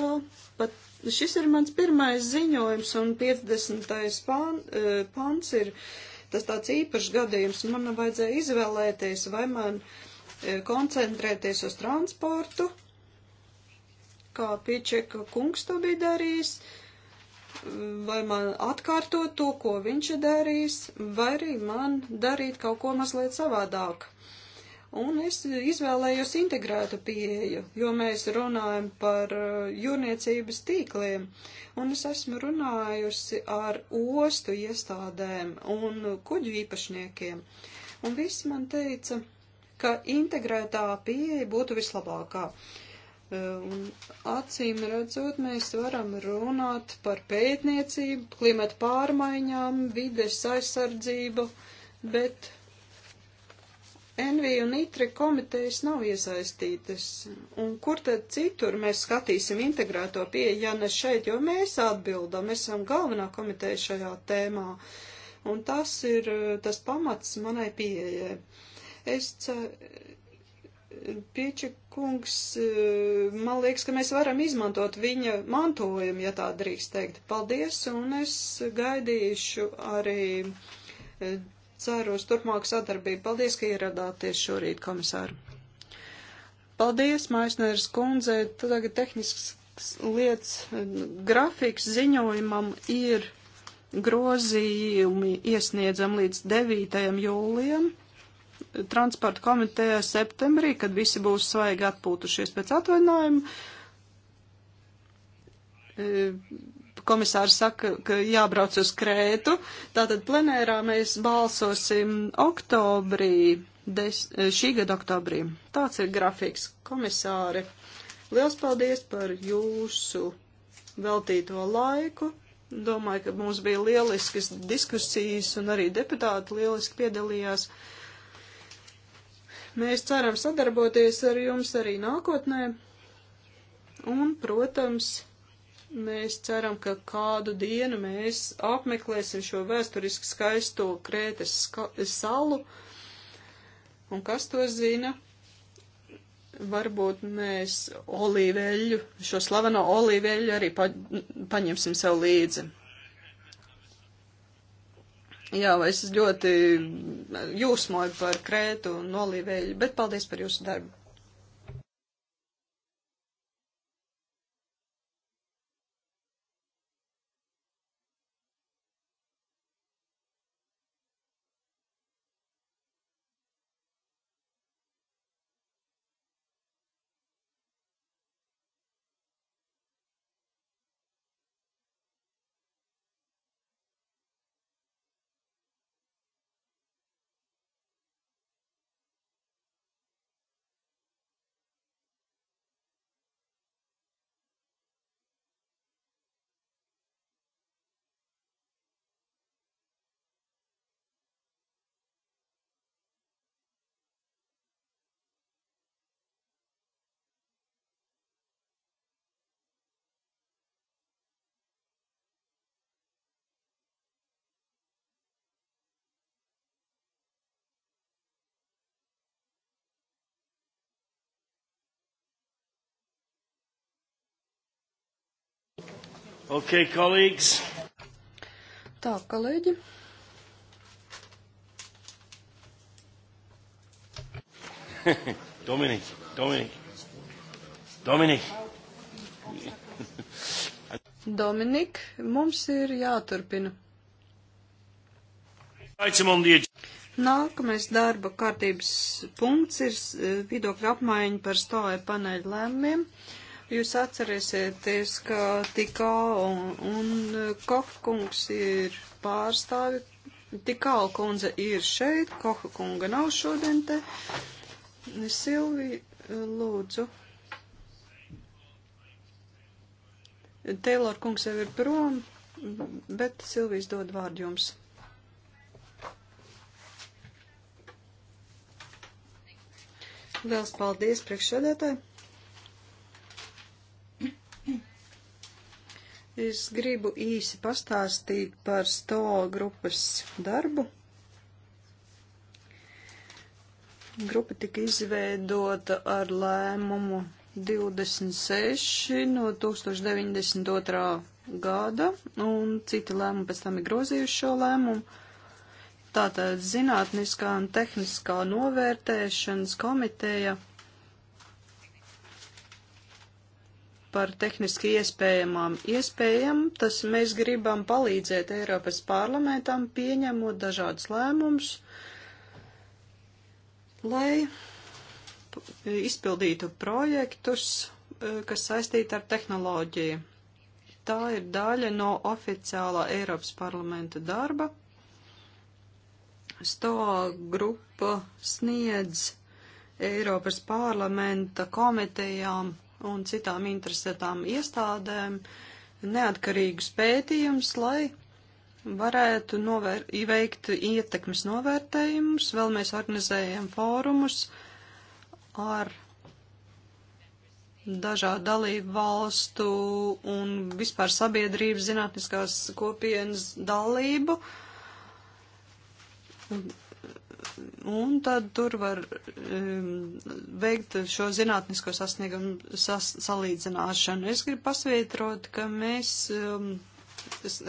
pat šis ir mans pirmais ziņojums, un 50. pāns pan, eh, ir Tas tāds īpašs gadījums. Man vajadzēja izvēlēties, vai man e, koncentrēties uz transportu, kā Piečeka kungs to bija darījis, vai man atkārtot to, ko viņš ir darījis, vai arī man darīt kaut ko mazliet savādāk un es izvēlējos integrētu pieeju, jo mēs runājam par uh, jūrniecības tīkliem, un es esmu runājusi ar ostu iestādēm un kuģu īpašniekiem, un viss man teica, ka integrētā pieeja būtu vislabākā. Uh, un acīm redzot, mēs varam runāt par pētniecību, klimata pārmaiņām, vides aizsardzību, bet NV un ITRE komitejas nav iesaistītas. Un kur tad citur mēs skatīsim integrēto pieeja, ja ne šeit, jo mēs atbildam, mēs esam galvenā komiteja šajā tēmā. Un tas ir tas pamats manai pieejai. Es Pieči kungs, man liekas, ka mēs varam izmantot viņa mantojumu, ja tā drīkst teikt. Paldies, un es gaidīšu arī ceru uz turpmāku sadarbību. Paldies, ka ieradāties šorīt, komisāri. Paldies, Maisnēras kundze. Tagad tehnisks lietas grafiks ziņojumam ir grozījumi iesniedzam līdz 9. jūlijam transporta komitejā septembrī, kad visi būs svaigi atpūtušies pēc atvaļinājuma komisārs saka, ka jābrauc uz Krētu. Tātad plenērā mēs balsosim oktobrī, des, šī gada oktobrī. Tāds ir grafiks. Komisāri, liels paldies par jūsu veltīto laiku. Domāju, ka mums bija lieliskas diskusijas un arī deputāti lieliski piedalījās. Mēs ceram sadarboties ar jums arī nākotnē. Un, protams, Mēs ceram, ka kādu dienu mēs apmeklēsim šo vēsturiski skaisto Krētes salu. Un kas to zina? Varbūt mēs olīveļu, šo slaveno olīveļu arī pa, paņemsim sev līdzi. Jā, es ļoti jūsmoju par Krētu un olīveļu, bet paldies par jūsu darbu. Ok, kolēģis. Tā, kolēģi. (laughs) Dominik, Dominik, Dominik. Dominik, mums ir jāturpina. Nākamais darba kārtības punkts ir eh, vidokļa apmaiņa par stāja paneļa lēmumiem. Uh, Jūs atcerēsieties, ka Tikāla un, un Kofkungs ir pārstāvi. Tikāla kundze ir šeit, Koha kunga nav šodien te. Silvija, lūdzu. Teilor kungs jau ir prom, bet Silvijas dod vārdu jums. Liels paldies priekšsēdētāji! Es gribu īsi pastāstīt par STO grupas darbu. Grupa tika izveidota ar lēmumu 26 no 1092. gada, un citi lēmumi pēc tam ir grozījuši šo lēmumu. Tātad zinātniskā un tehniskā novērtēšanas komiteja par tehniski iespējamām iespējām, tas mēs gribam palīdzēt Eiropas parlamentam pieņemot dažādus lēmumus, lai izpildītu projektus, e, kas saistīti ar tehnoloģiju. Tā ir daļa no oficiālā Eiropas parlamenta darba. Stoa grupa sniedz Eiropas parlamenta komitejām un citām interesētām iestādēm neatkarīgus pētījumus, lai varētu novēr, veikt ietekmes novērtējumus. Vēl mēs organizējam fórumus ar dažādu dalību valstu un vispār sabiedrības zinātniskās kopienas dalību un tad tur var um, veikt šo zinātnisko sasniegumu sas, salīdzināšanu. Es gribu pasvietrot, ka mēs um,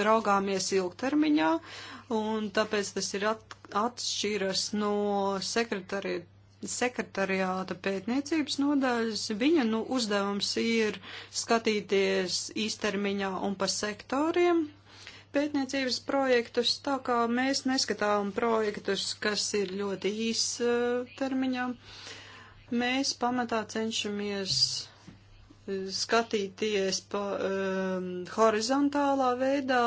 raugāmies ilgtermiņā, un tāpēc tas ir at, atšķiras no sekretarieta sekretariāta pētniecības nodaļas, viņa nu, uzdevums ir skatīties īstermiņā un pa sektoriem, pētniecības projektus, tā kā mēs neskatām projektus, kas ir ļoti īs eh, termiņā. Mēs pamatā cenšamies eh, skatīties pa, um, horizontālā veidā,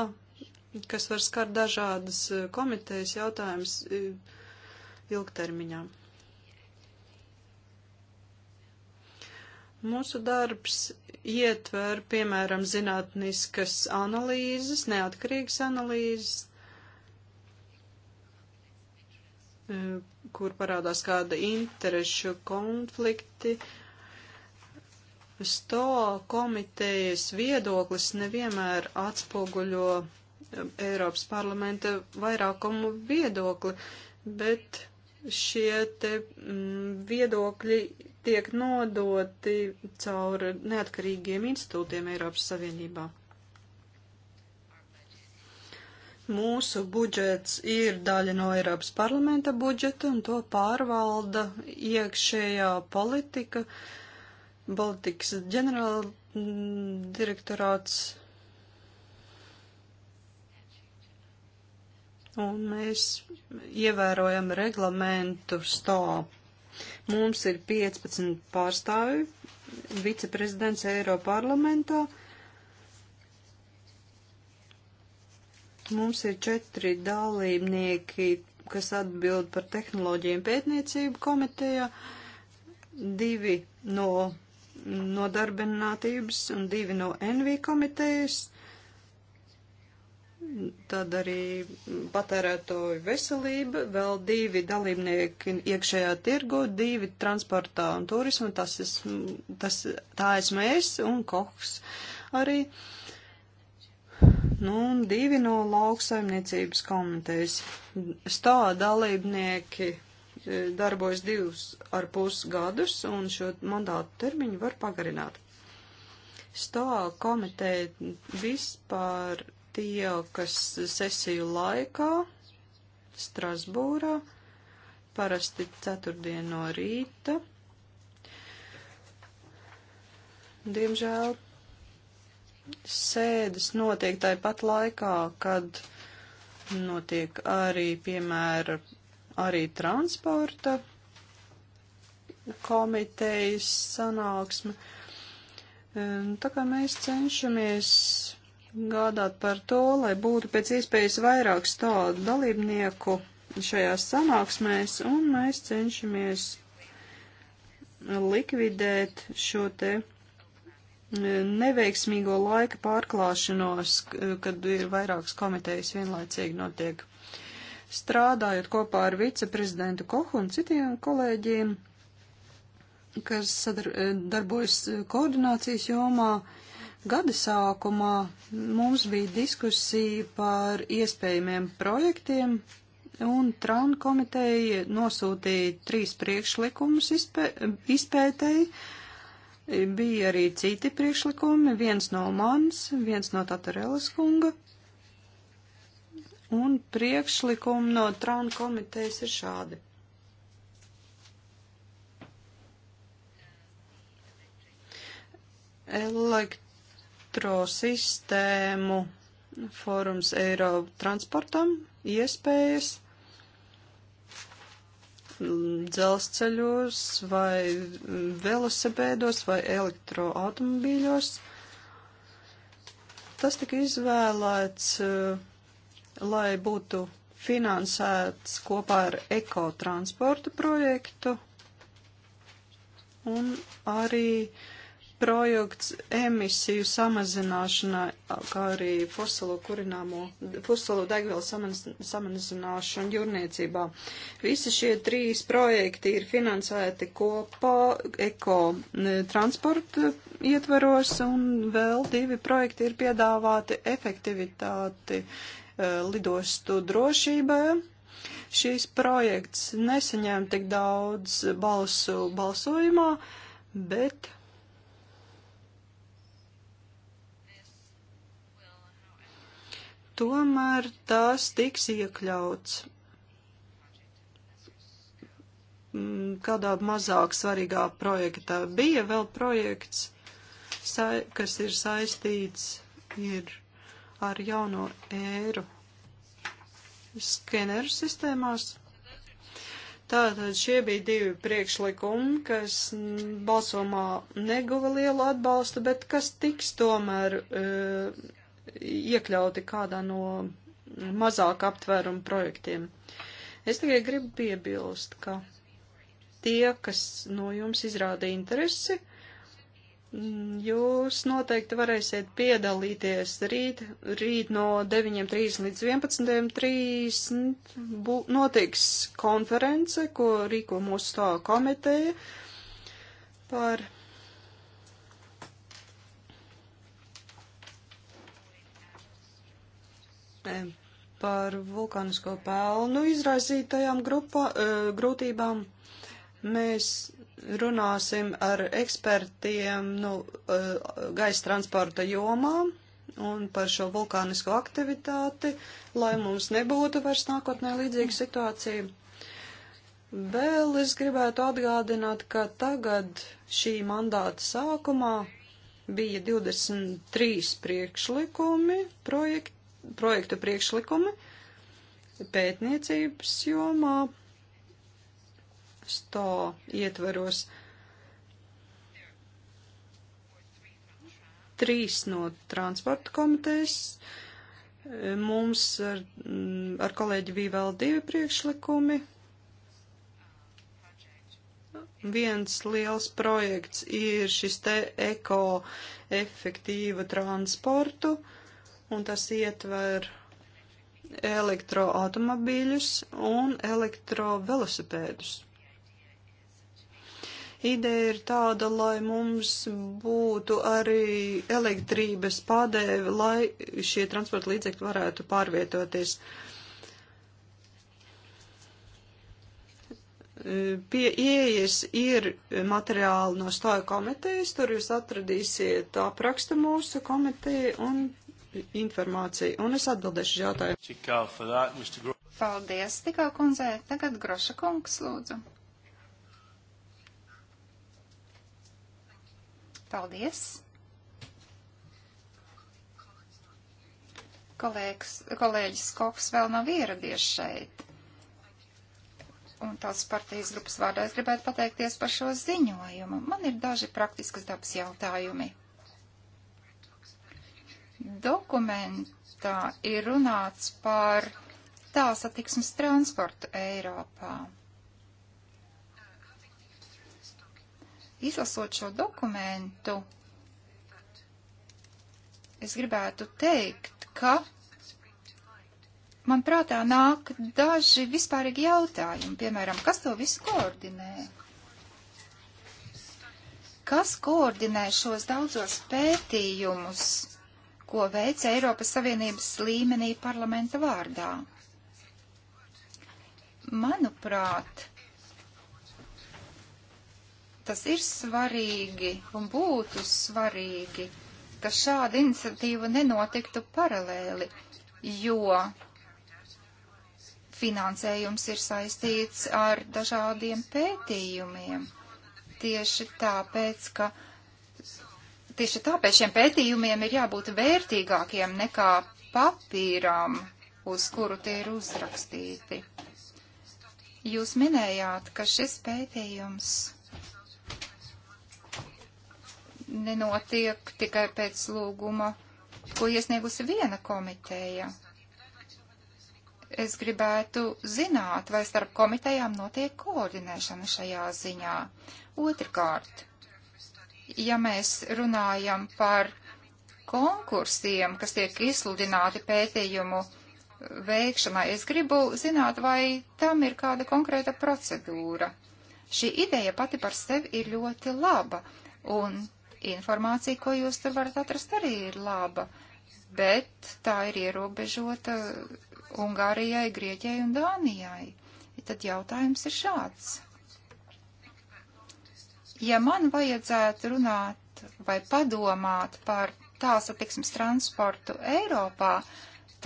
kas var skart dažādas komitejas jautājumas ilgtermiņā. Mūsu darbs ietver, piemēram, zinātniskas analīzes, neatkarīgas analīzes, e, kur parādās kāda interešu konflikti. Sto komitejas viedoklis nevienmēr atspoguļo e, Eiropas parlamenta vairākumu viedokli, bet šie te mm, viedokļi tiek nodoti caur neatkarīgiem institūtiem Eiropas Savienībā. Mūsu budžets ir daļa no Eiropas parlamenta budžeta, un to pārvalda iekšējā politika, Baltikas ģenerāla mm, direktorāts. Un mēs ievērojam reglamentu stāvu. Mums ir 15 pārstāvi, viceprezidents Eiroparlamentā. Mums ir četri dalībnieki, kas atbild par tehnoloģiju un pētniecību komitejā, divi no nodarbinātības un divi no NV komitejas. Tad arī patērētoju veselība, vēl divi dalībnieki iekšējā tirgu, divi transportā un turismu, tas, es, tas tā esmu es un koks arī. Nu, un divi no lauksaimniecības komitejas. Stā dalībnieki e, darbojas divus ar pus gadus un šo mandātu termiņu var pagarināt. Stā komiteja vispār tie, kas sesiju laikā Strasbūrā, parasti ceturtdien no rīta. Diemžēl sēdes notiek tāpat laikā, kad notiek arī, piemēra, arī transporta komitejas sanāksme. Ehm, tā kā mēs cenšamies gādāt par to, lai būtu pēc iespējas vairāk stādu dalībnieku šajās sanāksmēs, un mēs cenšamies likvidēt šo te e, neveiksmīgo laika pārklāšanos, kad ir vairākas komitejas vienlaicīgi notiek. Strādājot kopā ar viceprezidentu Kohu un citiem kolēģiem, kas sadar, e, darbojas koordinācijas jomā, uh, Gada sākumā mums bija diskusija par iespējamiem projektiem, un Tran komiteja nosūtīja trīs priekšlikumus izpē, izpētēji. Bija arī citi priekšlikumi, viens no mans, viens no Tatarelas kunga. Un priekšlikumi no Tran komitejas ir šādi. Elekt elektrosistēmu fórums Eiro transportam, iespējas dzelzceļos vai velosipēdos vai elektroautomobīļos. Tas tika izvēlēts, eh, lai būtu finansēts kopā ar ekotransporta projektu un arī uh, projekts emisiju samazināšanai, kā arī fosilo kurināmo, fosilo degvielu samazināšanu jūrniecībā. Visi šie trīs projekti ir finansēti kopā eko transporta ietveros, un vēl divi projekti ir piedāvāti efektivitāti e, lidostu drošībai šīs projekts nesaņēma tik daudz balsu balsojumā, bet tomēr tās tiks iekļauts mm, kādā mazāk svarīgā projektā. Bija vēl projekts, kas ir saistīts ir ar jauno ēru skeneru sistēmās. Tātad šie bija divi priekšlikumi, kas balsomā neguva lielu atbalstu, bet kas tiks tomēr uh, e, iekļauti kādā no mazāk aptvērumu projektiem. Es tikai gribu piebilst, ka tie, kas no jums izrāda interesi, jūs noteikti varēsiet piedalīties rīt, rīt no 9.30 līdz 11.30 notiks konference, ko rīko mūsu tā komiteja par par vulkānisko pelnu izraisītajām grupā, eh, grūtībām. Mēs runāsim ar ekspertiem nu, eh, gaisa transporta jomā un par šo vulkānisko aktivitāti, lai mums nebūtu vairs nākotnē līdzīga situācija. Vēl es gribētu atgādināt, ka tagad šī mandāta sākumā bija 23 priekšlikumi projekti projektu priekšlikumi pētniecības jomā sto ietveros. Trīs no transporta komitejas. Mums ar, mm, ar kolēģi bija vēl divi priekšlikumi. Viens liels projekts ir šis te ekoefektīva transportu. Uh, un tas ietver elektroautomobīļus un elektrovelosipēdus. Ideja ir tāda, lai mums būtu arī elektrības pārdēve, lai šie transporta līdzekļi varētu pārvietoties. Pie ieejas ir materiāli no stāja komitejas, tur jūs atradīsiet aprakstu mūsu komiteju un informāciju, un es atbildēšu jautājumu. Paldies, tikā kundzē. Tagad Groša kungs, lūdzu. Paldies. Kolēks, kolēģis Koks vēl nav ieradies šeit. Un tās partijas grupas vārdā es gribētu pateikties par šo ziņojumu. Man ir daži praktiskas dabas jautājumi. Dokumentā ir runāts par tālsatiksmes transportu Eiropā. Izlasot šo dokumentu, es gribētu teikt, ka man prātā nāk daži vispārīgi jautājumi, piemēram, kas to visu koordinē? Kas koordinē šos daudzos pētījumus? ko veica Eiropas Savienības līmenī parlamenta vārdā. Manuprāt, tas ir svarīgi un būtu svarīgi, ka šāda iniciatīva nenotiktu paralēli, jo finansējums ir saistīts ar dažādiem pētījumiem. Tieši tāpēc, ka Tieši tāpēc šiem pētījumiem ir jābūt vērtīgākiem nekā papīram, uz kuru tie ir uzrakstīti. Jūs minējāt, ka šis pētījums nenotiek tikai pēc lūguma, ko iesniegusi viena komiteja. Es gribētu zināt, vai starp komitejām notiek koordinēšana šajā ziņā. Otrkārt, ja mēs runājam par konkursiem, kas tiek izsludināti pētījumu veikšanai, es gribu zināt, vai tam ir kāda konkrēta procedūra. Šī ideja pati par sevi ir ļoti laba, un informācija, ko jūs tur varat atrast, arī ir laba, bet tā ir ierobežota Ungārijai, Grieķijai un Dānijai. Tad jautājums ir šāds. Ja man vajadzētu runāt vai padomāt par tālsatiksmes transportu Eiropā,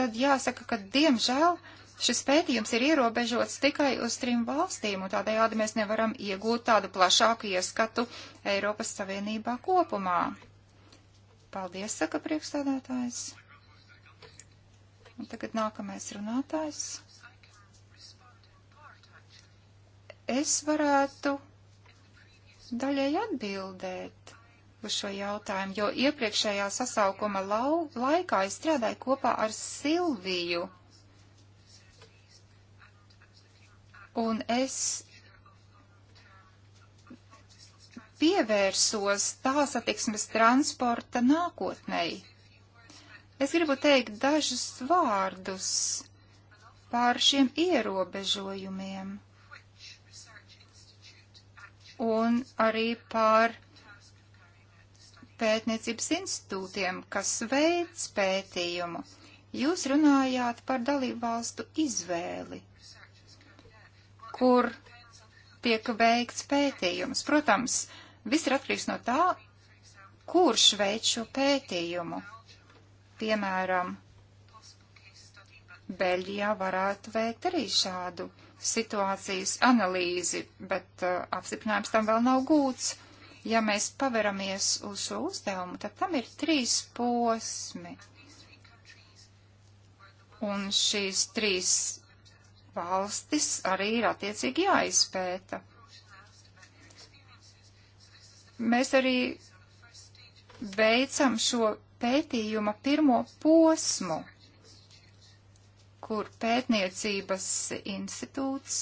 tad jāsaka, ka diemžēl šis pētījums ir ierobežots tikai uz trim valstīm, un tādējādi mēs nevaram iegūt tādu plašāku ieskatu Eiropas Savienībā kopumā. Paldies, saka priekšstādātājs. Un tagad nākamais runātājs. Es varētu daļai atbildēt uz šo jautājumu, jo iepriekšējā sasaukuma lau, laikā es strādāju kopā ar Silviju. Un es pievērsos tā satiksmes transporta nākotnei. Es gribu teikt dažus vārdus pār šiem ierobežojumiem un arī par pētniecības institūtiem, kas veids pētījumu. Jūs runājāt par dalībvalstu izvēli, kur tiek veikts pētījums. Protams, viss ir atkarīgs no tā, kurš veids šo pētījumu. Piemēram, Beļģijā varētu veikt arī šādu pētījumu situācijas analīzi, bet uh, apstiprinājums tam vēl nav gūts. Ja mēs paveramies uz šo uzdevumu, tad tam ir trīs posmi. Un šīs trīs valstis arī ir attiecīgi jāizpēta. Mēs arī veicam šo pētījuma pirmo posmu kur pētniecības institūts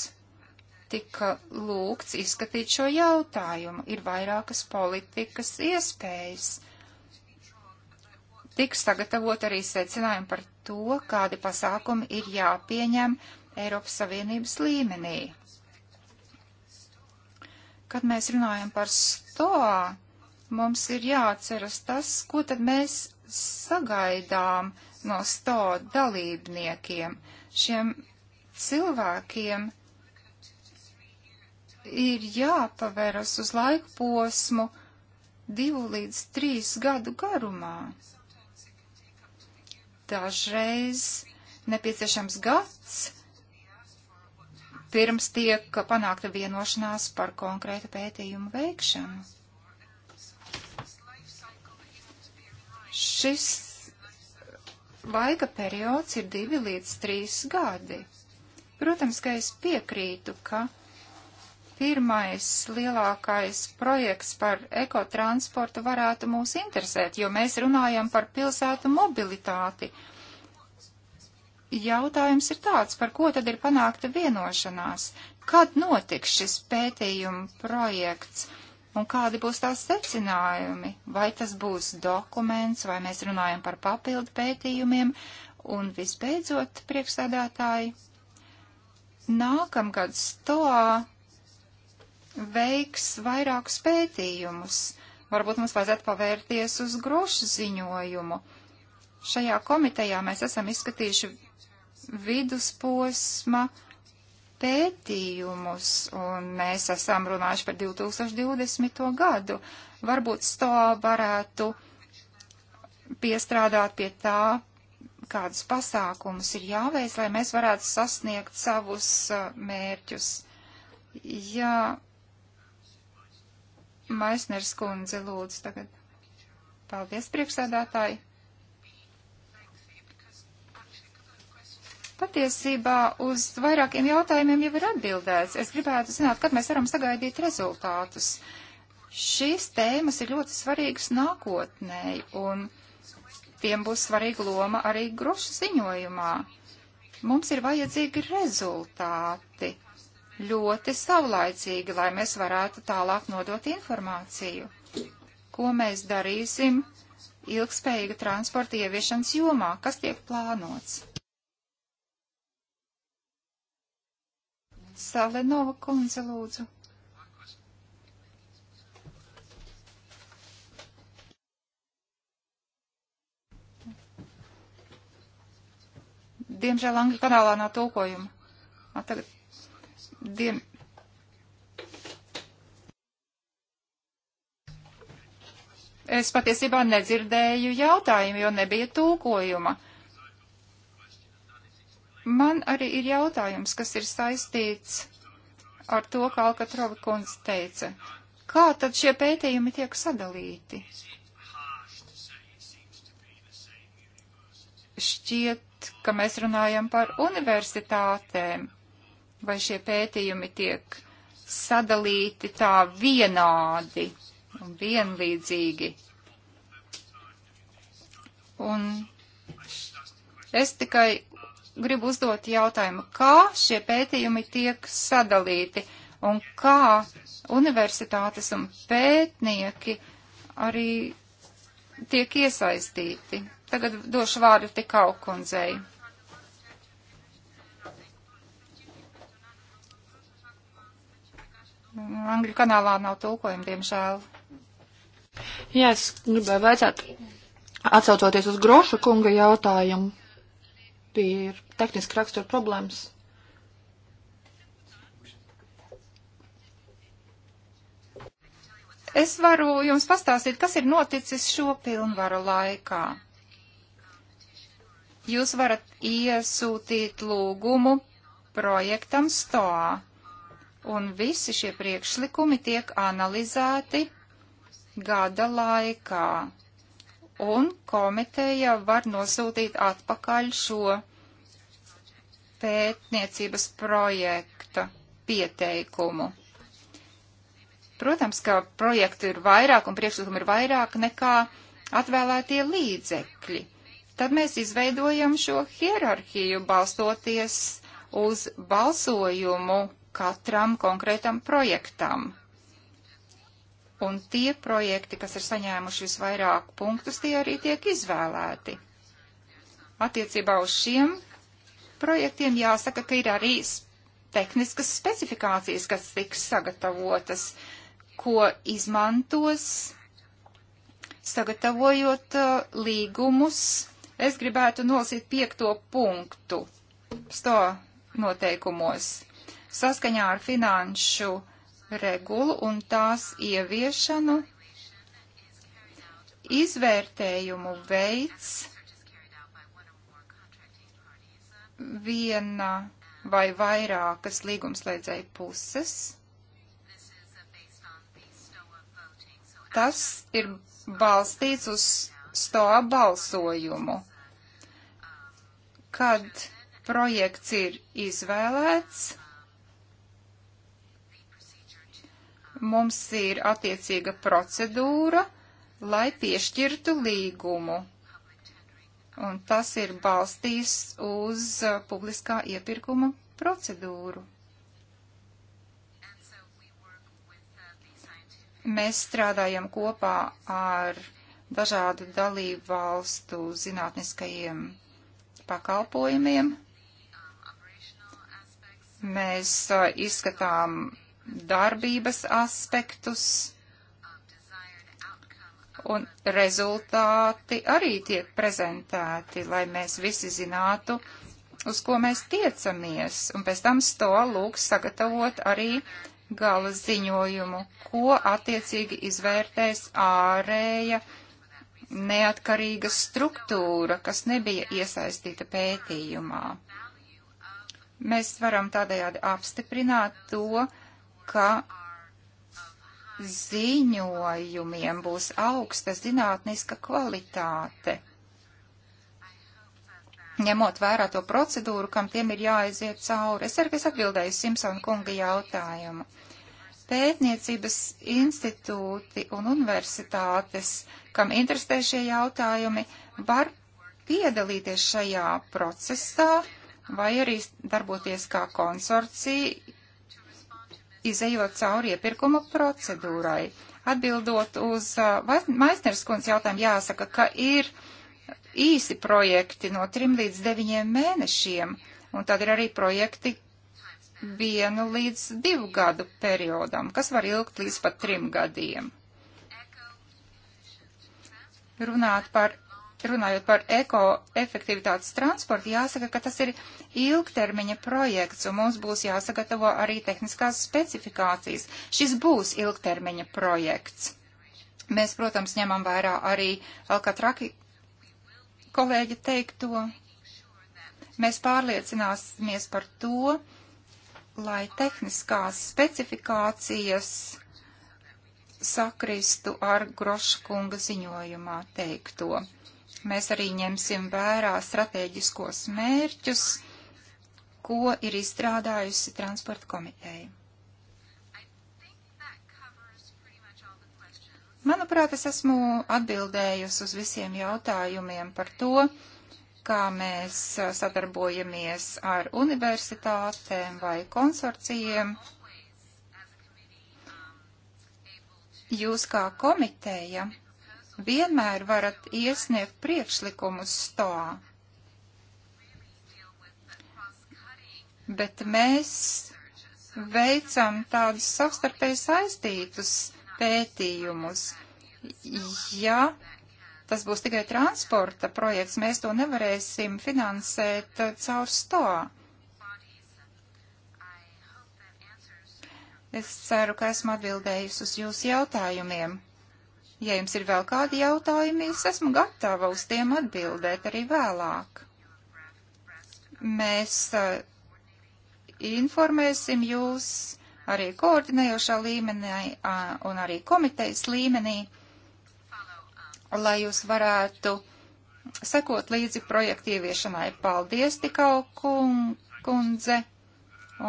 tika lūgts izskatīt šo jautājumu. Ir vairākas politikas iespējas. Tiks sagatavot arī secinājumi par to, kādi pasākumi ir jāpieņem Eiropas Savienības līmenī. Kad mēs runājam par stoā, mums ir jāatceras tas, ko tad mēs sagaidām uh, no sto dalībniekiem. Šiem cilvēkiem ir jāpaveras uz laiku posmu divu līdz trīs gadu garumā. Dažreiz nepieciešams gads pirms tiek panākta vienošanās par konkrēta pētījumu veikšanu. Šis laika periods ir divi līdz trīs gadi. Protams, ka es piekrītu, ka pirmais lielākais projekts par ekotransportu varētu mūs interesēt, jo mēs runājam par pilsētu mobilitāti. Jautājums ir tāds, par ko tad ir panākta vienošanās? Kad notiks šis pētījuma projekts? un kādi būs tās secinājumi. Vai tas būs dokuments, vai mēs runājam par papildu pētījumiem, un visbeidzot, priekšsēdētāji, nākamgad stoā veiks vairākus pētījumus. Varbūt mums vajadzētu pavērties uz grošu ziņojumu. Šajā komitejā mēs esam izskatījuši vidusposma uh, pētījumus, un mēs esam runājuši par 2020. gadu. Varbūt STOA varētu piestrādāt pie tā, kādus pasākumus ir jāveic, lai mēs varētu sasniegt savus uh, mērķus. Jā, Maisners kundze lūdzu tagad. Paldies, priekšsēdātāji. Patiesībā uz vairākiem jautājumiem jau ir atbildēts. Es gribētu zināt, kad mēs varam sagaidīt rezultātus. Šīs tēmas ir ļoti svarīgas nākotnē, un tiem būs svarīga loma arī grošu ziņojumā. Mums ir vajadzīgi rezultāti ļoti savlaicīgi, lai mēs varētu tālāk nodot informāciju. Ko mēs darīsim ilgspējīga transporta ieviešanas jomā, kas tiek plānots? Salenova kundze lūdzu. Diemžēl Angļu kanālā nav tulkojuma. A, tagad, diem... Es patiesībā nedzirdēju jautājumu, jo nebija tulkojuma. Man arī ir jautājums, kas ir saistīts ar to, kā Alkatrova kundze teica. Kā tad šie pētījumi tiek sadalīti? Šķiet, ka mēs runājam par universitātēm, vai šie pētījumi tiek sadalīti tā vienādi un vienlīdzīgi. Un es tikai gribu uzdot jautājumu, kā šie pētījumi tiek sadalīti un kā universitātes un pētnieki arī tiek iesaistīti. Tagad došu vārdu tikau kundzei. Angļu kanālā nav tulkojumi, diemžēl. Jā, es gribēju vajadzētu, atsaucoties uz Groša kunga jautājumu, bija tehniski rakstura problēmas. Es varu jums pastāstīt, kas ir noticis šo pilnvaru laikā. Jūs varat iesūtīt lūgumu projektam STOA, un visi šie priekšlikumi tiek analizēti gada laikā un komiteja var nosūtīt atpakaļ šo pētniecības projekta pieteikumu. Protams, ka projektu ir vairāk un priekšlikumu ir vairāk nekā atvēlētie līdzekļi. Tad mēs izveidojam šo hierarhiju balstoties uz balsojumu katram konkrētam projektam. Un tie projekti, kas ir saņēmuši visvairāk punktus, tie arī tiek izvēlēti. Attiecībā uz šiem projektiem jāsaka, ka ir arī tehniskas specifikācijas, kas tiks sagatavotas, ko izmantos sagatavojot uh, līgumus. Es gribētu nolasīt piekto punktu sto noteikumos. Saskaņā ar finanšu uh, regulu un tās ieviešanu izvērtējumu veids viena vai vairākas līgumslēdzēja puses. Tas ir balstīts uz stoa balsojumu. Kad projekts ir izvēlēts, Mums ir attiecīga procedūra, lai piešķirtu līgumu. Un tas ir balstīs uz publiskā iepirkuma procedūru. Mēs strādājam kopā ar dažādu dalību valstu zinātniskajiem pakalpojumiem. Mēs uh, izskatām darbības aspektus, un rezultāti arī tiek prezentēti, lai mēs visi zinātu, uz ko mēs tiecamies, un pēc tam to lūgs sagatavot arī gala ziņojumu, ko attiecīgi izvērtēs ārēja neatkarīga struktūra, kas nebija iesaistīta pētījumā. Mēs varam tādējādi apstiprināt to, ka ziņojumiem būs augsta zinātniska kvalitāte. Ņemot vērā to procedūru, kam tiem ir jāaiziet cauri, es arī atbildēju Simpsona kunga jautājumu. Pētniecības institūti un universitātes, kam interesē šie jautājumi, var piedalīties šajā procesā vai arī darboties kā konsorcija, izējot cauri iepirkuma procedūrai. Atbildot uz uh, Maisners kundz jautājumu, jāsaka, ka ir īsi projekti no trim līdz deviņiem mēnešiem, un tad ir arī projekti vienu līdz divu gadu periodam, kas var ilgt līdz pat trim gadiem. Runāt par runājot par ekoefektivitātes transportu, jāsaka, ka tas ir ilgtermiņa projekts, un mums būs jāsagatavo arī tehniskās specifikācijas. Šis būs ilgtermiņa projekts. Mēs, protams, ņemam vērā arī Alkatraki kolēģi teikto. Mēs pārliecināsimies par to, lai tehniskās specifikācijas sakristu ar Groškunga ziņojumā teikto mēs arī ņemsim vērā strateģiskos mērķus, ko ir izstrādājusi transporta komiteja. Manuprāt, es esmu atbildējusi uz visiem jautājumiem par to, kā mēs sadarbojamies ar universitātēm vai konsorcijiem. Jūs kā komiteja vienmēr varat iesniegt priekšlikumus stāvā. Bet mēs veicam tādus savstarpēji saistītus pētījumus. Ja tas būs tikai transporta projekts, mēs to nevarēsim finansēt uh, caur sto. Es ceru, ka esmu atbildējusi uz jūsu jautājumiem. Ja jums ir vēl kādi jautājumi, es esmu gatava uz tiem atbildēt arī vēlāk. Mēs uh, informēsim jūs arī koordinējošā līmenī uh, un arī komitejas līmenī, lai jūs varētu sekot līdzi projektu ieviešanai. Paldies tikau kundze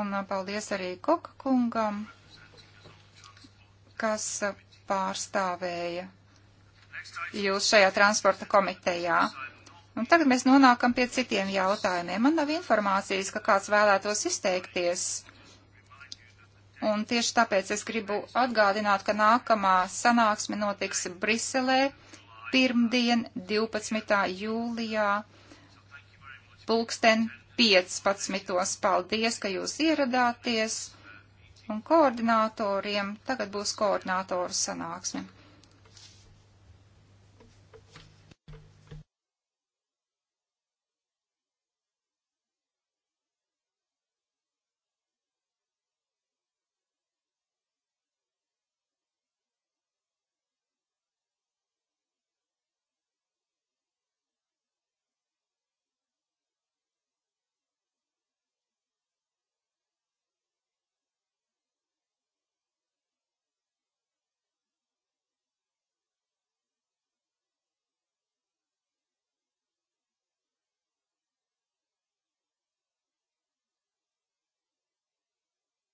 un paldies arī Koka kungam, kas pārstāvēja jūs šajā transporta komitejā. Un tagad mēs nonākam pie citiem jautājumiem. Man nav informācijas, ka kāds vēlētos izteikties. Un tieši tāpēc es gribu atgādināt, ka nākamā sanāksme notiks Briselē pirmdien 12. jūlijā pulksten 15. Paldies, ka jūs ieradāties! un koordinatoriem. Tagad būs koordinatoru sanāksme.